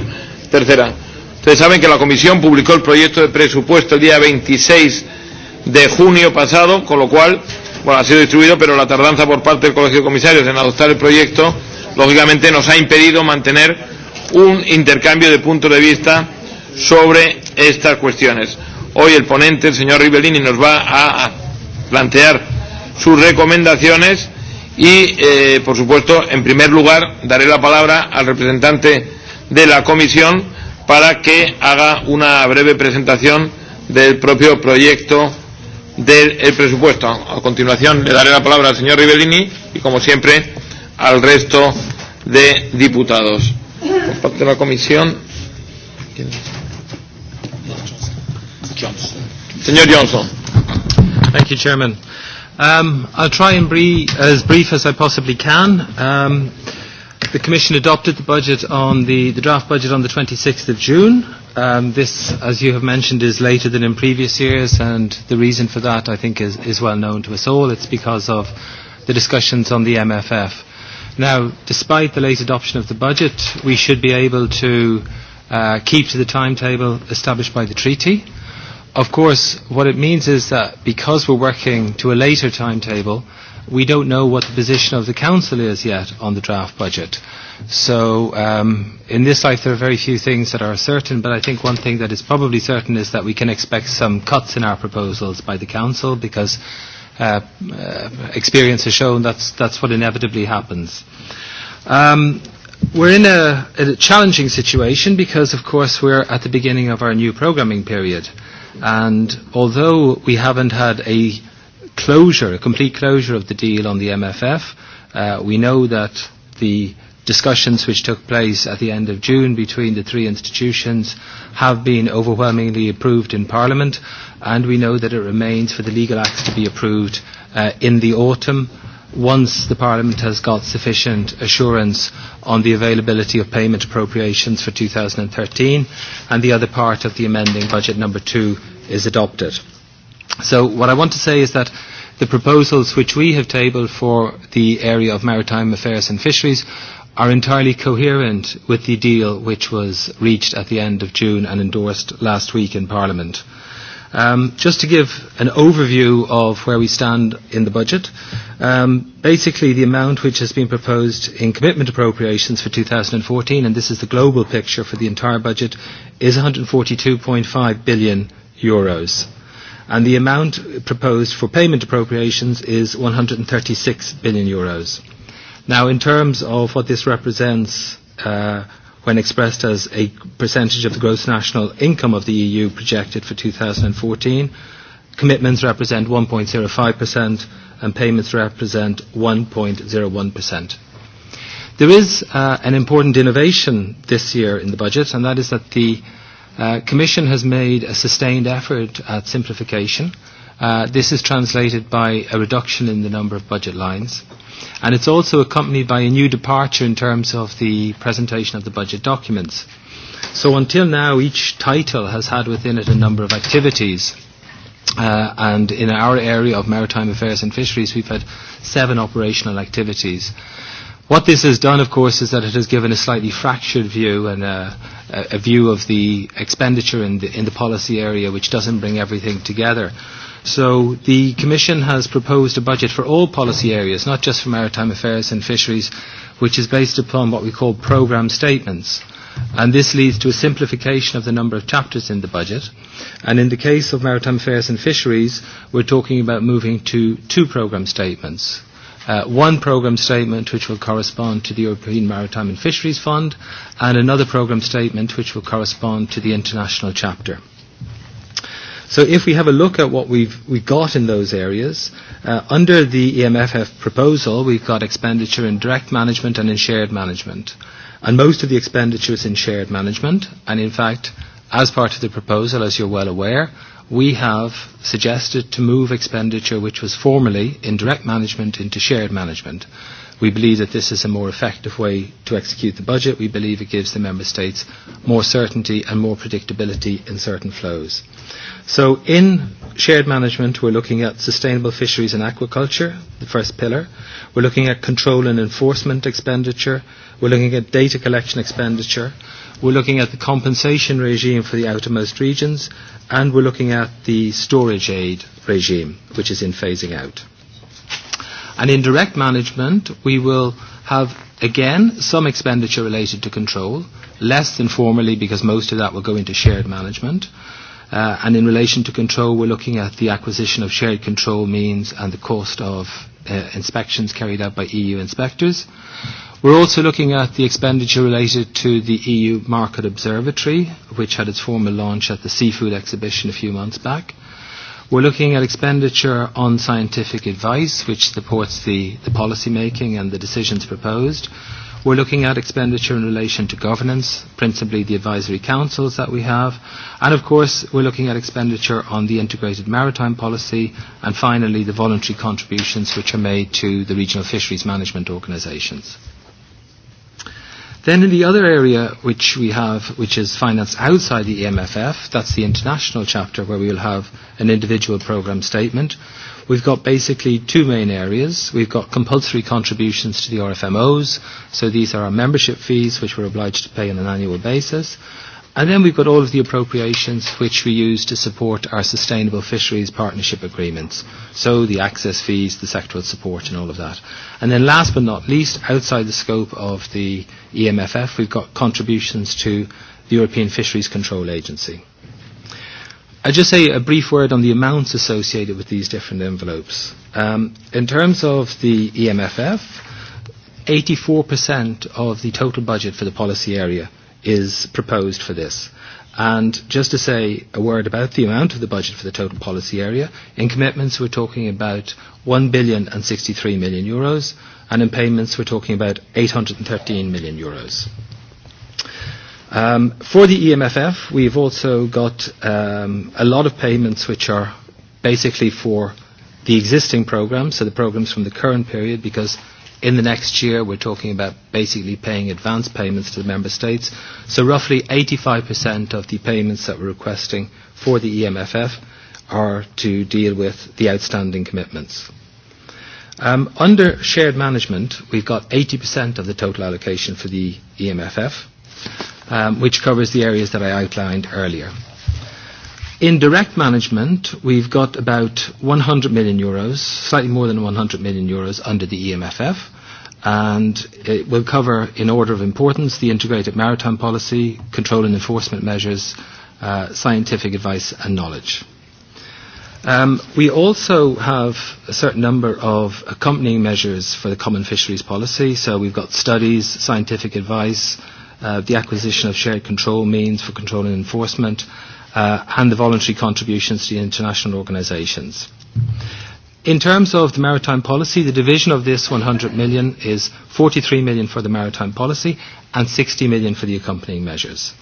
tercera. Ustedes saben que la Comisión publicó el proyecto de presupuesto el día 26 de junio pasado, con lo cual, bueno, ha sido distribuido, pero la tardanza por parte del Colegio de Comisarios en adoptar el proyecto, lógicamente, nos ha impedido mantener un intercambio de puntos de vista sobre estas cuestiones. Hoy el ponente, el señor Rivellini, nos va a plantear sus recomendaciones y, eh, por supuesto, en primer lugar, daré la palabra al representante de la comisión para que haga una breve presentación del propio proyecto del el presupuesto. A continuación, le daré la palabra al señor Rivellini y, como siempre, al resto de diputados. Por parte de la comisión. ¿Quién es? Johnson. Senor Johnson. Thank you, Chairman. Um, I'll try and be as brief as I possibly can. Um, the Commission adopted the budget on the, the draft budget on the 26th of June. Um, this, as you have mentioned, is later than in previous years, and the reason for that, I think, is, is well known to us all. It's because of the discussions on the MFF. Now, despite the late adoption of the budget, we should be able to uh, keep to the timetable established by the treaty. Uh, Of course, what it means is that because we're working to a later timetable, we don't know what the position of the Council is yet on the draft budget. So um, in this life, there are very few things that are certain, but I think one thing that is probably certain is that we can expect some cuts in our proposals by the Council because uh, uh, experience has shown that's, that's what inevitably happens. Um, we're in a, a challenging situation because, of course, we're at the beginning of our new programming period. Uh, And although we haven't had a closure, a complete closure of the deal on the MFF, uh, we know that the discussions which took place at the end of June between the three institutions have been overwhelmingly approved in Parliament, and we know that it remains for the legal acts to be approved uh, in the autumn once the Parliament has got sufficient assurance on the availability of payment appropriations for 2013 and the other part of the amending budget number two is adopted. So what I want to say is that the proposals which we have tabled for the area of maritime affairs and fisheries are entirely coherent with the deal which was reached at the end of June and endorsed last week in Parliament. Uh, Um, just to give an overview of where we stand in the budget, um, basically the amount which has been proposed in commitment appropriations for 2014, and this is the global picture for the entire budget, is 142.5 billion euros. And the amount proposed for payment appropriations is 136 billion euros. Now, in terms of what this represents uh, when expressed as a percentage of the gross national income of the EU projected for 2014. Commitments represent 1.05% and payments represent 1.01%. There is uh, an important innovation this year in the budget, and that is that the uh, Commission has made a sustained effort at simplification. Uh, this is translated by a reduction in the number of budget lines. Uh, And it's also accompanied by a new departure in terms of the presentation of the budget documents. So until now, each title has had within it a number of activities. Uh, and in our area of maritime affairs and fisheries, we've had seven operational activities. What this has done, of course, is that it has given a slightly fractured view and a, a view of the expenditure in the, in the policy area, which doesn't bring everything together. So the Commission has proposed a budget for all policy areas, not just for maritime affairs and fisheries, which is based upon what we call programme statements. And this leads to a simplification of the number of chapters in the budget. And in the case of maritime affairs and fisheries, we're talking about moving to two programme statements. Uh, one programme statement which will correspond to the European Maritime and Fisheries Fund and another programme statement which will correspond to the international chapter. So if we have a look at what we've, we've got in those areas, uh, under the EMFF proposal, we've got expenditure in direct management and in shared management. And most of the expenditure is in shared management. And in fact, as part of the proposal, as you're well aware, we have suggested to move expenditure which was formerly in direct management into shared management. Uh, We believe that this is a more effective way to execute the budget. We believe it gives the member states more certainty and more predictability in certain flows. So in shared management, we're looking at sustainable fisheries and aquaculture, the first pillar. We're looking at control and enforcement expenditure. We're looking at data collection expenditure. We're looking at the compensation regime for the outermost regions, and we're looking at the storage aid regime, which is in phasing out. And in direct management, we will have, again, some expenditure related to control, less than formerly because most of that will go into shared management. Uh, and in relation to control, we're looking at the acquisition of shared control means and the cost of uh, inspections carried out by EU inspectors. We're also looking at the expenditure related to the EU Market Observatory, which had its formal launch at the Seafood Exhibition a few months back. We're looking at expenditure on scientific advice, which supports the, the policy making and the decisions proposed. We're looking at expenditure in relation to governance, principally the advisory councils that we have. And of course, we're looking at expenditure on the integrated maritime policy and finally the voluntary contributions which are made to the regional fisheries management organisations. Uh, Then in the other area which we have, which is finance outside the EMFF, that's the international chapter where we will have an individual programme statement. We've got basically two main areas. We've got compulsory contributions to the RFMOs, so these are our membership fees which we're obliged to pay on an annual basis. And then we've got all of the appropriations which we use to support our sustainable fisheries partnership agreements. So the access fees, the sectoral support and all of that. And then last but not least, outside the scope of the EMFF, we've got contributions to the European Fisheries Control Agency. I'll just say a brief word on the amounts associated with these different envelopes. Um, in terms of the EMFF, 84% of the total budget for the policy area is proposed for this. And just to say a word about the amount of the budget for the total policy area, in commitments we're talking about 1 billion and 63 million euros, and in payments we're talking about 813 million euros. Um, for the EMFF, we've also got um, a lot of payments which are basically for the existing programs, so the programs from the current period, because In the next year, we're talking about basically paying advance payments to the member states. So roughly 85% of the payments that we're requesting for the EMFF are to deal with the outstanding commitments. Um, under shared management, we've got 80% of the total allocation for the EMFF, um, which covers the areas that I outlined earlier. In direct management, we've got about 100 million euros, slightly more than 100 million euros under the EMFF and it will cover, in order of importance, the integrated maritime policy, control and enforcement measures, uh, scientific advice and knowledge. Um, we also have a certain number of accompanying measures for the common fisheries policy. So we've got studies, scientific advice, uh, the acquisition of shared control means for control and enforcement, uh, and the voluntary contributions to the international organisations. Mm-hmm. In terms of the maritime policy, the division of this 100 million is 43 million for the maritime policy and 60 million for the accompanying measures.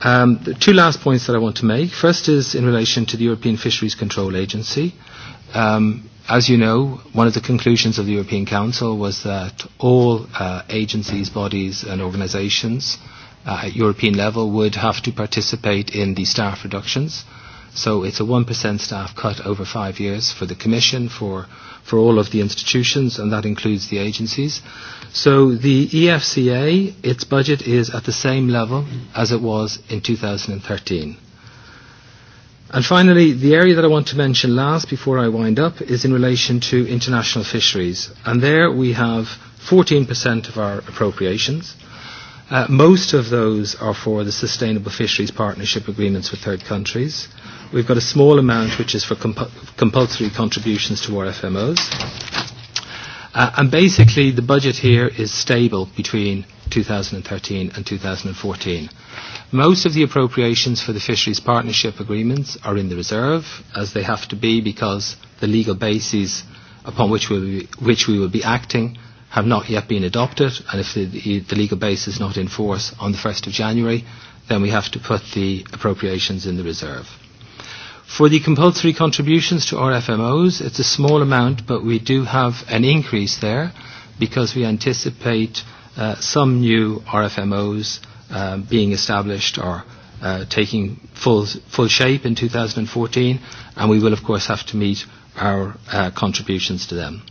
Um, the two last points that I want to make. First is in relation to the European Fisheries Control Agency. Um, as you know, one of the conclusions of the European Council was that all uh, agencies, bodies and organisations uh, at European level would have to participate in the staff reductions uh, So it's a 1% staff cut over five years for the Commission, for, for all of the institutions, and that includes the agencies. So the EFCA, its budget is at the same level as it was in 2013. And finally, the area that I want to mention last before I wind up is in relation to international fisheries. And there we have 14% of our appropriations. Uh, most of those are for the Sustainable Fisheries Partnership agreements with third countries. We've got a small amount which is for compu- compulsory contributions to our FMOs. Uh, and basically, the budget here is stable between 2013 and 2014. Most of the appropriations for the fisheries partnership agreements are in the reserve, as they have to be because the legal bases upon which we will be, which we will be acting have not yet been adopted, and if the, the legal base is not in force on the 1st of January, then we have to put the appropriations in the reserve. For the compulsory contributions to RFMOs, it's a small amount, but we do have an increase there because we anticipate uh, some new RFMOs uh, being established or uh, taking full, full shape in 2014, and we will, of course, have to meet our uh, contributions to them.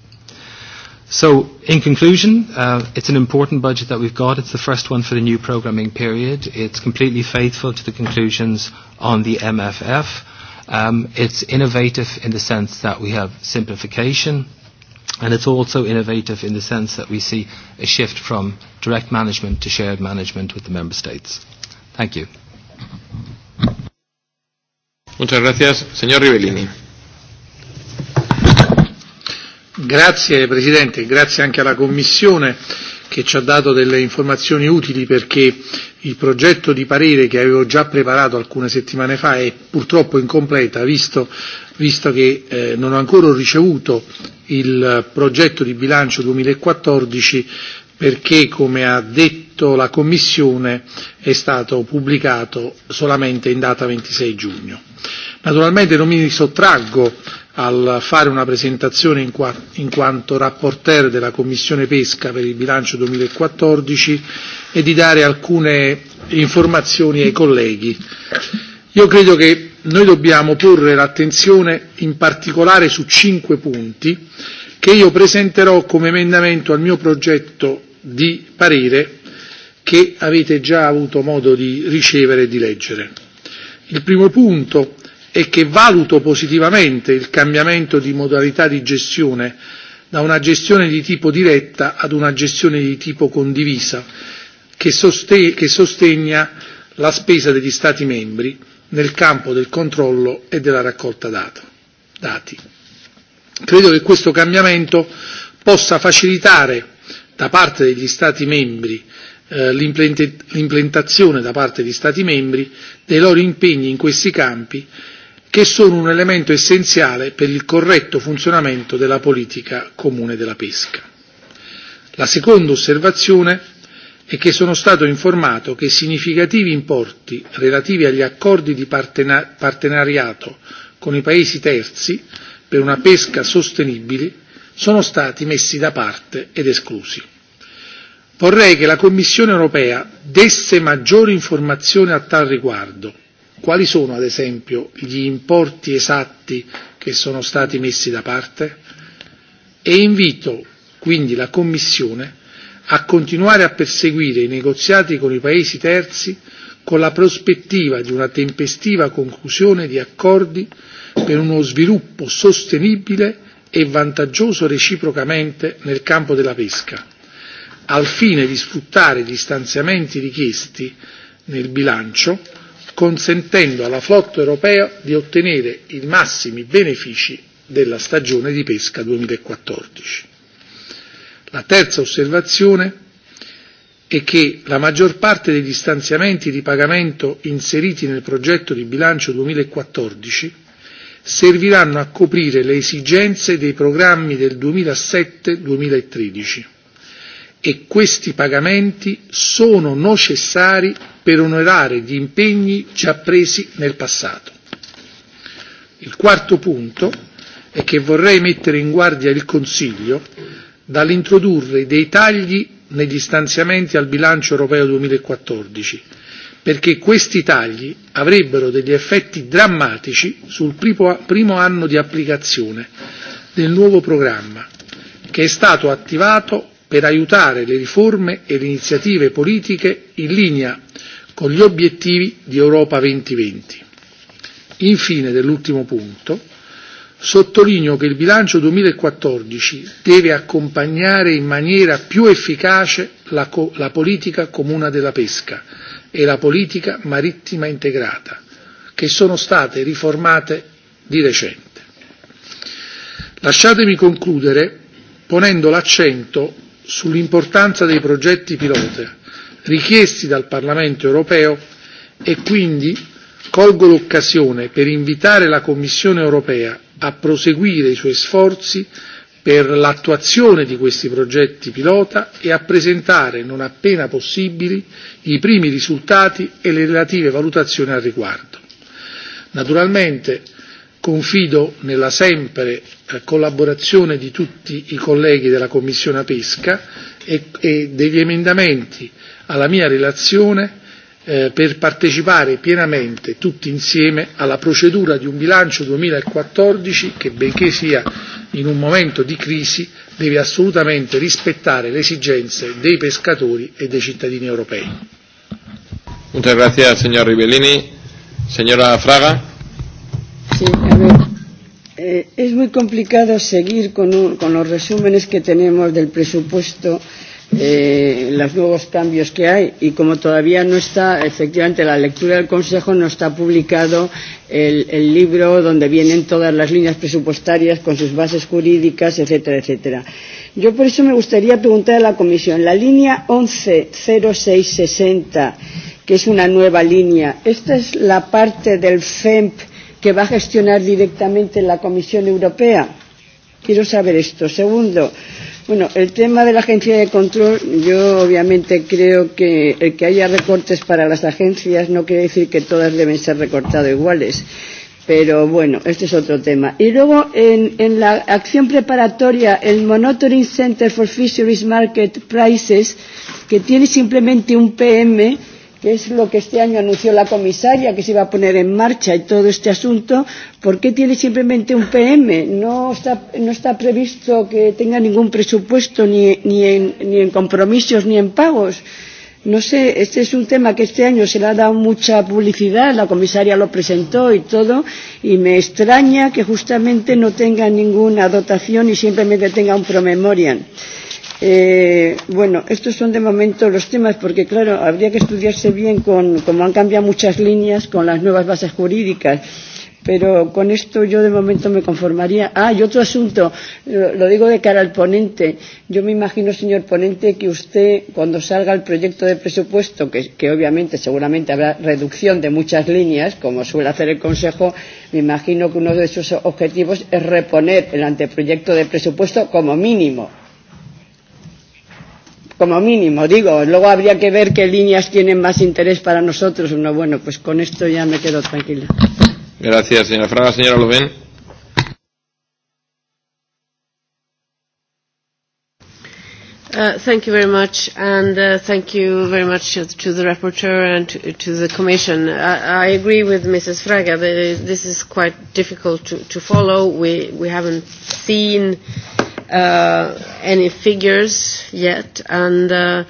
So, in conclusion, uh, it's an important budget that we've got. It's the first one for the new programming period. It's completely faithful to the conclusions on the MFF. Um, it's innovative in the sense that we have simplification, and it's also innovative in the sense that we see a shift from direct management to shared management with the member states. Thank you. Muchas gracias, señor Rivellini. Grazie Presidente, grazie anche alla Commissione che ci ha dato delle informazioni utili perché il progetto di parere che avevo già preparato alcune settimane fa è purtroppo incompleta visto, visto che eh, non ho ancora ricevuto il progetto di bilancio 2014 perché, come ha detto la Commissione, è stato pubblicato solamente in data 26 giugno. Naturalmente non mi sottraggo al fare una presentazione in, qua, in quanto rapporteur della Commissione Pesca per il bilancio 2014 e di dare alcune informazioni ai colleghi. Io credo che noi dobbiamo porre l'attenzione in particolare su cinque punti che io presenterò come emendamento al mio progetto di parere che avete già avuto modo di ricevere e di leggere. Il primo punto e che valuto positivamente il cambiamento di modalità di gestione da una gestione di tipo diretta ad una gestione di tipo condivisa che, soste- che sostegna la spesa degli Stati membri nel campo del controllo e della raccolta data, dati. Credo che questo cambiamento possa facilitare da parte degli Stati membri eh, l'implementazione da parte degli Stati membri dei loro impegni in questi campi che sono un elemento essenziale per il corretto funzionamento della politica comune della pesca. La seconda osservazione e che sono stato informato che significativi importi relativi agli accordi di partena- partenariato con i paesi terzi per una pesca sostenibile sono stati messi da parte ed esclusi. Vorrei che la Commissione europea desse maggiori informazioni a tal riguardo Quali sono, ad esempio, gli importi esatti che sono stati messi da parte? E invito quindi la Commissione a continuare a perseguire i negoziati con i Paesi terzi con la prospettiva di una tempestiva conclusione di accordi per uno sviluppo sostenibile e vantaggioso reciprocamente nel campo della pesca, al fine di sfruttare gli stanziamenti richiesti nel bilancio consentendo alla flotta europea di ottenere i massimi benefici della stagione di pesca 2014. La terza osservazione è che la maggior parte degli stanziamenti di pagamento inseriti nel progetto di bilancio 2014 serviranno a coprire le esigenze dei programmi del 2007-2013 e questi pagamenti sono necessari per onorare gli impegni già presi nel passato. Il quarto punto è che vorrei mettere in guardia il Consiglio dall'introdurre dei tagli negli stanziamenti al bilancio europeo 2014, perché questi tagli avrebbero degli effetti drammatici sul primo, primo anno di applicazione del nuovo programma, che è stato attivato per aiutare le riforme e le iniziative politiche in linea con gli obiettivi di Europa 2020. Infine, dell'ultimo punto, sottolineo che il bilancio 2014 deve accompagnare in maniera più efficace la, co- la politica comune della pesca e la politica marittima integrata, che sono state riformate di recente. Lasciatemi concludere ponendo l'accento sull'importanza dei progetti pilota richiesti dal Parlamento europeo e quindi colgo l'occasione per invitare la Commissione europea a proseguire i suoi sforzi per l'attuazione di questi progetti pilota e a presentare, non appena possibili, i primi risultati e le relative valutazioni al riguardo. Naturalmente Confido nella sempre eh, collaborazione di tutti i colleghi della Commissione Pesca e, e degli emendamenti alla mia relazione eh, per partecipare pienamente tutti insieme alla procedura di un bilancio 2014 che, benché sia in un momento di crisi, deve assolutamente rispettare le esigenze dei pescatori e dei cittadini europei. Muchas gracias, señor Rivellini. Señora Fraga. Sí, Eh, es muy complicado seguir con, un, con los resúmenes que tenemos del presupuesto, eh, los nuevos cambios que hay y como todavía no está, efectivamente, la lectura del Consejo no está publicado el, el libro donde vienen todas las líneas presupuestarias con sus bases jurídicas, etcétera, etcétera. Yo por eso me gustaría preguntar a la Comisión, la línea 110660, que es una nueva línea, ¿esta es la parte del FEMP? que va a gestionar directamente la Comisión Europea? Quiero saber esto. Segundo, bueno, el tema de la agencia de control, yo obviamente creo que el que haya recortes para las agencias no quiere decir que todas deben ser recortadas iguales. Pero bueno, este es otro tema. Y luego, en, en la acción preparatoria, el Monitoring Center for Fisheries Market Prices, que tiene simplemente un PM, que es lo que este año anunció la comisaria, que se iba a poner en marcha y todo este asunto, ¿por qué tiene simplemente un PM? No está, no está previsto que tenga ningún presupuesto ni, ni, en, ni en compromisos ni en pagos. No sé, este es un tema que este año se le ha dado mucha publicidad, la comisaria lo presentó y todo, y me extraña que justamente no tenga ninguna dotación y simplemente tenga un promemorial. Eh, Eh, bueno, estos son de momento los temas porque, claro, habría que estudiarse bien con, como han cambiado muchas líneas con las nuevas bases jurídicas. Pero con esto yo de momento me conformaría. Ah, y otro asunto, lo, lo digo de cara al ponente. Yo me imagino, señor ponente, que usted, cuando salga el proyecto de presupuesto, que, que obviamente seguramente habrá reducción de muchas líneas, como suele hacer el Consejo, me imagino que uno de sus objetivos es reponer el anteproyecto de presupuesto como mínimo como mínimo, digo, luego habría que ver qué líneas tienen más interés para nosotros o no. Bueno, pues con esto ya me quedo tranquila. Gracias, señora Fraga. Señora Lubén. Uh, thank you very much, and uh, thank you very much to the rapporteur and to, to the Commission. I, I agree with Mrs. Fraga that this is quite difficult to, to follow. We, we haven't seen uh, uh, any figures yet, and uh,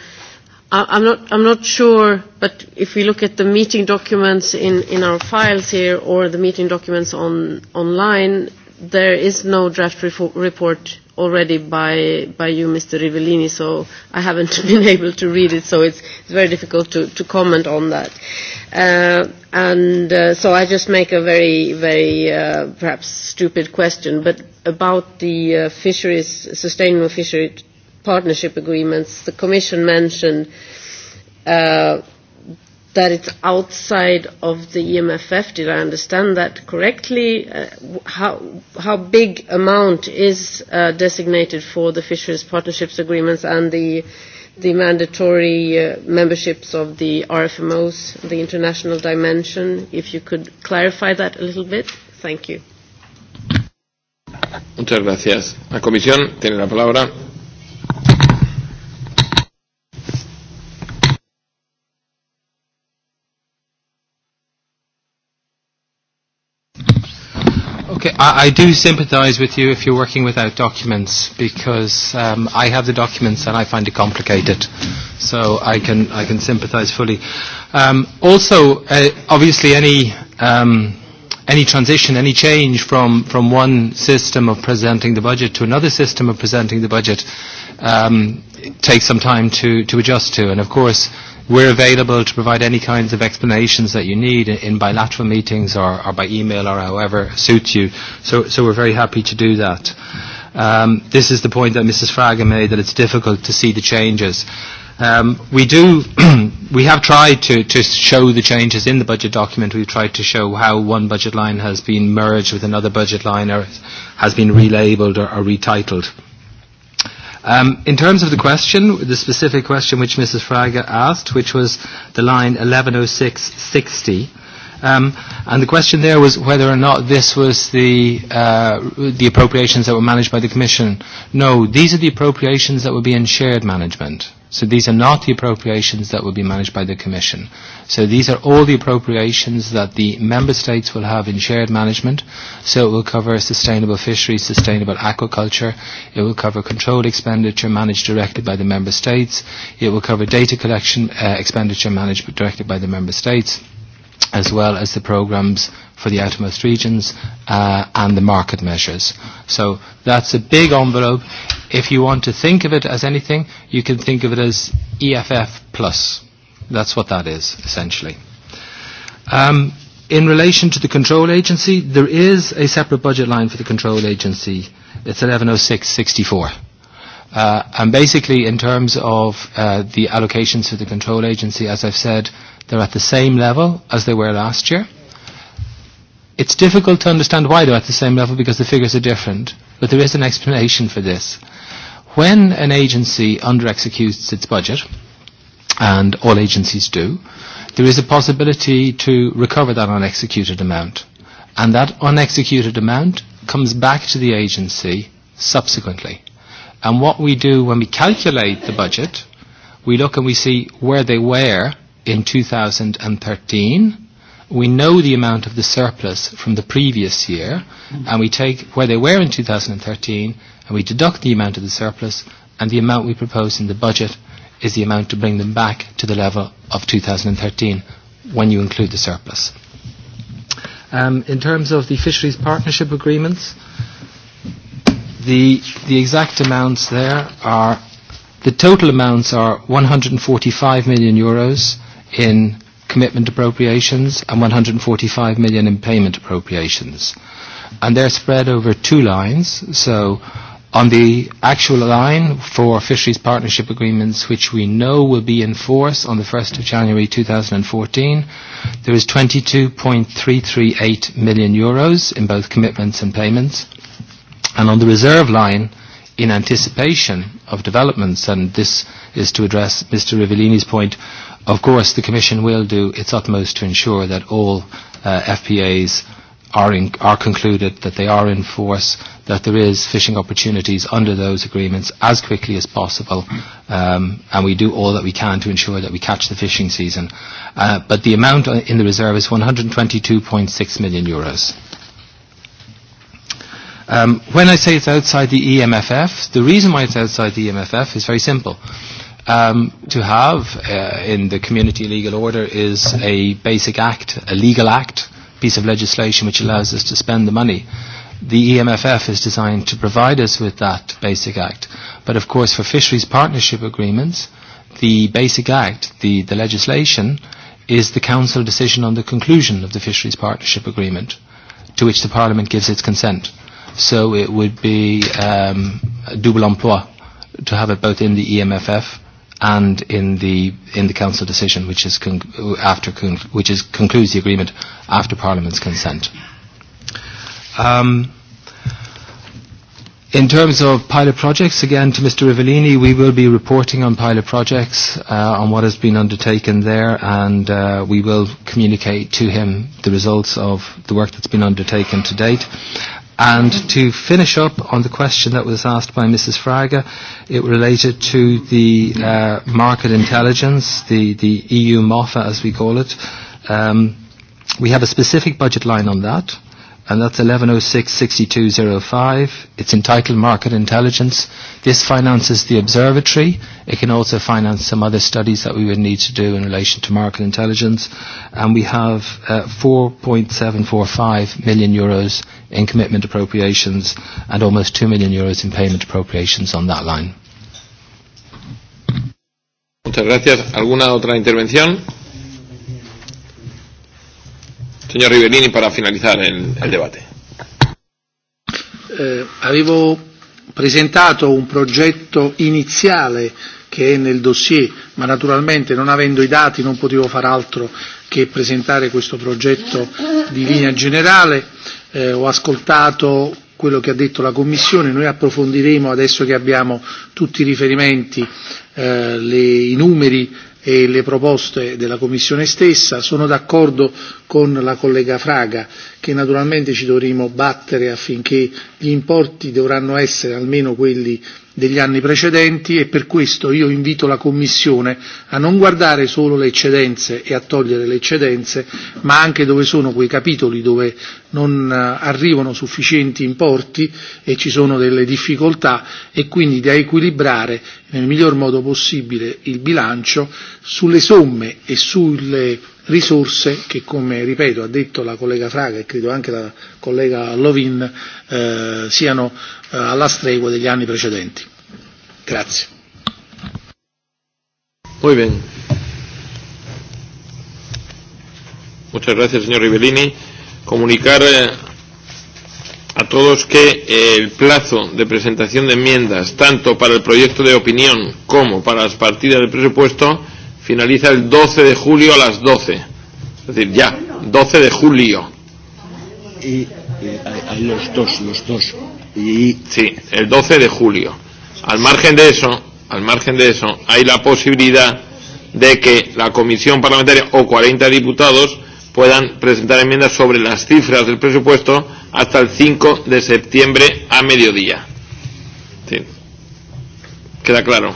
I, I'm not I'm not sure. But if we look at the meeting documents in in our files here or the meeting documents on online, there is no draft report already by by you, Mr. Rivellini. So I haven't been able to read it. So it's it's very difficult to to comment on that. Uh, and uh, so I just make a very very uh, perhaps stupid question, but about the uh, fisheries, sustainable fisheries partnership agreements, the Commission mentioned uh, that it's outside of the EMFF. Did I understand that correctly? Uh, how, how big amount is uh, designated for the fisheries partnerships agreements and the, the mandatory uh, memberships of the RFMOs, the international dimension? If you could clarify that a little bit. Thank you. Muchas gracias. La comisión tiene la palabra. Okay, I, I do sympathise with you if you're working without documents because um, I have the documents and I find it complicated. So I can I can sympathise fully. Um, also, uh, obviously, any um, any transition, any change from, from one system of presenting the budget to another system of presenting the budget um, takes some time to, to adjust to. And of course, we're available to provide any kinds of explanations that you need in, in bilateral meetings or, or by email or however suits you. So, so we're very happy to do that. Um, this is the point that Mrs. Fraga made, that it's difficult to see the changes. Uh, Um, we do, we have tried to, to show the changes in the budget document. We've tried to show how one budget line has been merged with another budget line or has been relabeled or, or retitled. Um, in terms of the question, the specific question which Mrs. Fraga asked, which was the line 110660, Um, and the question there was whether or not this was the, uh, the appropriations that were managed by the Commission. No, these are the appropriations that would be in shared management. So these are not the appropriations that will be managed by the Commission. So these are all the appropriations that the Member States will have in shared management. So it will cover sustainable fisheries, sustainable aquaculture. It will cover controlled expenditure managed directly by the Member States. It will cover data collection uh, expenditure managed directly by the Member States as well as the programs for the outermost regions uh, and the market measures. So that's a big envelope. If you want to think of it as anything, you can think of it as EFF plus. That's what that is, essentially. Um, in relation to the control agency, there is a separate budget line for the control agency. It's 1106.64. Uh, and basically, in terms of uh, the allocations for the control agency, as I've said, they're at the same level as they were last year. It's difficult to understand why they're at the same level because the figures are different, but there is an explanation for this when an agency under-executes its budget, and all agencies do, there is a possibility to recover that unexecuted amount. And that unexecuted amount comes back to the agency subsequently. And what we do when we calculate the budget, we look and we see where they were in 2013. We know the amount of the surplus from the previous year, and we take where they were in 2013 and we deduct the amount of the surplus, and the amount we propose in the budget is the amount to bring them back to the level of 2013 when you include the surplus. Um, in terms of the fisheries partnership agreements, the, the exact amounts there are, the total amounts are 145 million euros in commitment appropriations and 145 million in payment appropriations. And they're spread over two lines, so On the actual line for fisheries partnership agreements, which we know will be in force on the 1st of January 2014, there is 22.338 million euros in both commitments and payments. And on the reserve line, in anticipation of developments, and this is to address Mr. Rivellini's point, of course, the Commission will do its utmost to ensure that all uh, FPAs are, in, are concluded, that they are in force, that there is fishing opportunities under those agreements as quickly as possible, um, and we do all that we can to ensure that we catch the fishing season. Uh, but the amount in the reserve is 122.6 million euros. Um, when I say it's outside the EMFF, the reason why it's outside the EMFF is very simple. Um, to have uh, in the community legal order is a basic act, a legal act, piece of legislation which allows us to spend the money. Uh, the EMFF is designed to provide us with that Basic Act. But of course, for fisheries partnership agreements, the Basic Act, the, the legislation, is the Council decision on the conclusion of the fisheries partnership agreement, to which the Parliament gives its consent. So it would be um, a double emploi to have it both in the EMFF and in the in the council decision, which is con- after con- which is concludes the agreement after Parliament's consent. Yeah. Um, in terms of pilot projects, again, to Mr. Rivellini, we will be reporting on pilot projects, uh, on what has been undertaken there, and uh, we will communicate to him the results of the work that's been undertaken to date. And to finish up on the question that was asked by Mrs. Fraga, it related to the uh, market intelligence, the, the EU MOFA as we call it. Um, we have a specific budget line on that and that's 1106-6205. It's entitled Market Intelligence. This finances the observatory. It can also finance some other studies that we would need to do in relation to market intelligence. And we have uh, 4.745 million euros in commitment appropriations and almost 2 million euros in payment appropriations on that line. Muchas gracias. ¿Alguna otra intervención? Señor Riverini, para finalizar el, el debate. Eh, avevo presentato un progetto iniziale che è nel dossier, ma naturalmente non avendo i dati non potevo far altro che presentare questo progetto di linea generale. Eh, ho ascoltato quello che ha detto la Commissione, noi approfondiremo adesso che abbiamo tutti i riferimenti, eh, le, i numeri e le proposte della Commissione stessa. Sono d'accordo con la collega Fraga che naturalmente ci dovremo battere affinché gli importi dovranno essere almeno quelli degli anni precedenti e per questo io invito la Commissione a non guardare solo le eccedenze e a togliere le eccedenze, ma anche dove sono quei capitoli dove non eh, arrivano sufficienti importi e ci sono delle difficoltà e quindi da equilibrare nel miglior modo possibile il bilancio sulle somme e sulle risorse che, come ripeto, ha detto la collega Fraga e credo anche la collega Lovin, eh, siano eh, alla stregua degli anni precedenti. Grazie. Muy bien. Muchas gracias, señor Rivellini. Comunicar eh, a todos que eh, el plazo de presentación de enmiendas, tanto para el proyecto de opinión como para las partidas del presupuesto, finaliza el 12 de julio a las 12. Es decir, ya, 12 de julio. Y, y hay los dos, los dos. Y... Sí, el 12 de julio. Al margen de eso, al margen de eso, hay la posibilidad de que la comisión parlamentaria o 40 diputados puedan presentar enmiendas sobre las cifras del presupuesto hasta el 5 de septiembre a mediodía. Sí. ¿Queda claro?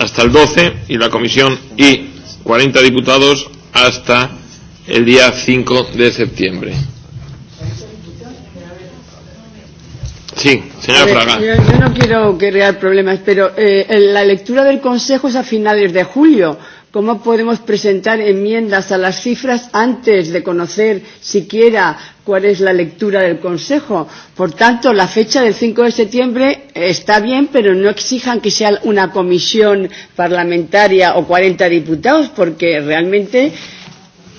hasta el 12 y la comisión y 40 diputados hasta el día 5 de septiembre. Sí, señora ver, Fraga. Yo, yo no quiero crear problemas, pero eh, la lectura del Consejo es a finales de julio cómo podemos presentar enmiendas a las cifras antes de conocer siquiera cuál es la lectura del Consejo. Por tanto, la fecha del 5 de septiembre está bien, pero no exijan que sea una comisión parlamentaria o 40 diputados, porque realmente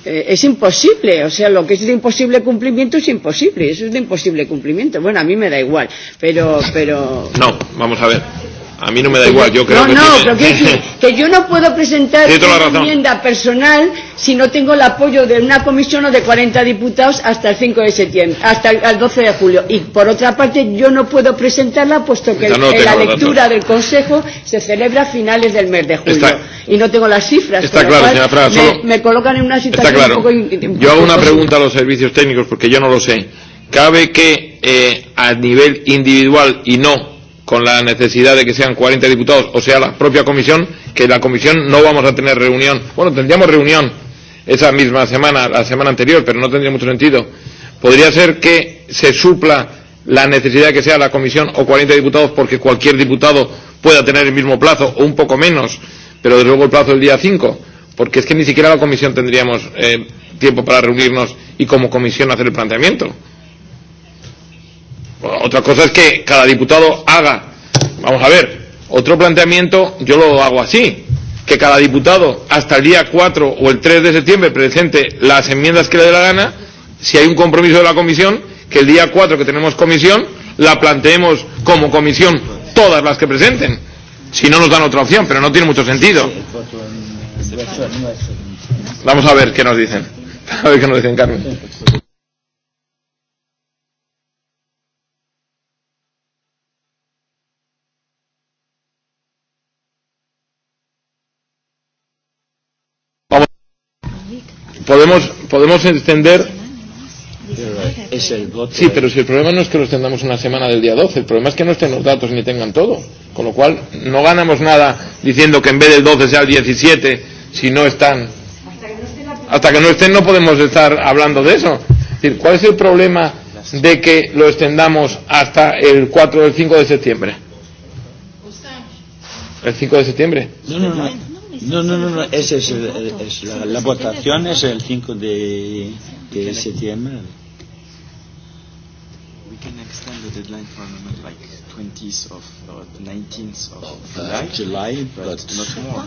eh, es imposible, o sea, lo que es de imposible cumplimiento es imposible, eso es de imposible cumplimiento. Bueno, a mí me da igual, pero, pero... No, vamos a ver. A mí no me da igual, yo creo no, que. No, no, tiene... pero que, decir, que yo no puedo presentar sí, una razón. enmienda personal si no tengo el apoyo de una comisión o de 40 diputados hasta el 5 de septiembre, hasta el, el 12 de julio. Y por otra parte, yo no puedo presentarla puesto que no el, la lectura datos. del Consejo se celebra a finales del mes de julio. Está, y no tengo las cifras. Está claro, señora Fraga. Me, solo, me colocan en una situación está claro. un poco. In, un yo poco hago una pregunta a los servicios técnicos porque yo no lo sé. ¿Cabe que eh, a nivel individual y no con la necesidad de que sean 40 diputados, o sea, la propia comisión, que la comisión no vamos a tener reunión. Bueno, tendríamos reunión esa misma semana, la semana anterior, pero no tendría mucho sentido. Podría ser que se supla la necesidad de que sea la comisión o 40 diputados porque cualquier diputado pueda tener el mismo plazo o un poco menos, pero desde luego el plazo del día 5, porque es que ni siquiera la comisión tendríamos eh, tiempo para reunirnos y como comisión hacer el planteamiento. Otra cosa es que cada diputado haga, vamos a ver, otro planteamiento, yo lo hago así, que cada diputado hasta el día 4 o el 3 de septiembre presente las enmiendas que le dé la gana, si hay un compromiso de la comisión, que el día 4 que tenemos comisión, la planteemos como comisión todas las que presenten. Si no nos dan otra opción, pero no tiene mucho sentido. Vamos a ver qué nos dicen. A ver qué nos dicen, Carmen. podemos, podemos entender es el voto. Sí, pero si el problema no es que los tengamos una semana del día 12, el problema es que no estén los datos ni tengan todo. Con lo cual, no ganamos nada diciendo que en vez del 12 sea el 17 si no están. Hasta que no estén, no podemos estar hablando de eso. Es decir, ¿cuál es el problema de que lo extendamos hasta el 4 o el 5 de septiembre? ¿El 5 de septiembre? No, no, no. No, no, no, no es, es, es, la, la votación es el 5 de, de septiembre. We can extend the deadline for amendment like 20th of or 19th of ah, July, uh, July but, but not more.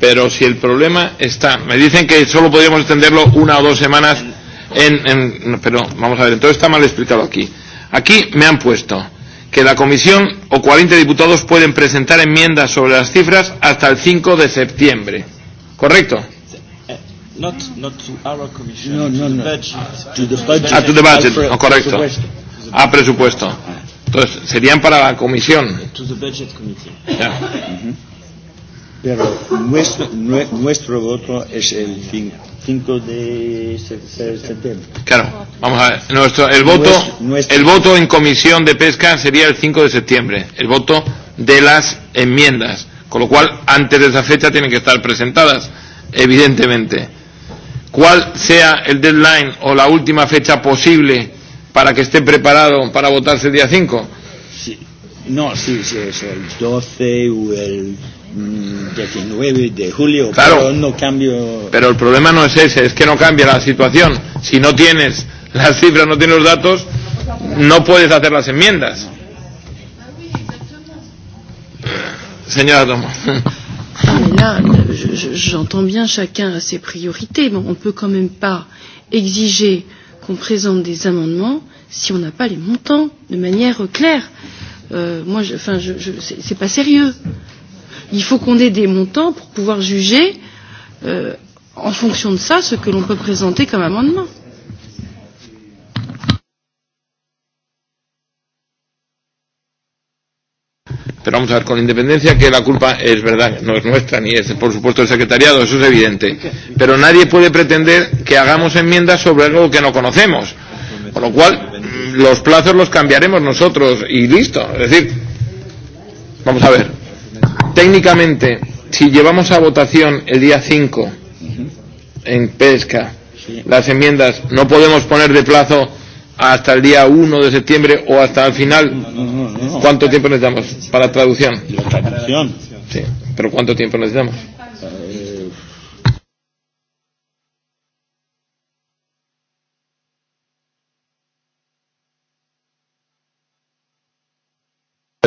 Pero si el problema está, me dicen que solo podríamos extenderlo una o dos semanas en, en pero vamos a ver, entonces está mal explicado aquí. Aquí me han puesto que la comisión o 40 diputados pueden presentar enmiendas sobre las cifras hasta el 5 de septiembre. ¿Correcto? Eh, not, not to our commission, no, no, no. to the budget. Ah, to the budget, no, correcto. A ah, presupuesto. Entonces, serían para la comisión. To the budget committee. Ya. Yeah. Mm -hmm. Pero nuestro, nue, nuestro voto es el 5 de septiembre. Claro, vamos a ver. Nuestro, el, voto, nuestro, nuestro, el voto en comisión de pesca sería el 5 de septiembre, el voto de las enmiendas, con lo cual antes de esa fecha tienen que estar presentadas, evidentemente. Cuál sea el deadline o la última fecha posible para que esté preparado para votarse el día 5. Sí. No, sí, sí, es el 12 o el 19 mm, de julio, claro, pero no cambio. Pero el problema no es ese, es que no cambia la situación. Si no tienes las cifras, no tienes los datos, no puedes hacer las enmiendas. Señora Toma. Ah, mais là, j'entends je, je, bien chacun a ses priorités, mais on ne peut quand même pas exiger qu'on présente des amendements si on n'a pas les montants de manière claire. Euh, moi, je, enfin, je, je, c'est pas sérieux. Euh, Il faut qu'on ait des montants pour pouvoir juger euh, en fonction de ça ce que l'on peut présenter comme amendement. Pero vamos a ver, con independencia que la culpa es verdad, no es nuestra, ni es por supuesto el secretariado, eso es evidente. Pero nadie puede pretender que hagamos enmiendas sobre algo que no conocemos. Con lo cual, los plazos los cambiaremos nosotros y listo. Es decir, vamos a ver técnicamente, si llevamos a votación el día 5 en pesca sí. las enmiendas, no podemos poner de plazo hasta el día 1 de septiembre o hasta el final. No, no, no, no. ¿Cuánto tiempo necesitamos para traducción? La traducción. Sí, pero ¿cuánto tiempo necesitamos?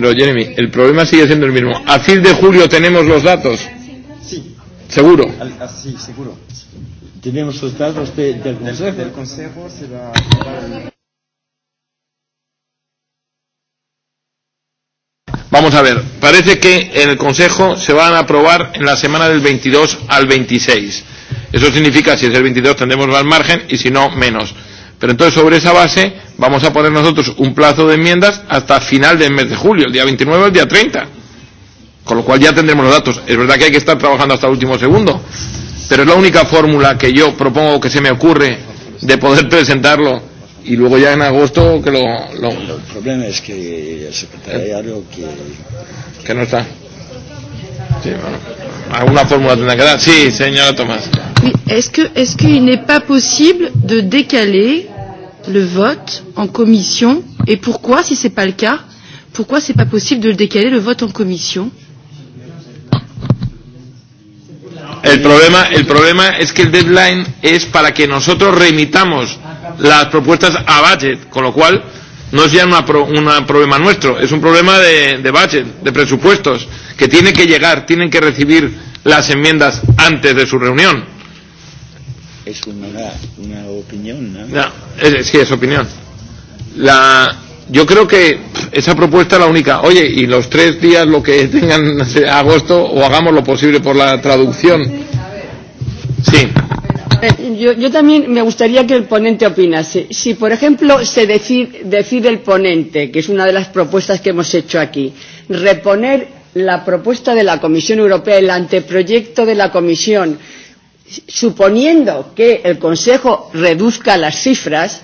Pero Jeremy, el problema sigue siendo el mismo. ¿A fin de julio tenemos los datos? Sí. ¿Seguro? Al, ah, sí, seguro. Tenemos los datos de, del Consejo. Del Consejo se va a... Vamos a ver, parece que en el Consejo se van a aprobar en la semana del 22 al 26. Eso significa, si es el 22 tendremos más margen y si no, menos. Pero entonces sobre esa base vamos a poner nosotros un plazo de enmiendas hasta final del mes de julio, el día 29 o el día 30. Con lo cual ya tendremos los datos. Es verdad que hay que estar trabajando hasta el último segundo, pero es la única fórmula que yo propongo que se me ocurre de poder presentarlo y luego ya en agosto que lo... lo... El problema es que el secretariado que... Que no está. Sí, bueno a una fórmula tendrá que dar. Sí, señora Tomás. Oui, est-ce que est-ce qu'il n'est pas possible de décaler le vote en commission et pourquoi, si ce n'est pas le cas, pourquoi ce n'est pas possible de décaler le vote en commission El problema, el problema es que el deadline es para que nosotros remitamos las propuestas a budget, con lo cual no es ya una pro, una problema nuestro, es un problema de, de budget, de presupuestos, que tiene que llegar, tienen que recibir las enmiendas antes de su reunión. Es una, una opinión, ¿no? no es, sí, es opinión. La, yo creo que esa propuesta es la única. Oye, y los tres días lo que tengan agosto o hagamos lo posible por la traducción. Sí. Eh, yo, yo también me gustaría que el ponente opinase. Si, por ejemplo, se decide, decide el ponente, que es una de las propuestas que hemos hecho aquí, reponer la propuesta de la Comisión Europea, el anteproyecto de la Comisión, suponiendo que el Consejo reduzca las cifras,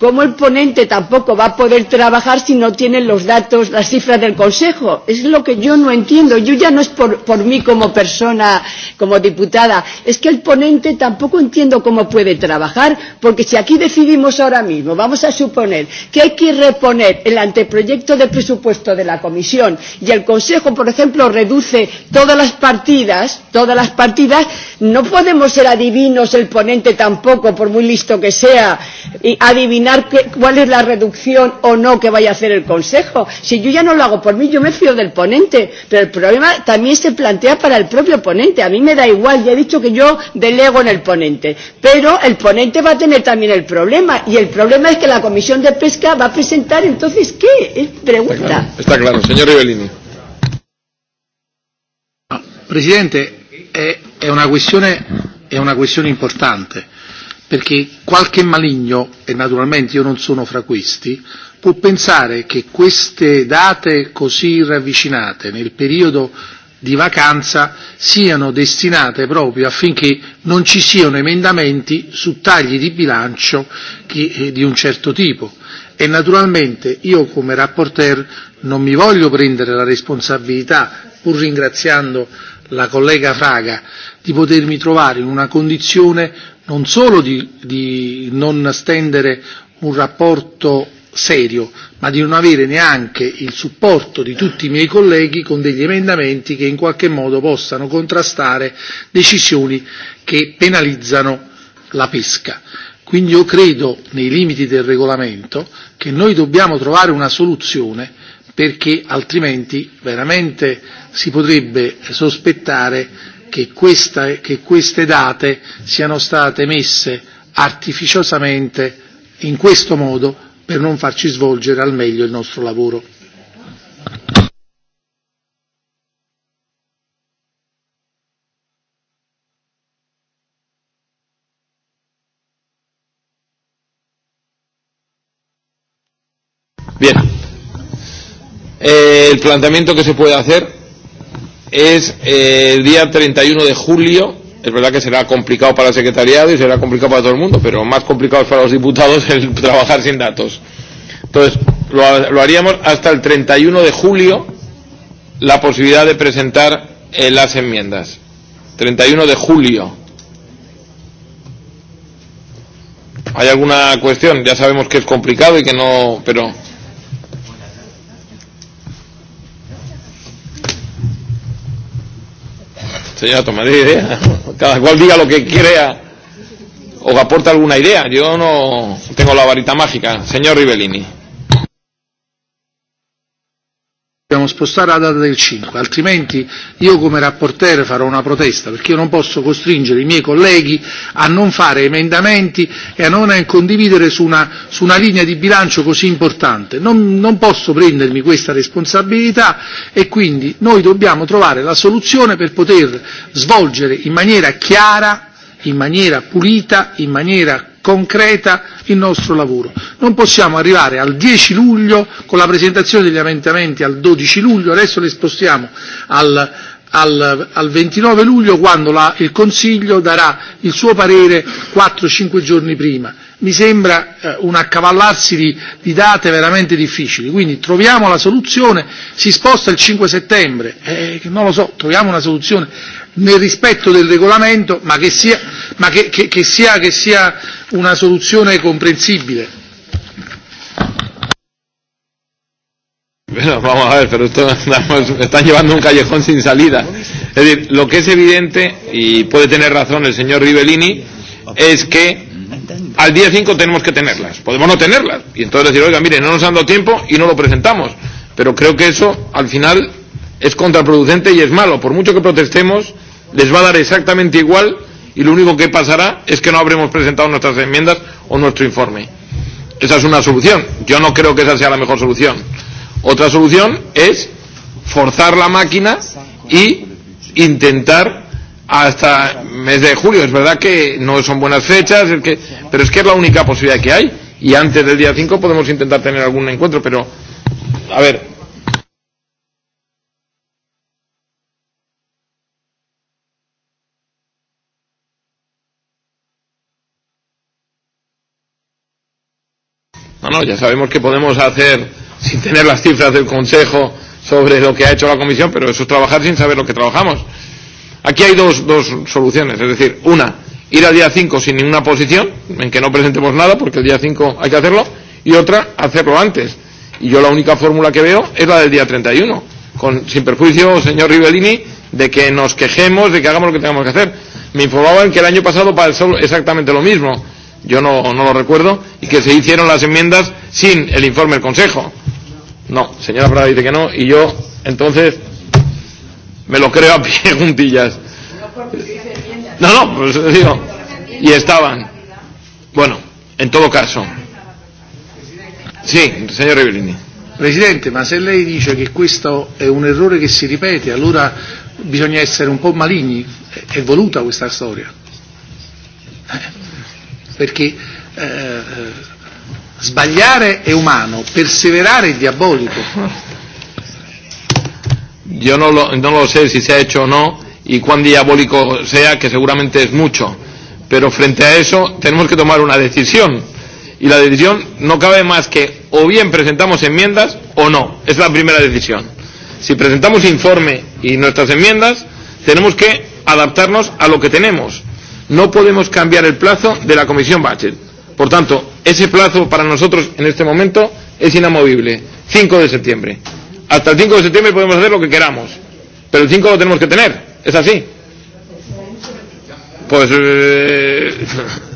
¿Cómo el ponente tampoco va a poder trabajar si no tiene los datos, las cifras del Consejo? Es lo que yo no entiendo. Yo ya no es por, por mí como persona, como diputada. Es que el ponente tampoco entiendo cómo puede trabajar, porque si aquí decidimos ahora mismo, vamos a suponer que hay que reponer el anteproyecto de presupuesto de la Comisión y el Consejo, por ejemplo, reduce todas las partidas, todas las partidas, no podemos ser adivinos el ponente tampoco, por muy listo que sea, y adivinar determinar qué, cuál es la reducción o no que vaya a hacer el Consejo. Si yo ya no lo hago por mí, yo me fío del ponente, pero el problema también se plantea para el propio ponente. A mí me da igual, ya he dicho que yo delego en el ponente, pero el ponente va a tener también el problema y el problema es que la Comisión de Pesca va a presentar entonces qué? Es pregunta. Está claro, está claro. señor Ibellini. Presidente, è, eh, è una questione è una questione importante perché qualche maligno, e naturalmente io non sono fra questi, può pensare che queste date così ravvicinate nel periodo di vacanza siano destinate proprio affinché non ci siano emendamenti su tagli di bilancio che, eh, di un certo tipo. E naturalmente io come rapporteur non mi voglio prendere la responsabilità, pur ringraziando la collega Fraga, di potermi trovare in una condizione non solo di, di non stendere un rapporto serio, ma di non avere neanche il supporto di tutti i miei colleghi con degli emendamenti che in qualche modo possano contrastare decisioni che penalizzano la pesca. Quindi io credo, nei limiti del regolamento, che noi dobbiamo trovare una soluzione perché altrimenti veramente si potrebbe sospettare che, questa, che queste date siano state messe artificiosamente in questo modo per non farci svolgere al meglio il nostro lavoro. Bien. Eh, el planteamiento que se puede hacer es eh, el día 31 de julio. Es verdad que será complicado para el secretariado y será complicado para todo el mundo, pero más complicado es para los diputados el trabajar sin datos. Entonces, lo, lo haríamos hasta el 31 de julio la posibilidad de presentar eh, las enmiendas. 31 de julio. ¿Hay alguna cuestión? Ya sabemos que es complicado y que no, pero. Señora, tomaré idea. Cada cual diga lo que crea o aporta alguna idea. Yo no tengo la varita mágica. Señor Rivellini. dobbiamo spostare la data del 5, altrimenti io come rapportere farò una protesta perché io non posso costringere i miei colleghi a non fare emendamenti e a non condividere su una, su una linea di bilancio così importante. Non, non posso prendermi questa responsabilità e quindi noi dobbiamo trovare la soluzione per poter svolgere in maniera chiara in maniera pulita, in maniera concreta il nostro lavoro. Non possiamo arrivare al 10 luglio con la presentazione degli emendamenti al 12 luglio, adesso li spostiamo al, al, al 29 luglio quando la, il Consiglio darà il suo parere 4-5 giorni prima mi sembra eh, un accavallarsi di, di date veramente difficili. Quindi troviamo la soluzione, si sposta il 5 settembre, eh, non lo so, troviamo una soluzione nel rispetto del regolamento, ma che sia, ma che, che, che sia, che sia una soluzione comprensibile. Bueno, vamos a ver, pero esto andamos, están llevando un callejón sin salida. Es decir, lo que es evidente, y puede tener razón el señor Rivellini, es que presentando. Al día 5 tenemos que tenerlas. Podemos no tenerlas. Y entonces decir, oiga, mire, no nos han dado tiempo y no lo presentamos. Pero creo que eso, al final, es contraproducente y es malo. Por mucho que protestemos, les va a dar exactamente igual y lo único que pasará es que no habremos presentado nuestras enmiendas o nuestro informe. Esa es una solución. Yo no creo que esa sea la mejor solución. Otra solución es forzar la máquina y intentar hasta mes de julio. Es verdad que no son buenas fechas, es que, pero es que es la única posibilidad que hay. Y antes del día 5 podemos intentar tener algún encuentro, pero a ver, No, no, ya sabemos que podemos hacer, sin tener las cifras del Consejo sobre lo que ha hecho la Comisión, pero eso es trabajar sin saber lo que trabajamos. Aquí hay dos, dos soluciones, es decir, una, ir al día 5 sin ninguna posición, en que no presentemos nada, porque el día 5 hay que hacerlo, y otra, hacerlo antes. Y yo la única fórmula que veo es la del día 31, con, sin perjuicio, señor Rivellini, de que nos quejemos, de que hagamos lo que tengamos que hacer. Me informaban que el año pasado pasó exactamente lo mismo, yo no, no lo recuerdo, y que se hicieron las enmiendas sin el informe del Consejo. No, señora Prada dice que no, y yo, entonces, Me lo creo a pie juntillas. No, no, pues digo. Y estaban. Bueno, en todo caso. Sì, signor Rivellini. Presidente, ma se lei dice che questo è un errore che si ripete, allora bisogna essere un po' maligni. È voluta questa storia. Eh, perché eh, eh, sbagliare è umano, perseverare è diabolico. Yo no lo, no lo sé si se ha hecho o no y cuán diabólico sea, que seguramente es mucho. Pero frente a eso tenemos que tomar una decisión. Y la decisión no cabe más que o bien presentamos enmiendas o no. Es la primera decisión. Si presentamos informe y nuestras enmiendas, tenemos que adaptarnos a lo que tenemos. No podemos cambiar el plazo de la Comisión Budget. Por tanto, ese plazo para nosotros en este momento es inamovible. 5 de septiembre. Hasta el 5 de septiembre podemos hacer lo que queramos, pero el 5 lo tenemos que tener, es así. Pues eh,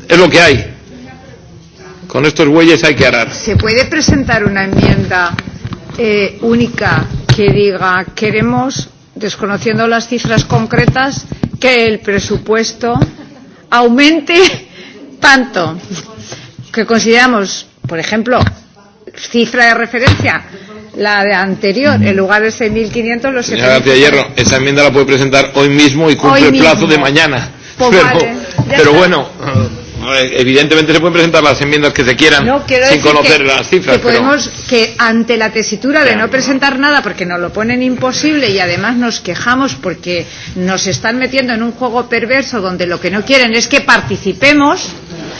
es lo que hay. Con estos bueyes hay que arar. ¿Se puede presentar una enmienda eh, única que diga queremos, desconociendo las cifras concretas, que el presupuesto aumente tanto que consideramos, por ejemplo, cifra de referencia la de anterior, en lugar de 6.500 los Señora García Hierro, esa enmienda la puede presentar hoy mismo y cumple hoy el mismo. plazo de mañana. Pues pero vale, pero bueno, evidentemente se pueden presentar las enmiendas que se quieran no, sin conocer que, las cifras. Que podemos pero... que ante la tesitura de no presentar nada porque nos lo ponen imposible y además nos quejamos porque nos están metiendo en un juego perverso donde lo que no quieren es que participemos.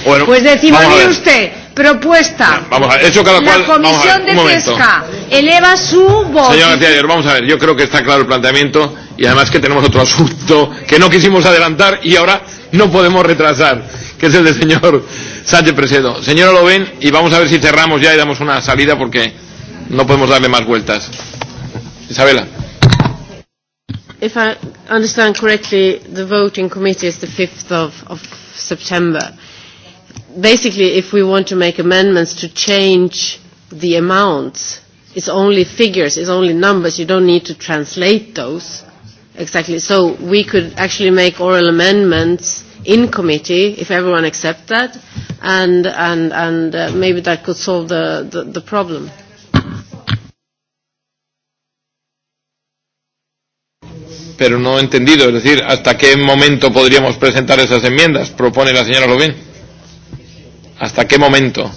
Bueno, pues decimos, mire usted, propuesta. No, vamos a ver, eso cada cual. La Comisión ver, de Pesca momento. eleva su voz. Señora García, vamos a ver, yo creo que está claro el planteamiento y además que tenemos otro asunto que no quisimos adelantar y ahora no podemos retrasar, que es el del señor Sánchez Presedo. Señora Loven, y vamos a ver si cerramos ya y damos una salida porque no podemos darle más vueltas. Isabela. If I understand correctly, the vote in committee is the 5th of, of September basically, if we want to make amendments to change the amounts, it's only figures, it's only numbers. You don't need to translate those. Exactly. So we could actually make oral amendments in committee if everyone accepts that, and, and, and uh, maybe that could solve the, the, the problem. Pero no he entendido, es decir, ¿hasta qué momento podríamos presentar esas enmiendas? Propone la señora Robin. ¿Hasta qué momento?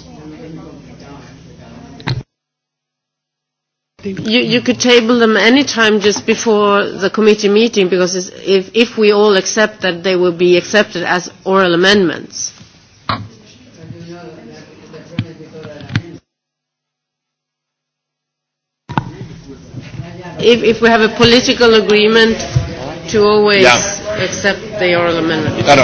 You, you could table them any time just before the committee meeting because if, if we all accept that they will be accepted as oral amendments. If, if we have a political agreement to always yeah. accept the oral amendment. Claro,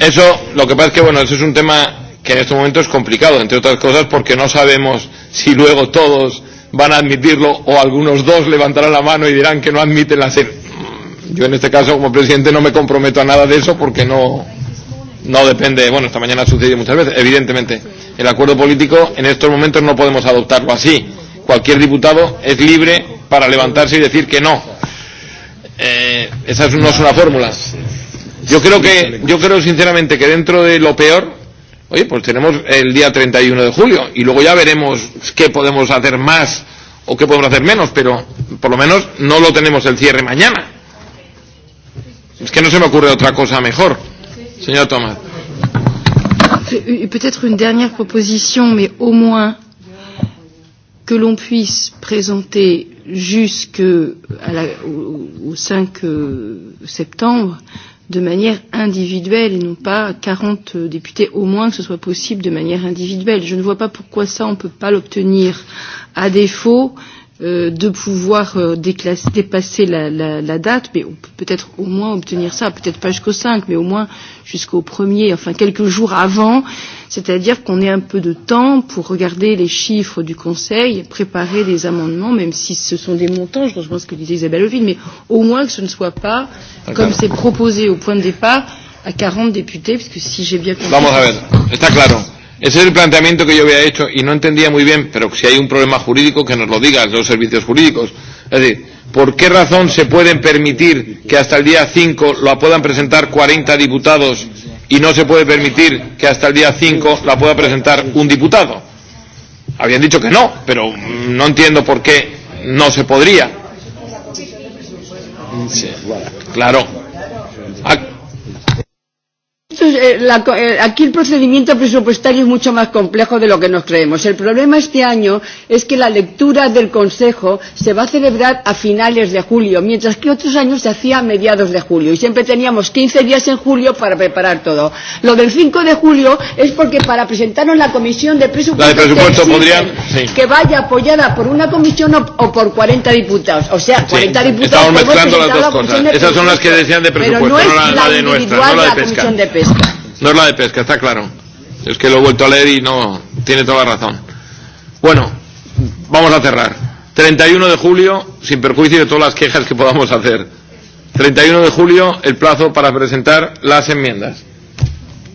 eso lo que pasa es que bueno, eso es un tema que en este momento es complicado, entre otras cosas porque no sabemos si luego todos van a admitirlo o algunos dos levantarán la mano y dirán que no admiten la cena. Mm, yo en este caso como presidente no me comprometo a nada de eso porque no, no depende, bueno, esta mañana ha sucedido muchas veces, evidentemente. El acuerdo político en estos momentos no podemos adoptarlo así. Cualquier diputado es libre para levantarse y decir que no. Eh, esa no es una fórmula. Yo creo que, yo creo sinceramente que dentro de lo peor, Oye, pues tenemos el día 31 de julio y luego ya veremos qué podemos hacer más o qué podemos hacer menos, pero por lo menos no lo tenemos el cierre mañana. Es que no se me ocurre otra cosa mejor. Señor Tomás. Euh, euh, peut-être une dernière proposition, mais au moins que l'on puisse présenter jusqu'au 5 euh, septembre de manière individuelle et non pas 40 députés au moins que ce soit possible de manière individuelle. Je ne vois pas pourquoi ça on ne peut pas l'obtenir. À défaut, euh, euh, de pouvoir euh, déclasse, dépasser la, la, la date, mais on peut peut-être au moins obtenir ça, peut-être pas jusqu'au 5, mais au moins jusqu'au 1er, enfin quelques jours avant, c'est-à-dire qu'on ait un peu de temps pour regarder les chiffres du Conseil, préparer des amendements, même si ce sont des montants, je rejoins ce que disait Isabelle Oville, mais au moins que ce ne soit pas, comme c'est proposé au point de départ, a 40 députés, puisque si j'ai bien compris... Vamos a ver, está claro. Ese es el planteamiento que yo había hecho y no entendía muy bien, pero si hay un problema jurídico que nos lo digan los servicios jurídicos. Es decir, ¿por qué razón se pueden permitir que hasta el día 5 la puedan presentar 40 diputados y no se puede permitir que hasta el día 5 la pueda presentar un diputado? Habían dicho que no, pero no entiendo por qué no se podría. Sí, claro. Ah, Entonces, eh, la, eh, aquí el procedimiento presupuestario es mucho más complejo de lo que nos creemos. El problema este año es que la lectura del Consejo se va a celebrar a finales de julio, mientras que otros años se hacía a mediados de julio y siempre teníamos 15 días en julio para preparar todo. Lo del 5 de julio es porque para presentarnos la comisión de presupuesto, la de presupuesto que, podrían, sí. que vaya apoyada por una comisión o, o por 40 diputados. O sea, 40 sí, diputados. Estamos mezclando las dos la cosas. Esas son las que decían de presupuesto, pero no, no es la, la, la de nuestra, no la de pesca. La comisión de pesca pesca. No es la de pesca, está claro. Es que lo he vuelto a leer y no tiene toda la razón. Bueno, vamos a cerrar. 31 de julio, sin perjuicio de todas las quejas que podamos hacer. 31 de julio, el plazo para presentar las enmiendas.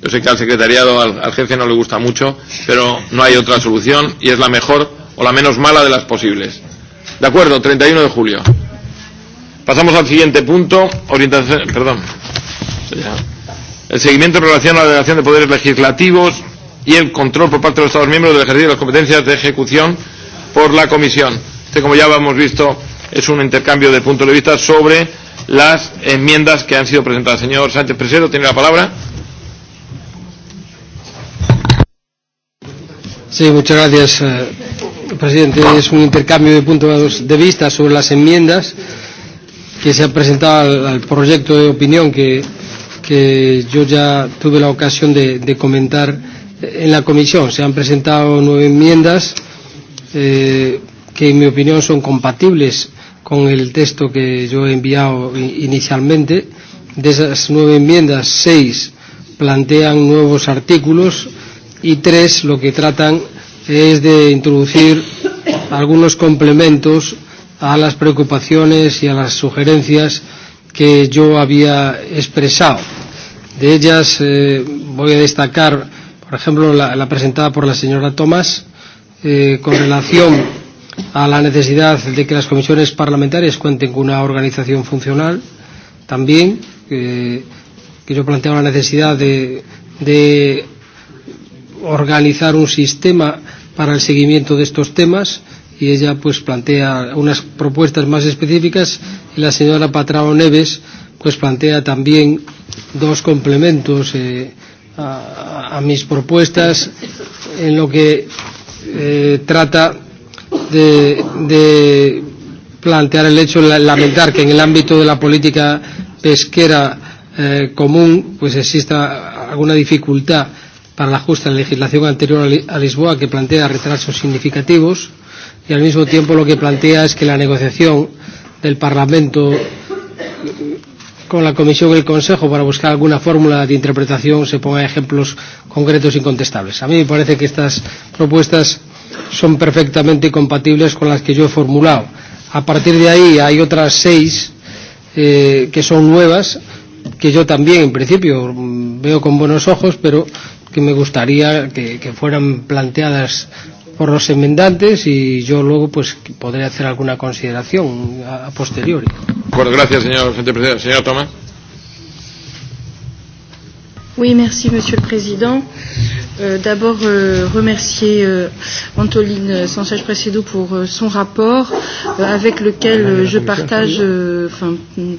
Yo sé que al secretariado, al, al jefe no le gusta mucho, pero no hay otra solución y es la mejor o la menos mala de las posibles. De acuerdo, 31 de julio. Pasamos al siguiente punto. Orientación. Perdón. Ya el seguimiento en relación a la delegación de poderes legislativos y el control por parte de los Estados miembros del ejercicio de las competencias de ejecución por la Comisión. Este, como ya hemos visto, es un intercambio de puntos de vista sobre las enmiendas que han sido presentadas. Señor Sánchez Presero, tiene la palabra. Sí, muchas gracias, eh, presidente. Es un intercambio de puntos de vista sobre las enmiendas que se han presentado al, al proyecto de opinión que que yo ya tuve la ocasión de, de comentar en la comisión. Se han presentado nueve enmiendas eh, que, en mi opinión, son compatibles con el texto que yo he enviado inicialmente. De esas nueve enmiendas, seis plantean nuevos artículos y tres lo que tratan es de introducir algunos complementos a las preocupaciones y a las sugerencias que yo había expresado De ellas eh, voy a destacar, por ejemplo, la, la presentada por la señora Tomás eh, con relación a la necesidad de que las comisiones parlamentarias cuenten con una organización funcional. También eh, quiero plantear la necesidad de, de organizar un sistema para el seguimiento de estos temas y ella pues plantea unas propuestas más específicas y la señora Patrao Neves pues plantea también dos complementos eh, a, a mis propuestas en lo que eh, trata de, de plantear el hecho, la, lamentar que en el ámbito de la política pesquera eh, común pues exista alguna dificultad para la justa legislación anterior a, Li a Lisboa que plantea retrasos significativos y al mismo tiempo lo que plantea es que la negociación del Parlamento con la Comisión y el Consejo para buscar alguna fórmula de interpretación se ponga ejemplos concretos e incontestables. A mí me parece que estas propuestas son perfectamente compatibles con las que yo he formulado. A partir de ahí hay otras seis eh, que son nuevas, que yo también en principio veo con buenos ojos, pero que me gustaría que, que fueran planteadas por los enmendantes y yo luego pues podré hacer alguna consideración a, a posteriori. Bueno, gracias, señor vicepresidente. Señora Tomás. Oui, merci, Monsieur le Président. Euh, Euh, D'abord, euh, remercier euh, Antoline Sanchez Presedo pour euh, son rapport, euh, avec lequel euh, je partage, euh, enfin,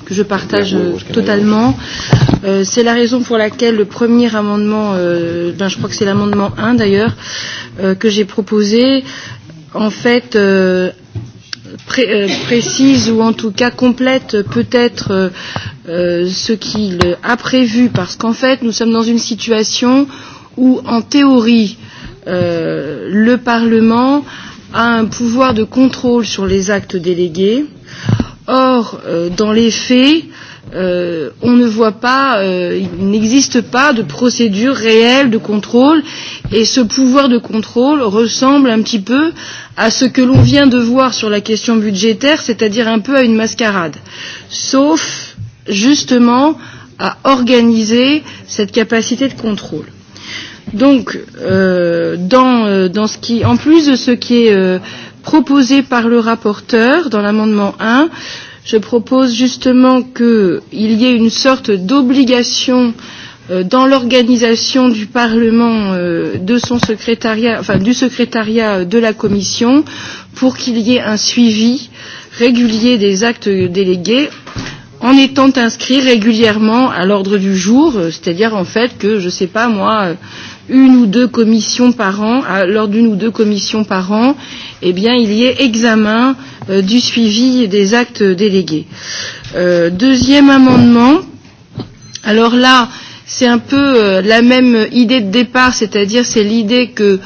que je partage euh, totalement. Euh, c'est la raison pour laquelle le premier amendement, euh, ben, je crois que c'est l'amendement 1 d'ailleurs, euh, que j'ai proposé, en fait, euh, pré euh, précise ou en tout cas complète peut-être euh, euh, ce qu'il a prévu, parce qu'en fait, nous sommes dans une situation où où, en théorie, euh, le Parlement a un pouvoir de contrôle sur les actes délégués. Or, euh, dans les faits, euh, on ne voit pas, euh, il n'existe pas de procédure réelle de contrôle et ce pouvoir de contrôle ressemble un petit peu à ce que l'on vient de voir sur la question budgétaire, c'est-à-dire un peu à une mascarade, sauf justement à organiser cette capacité de contrôle. Donc, euh, dans, euh, dans ce qui, en plus de ce qui est euh, proposé par le rapporteur dans l'amendement 1, je propose justement qu'il y ait une sorte d'obligation euh, dans l'organisation du Parlement, euh, de son secrétariat, enfin du secrétariat de la Commission, pour qu'il y ait un suivi régulier des actes délégués en étant inscrit régulièrement à l'ordre du jour, euh, c'est-à-dire en fait que, je ne sais pas moi, euh, une ou deux commissions par an, à, lors d'une ou deux commissions par an, eh bien, il y ait examen euh, du suivi des actes délégués. Euh, deuxième amendement. Alors là, c'est un peu euh, la même idée de départ, c'est-à-dire c'est l'idée que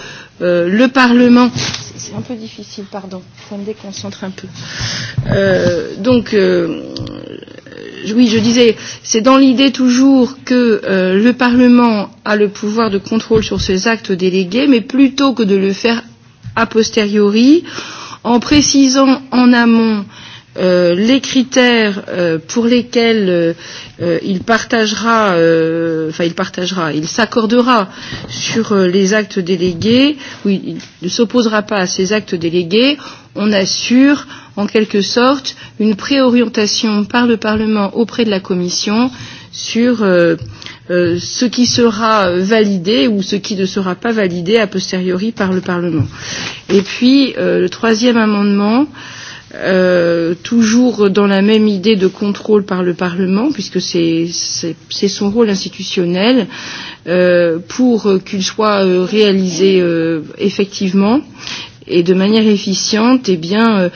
euh, le Parlement c'est un peu difficile, pardon, ça me déconcentre un peu. Euh, donc, euh, oui, je disais, c'est dans l'idée toujours que euh, le Parlement a le pouvoir de contrôle sur ces actes délégués, mais plutôt que de le faire a posteriori, en précisant en amont euh, euh, les critères euh, pour lesquels euh, euh, il partagera, euh, enfin il partagera, il s'accordera sur euh, les actes délégués, ou il, il ne s'opposera pas à ces actes délégués, on assure en quelque sorte une préorientation par le Parlement auprès de la Commission sur euh, euh, ce qui sera validé ou ce qui ne sera pas validé a posteriori par le Parlement. Et puis, euh, le troisième amendement euh, euh, toujours dans la même idée de contrôle par le Parlement, puisque c'est son rôle institutionnel, euh, pour qu'il soit euh, réalisé euh, effectivement et de manière efficiente, eh bien, euh,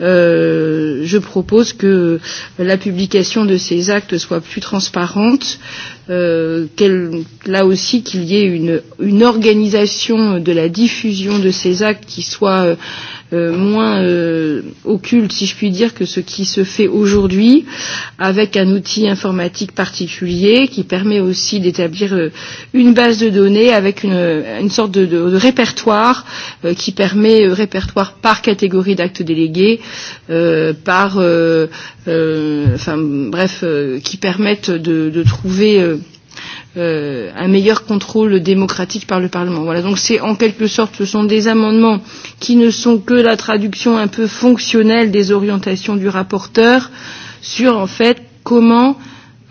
euh, je propose que la publication de ces actes soit plus transparente, euh, là aussi qu'il y ait une, une organisation de la diffusion de ces actes qui soit euh, euh, moins euh, occulte, si je puis dire, que ce qui se fait aujourd'hui, avec un outil informatique particulier qui permet aussi d'établir euh, une base de données avec une, une sorte de, de, de répertoire euh, qui permet euh, répertoire par catégorie d'actes délégués, euh, par, euh, euh, enfin bref, euh, qui permettent de, de trouver euh, euh, un meilleur contrôle démocratique par le Parlement. Voilà, donc c'est en quelque sorte, ce sont des amendements qui ne sont que la traduction un peu fonctionnelle des orientations du rapporteur sur en fait comment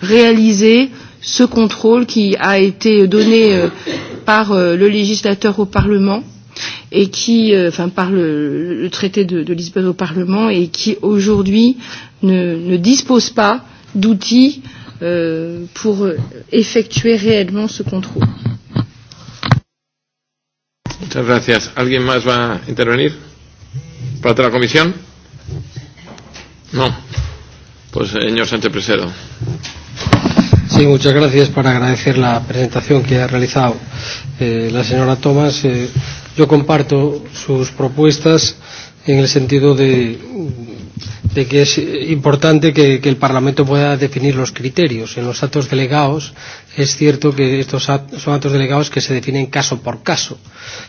réaliser ce contrôle qui a été donné euh, par euh, le législateur au Parlement et qui, euh, enfin par le, le traité de, de Lisbonne au Parlement et qui aujourd'hui ne, ne dispose pas d'outils euh, euh, pour effectuer réellement ce contrôle. Muchas gracias. ¿Alguien más va a intervenir? ¿Parte de la comisión? No. Pues eh, señor Sánchez Presedo. Sí, muchas gracias para agradecer la presentación que ha realizado eh, la señora Tomás. Eh, yo comparto sus propuestas en el sentido de de que es importante que, que el Parlamento pueda definir los criterios. En los actos delegados es cierto que estos actos, son actos delegados que se definen caso por caso,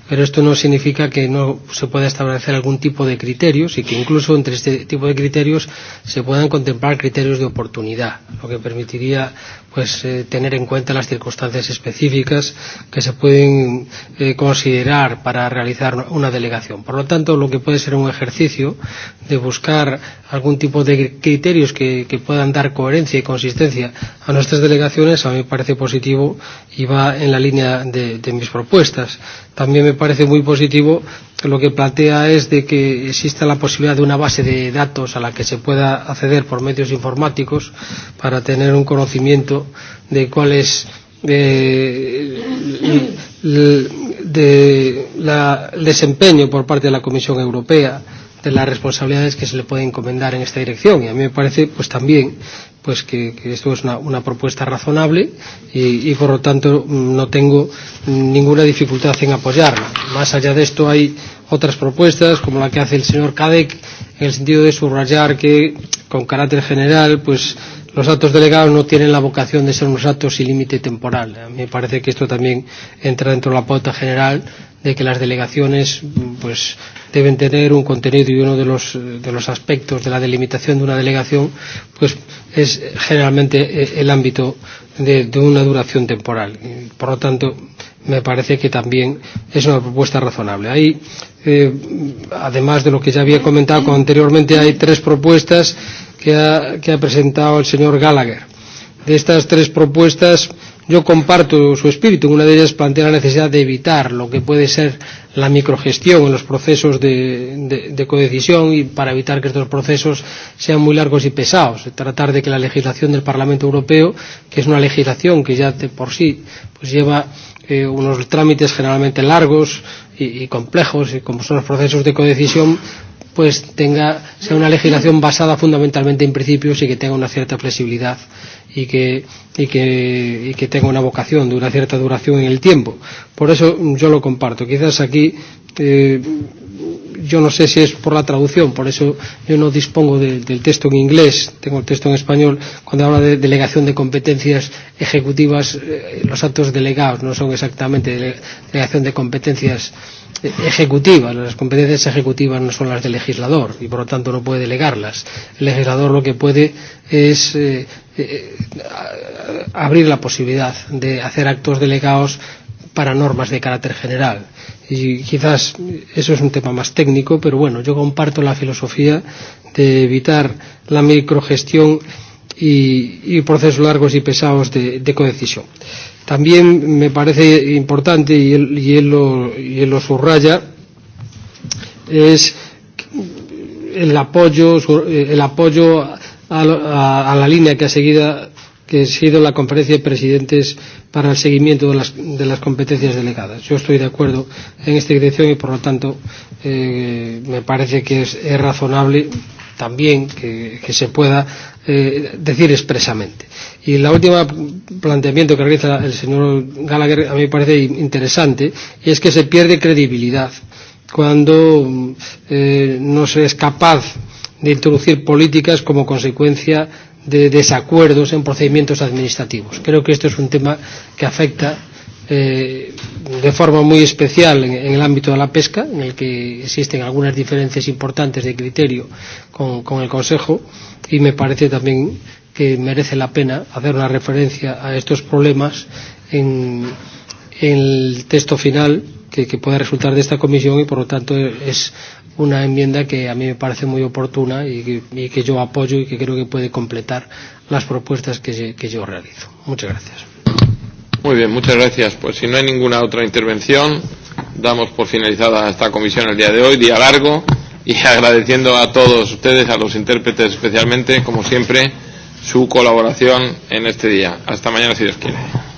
pero esto no significa que no se pueda establecer algún tipo de criterios y que incluso entre este tipo de criterios se puedan contemplar criterios de oportunidad, lo que permitiría pues eh, tener en cuenta las circunstancias específicas que se pueden eh, considerar para realizar una delegación. Por lo tanto, lo que puede ser un ejercicio de buscar algún tipo de criterios que, que puedan dar coherencia y consistencia a nuestras delegaciones, a mí me parece positivo y va en la línea de, de mis propuestas. También me parece muy positivo lo que plantea es de que exista la posibilidad de una base de datos a la que se pueda acceder por medios informáticos para tener un conocimiento de cuál es eh, de la, el desempeño por parte de la Comisión Europea de las responsabilidades que se le pueden encomendar en esta dirección. Y a mí me parece, pues también, pues que, que esto es una, una propuesta razonable y, y por lo tanto mm, no tengo ninguna dificultad en apoyarla. Más allá de esto hay otras propuestas como la que hace el señor Cadec en el sentido de subrayar que con carácter general pues los actos delegados no tienen la vocación de ser unos actos sin límite temporal. A mí me parece que esto también entra dentro de la pauta general de que las delegaciones mm, pues deben tener un contenido y uno de los, de los aspectos de la delimitación de una delegación pues es generalmente eh, el ámbito de, de una duración temporal. Por lo tanto, me parece que también es una propuesta razonable. Hay, eh, además de lo que ya había comentado anteriormente, hay tres propuestas que ha, que ha presentado el señor Gallagher. De estas tres propuestas, Yo comparto su espíritu. Una de ellas plantea la necesidad de evitar lo que puede ser la microgestión en los procesos de, de, de codecisión y para evitar que estos procesos sean muy largos y pesados. Tratar de que la legislación del Parlamento Europeo, que es una legislación que ya de por sí pues lleva eh, unos trámites generalmente largos y, y complejos, y como son los procesos de codecisión, pues tenga, sea una legislación basada fundamentalmente en principios y que tenga una cierta flexibilidad y que, y que, y que tenga una vocación de una cierta duración en el tiempo. Por eso yo lo comparto. Quizás aquí eh, yo no sé si es por la traducción, por eso yo no dispongo de, del texto en inglés, tengo el texto en español, cuando habla de delegación de competencias ejecutivas, eh, los actos delegados no son exactamente dele, delegación de competencias eh, ejecutivas, las competencias ejecutivas no son las del legislador y por lo tanto no puede delegarlas. El legislador lo que puede es eh, eh, abrir la posibilidad de hacer actos delegados para normas de carácter general Y quizás eso es un tema más técnico, pero bueno, yo comparto la filosofía de evitar la microgestión y, y procesos largos y pesados de, de codecisión. También me parece importante, y él, y él, lo, y él lo subraya, es el apoyo, el apoyo a, a, a la línea que ha seguido que ha sido la conferencia de presidentes para el seguimiento de las, de las competencias delegadas. Yo estoy de acuerdo en esta dirección y, por lo tanto, eh, me parece que es, es razonable también que, que se pueda eh, decir expresamente. Y el último planteamiento que realiza el señor Gallagher a mí me parece interesante y es que se pierde credibilidad cuando mm, eh, no se es capaz de introducir políticas como consecuencia de desacuerdos en procedimientos administrativos. Creo que este es un tema que afecta eh, de forma muy especial en, en el ámbito de la pesca, en el que existen algunas diferencias importantes de criterio con, con el Consejo, y me parece también que merece la pena hacer una referencia a estos problemas en, en el texto final que, que pueda resultar de esta comisión y, por lo tanto, es una enmienda que a mí me parece muy oportuna y que, y que yo apoyo y que creo que puede completar las propuestas que, se, que yo realizo. Muchas gracias. Muy bien, muchas gracias. Pues si no hay ninguna otra intervención, damos por finalizada esta comisión el día de hoy, día largo, y agradeciendo a todos ustedes, a los intérpretes especialmente, como siempre, su colaboración en este día. Hasta mañana, si Dios quiere.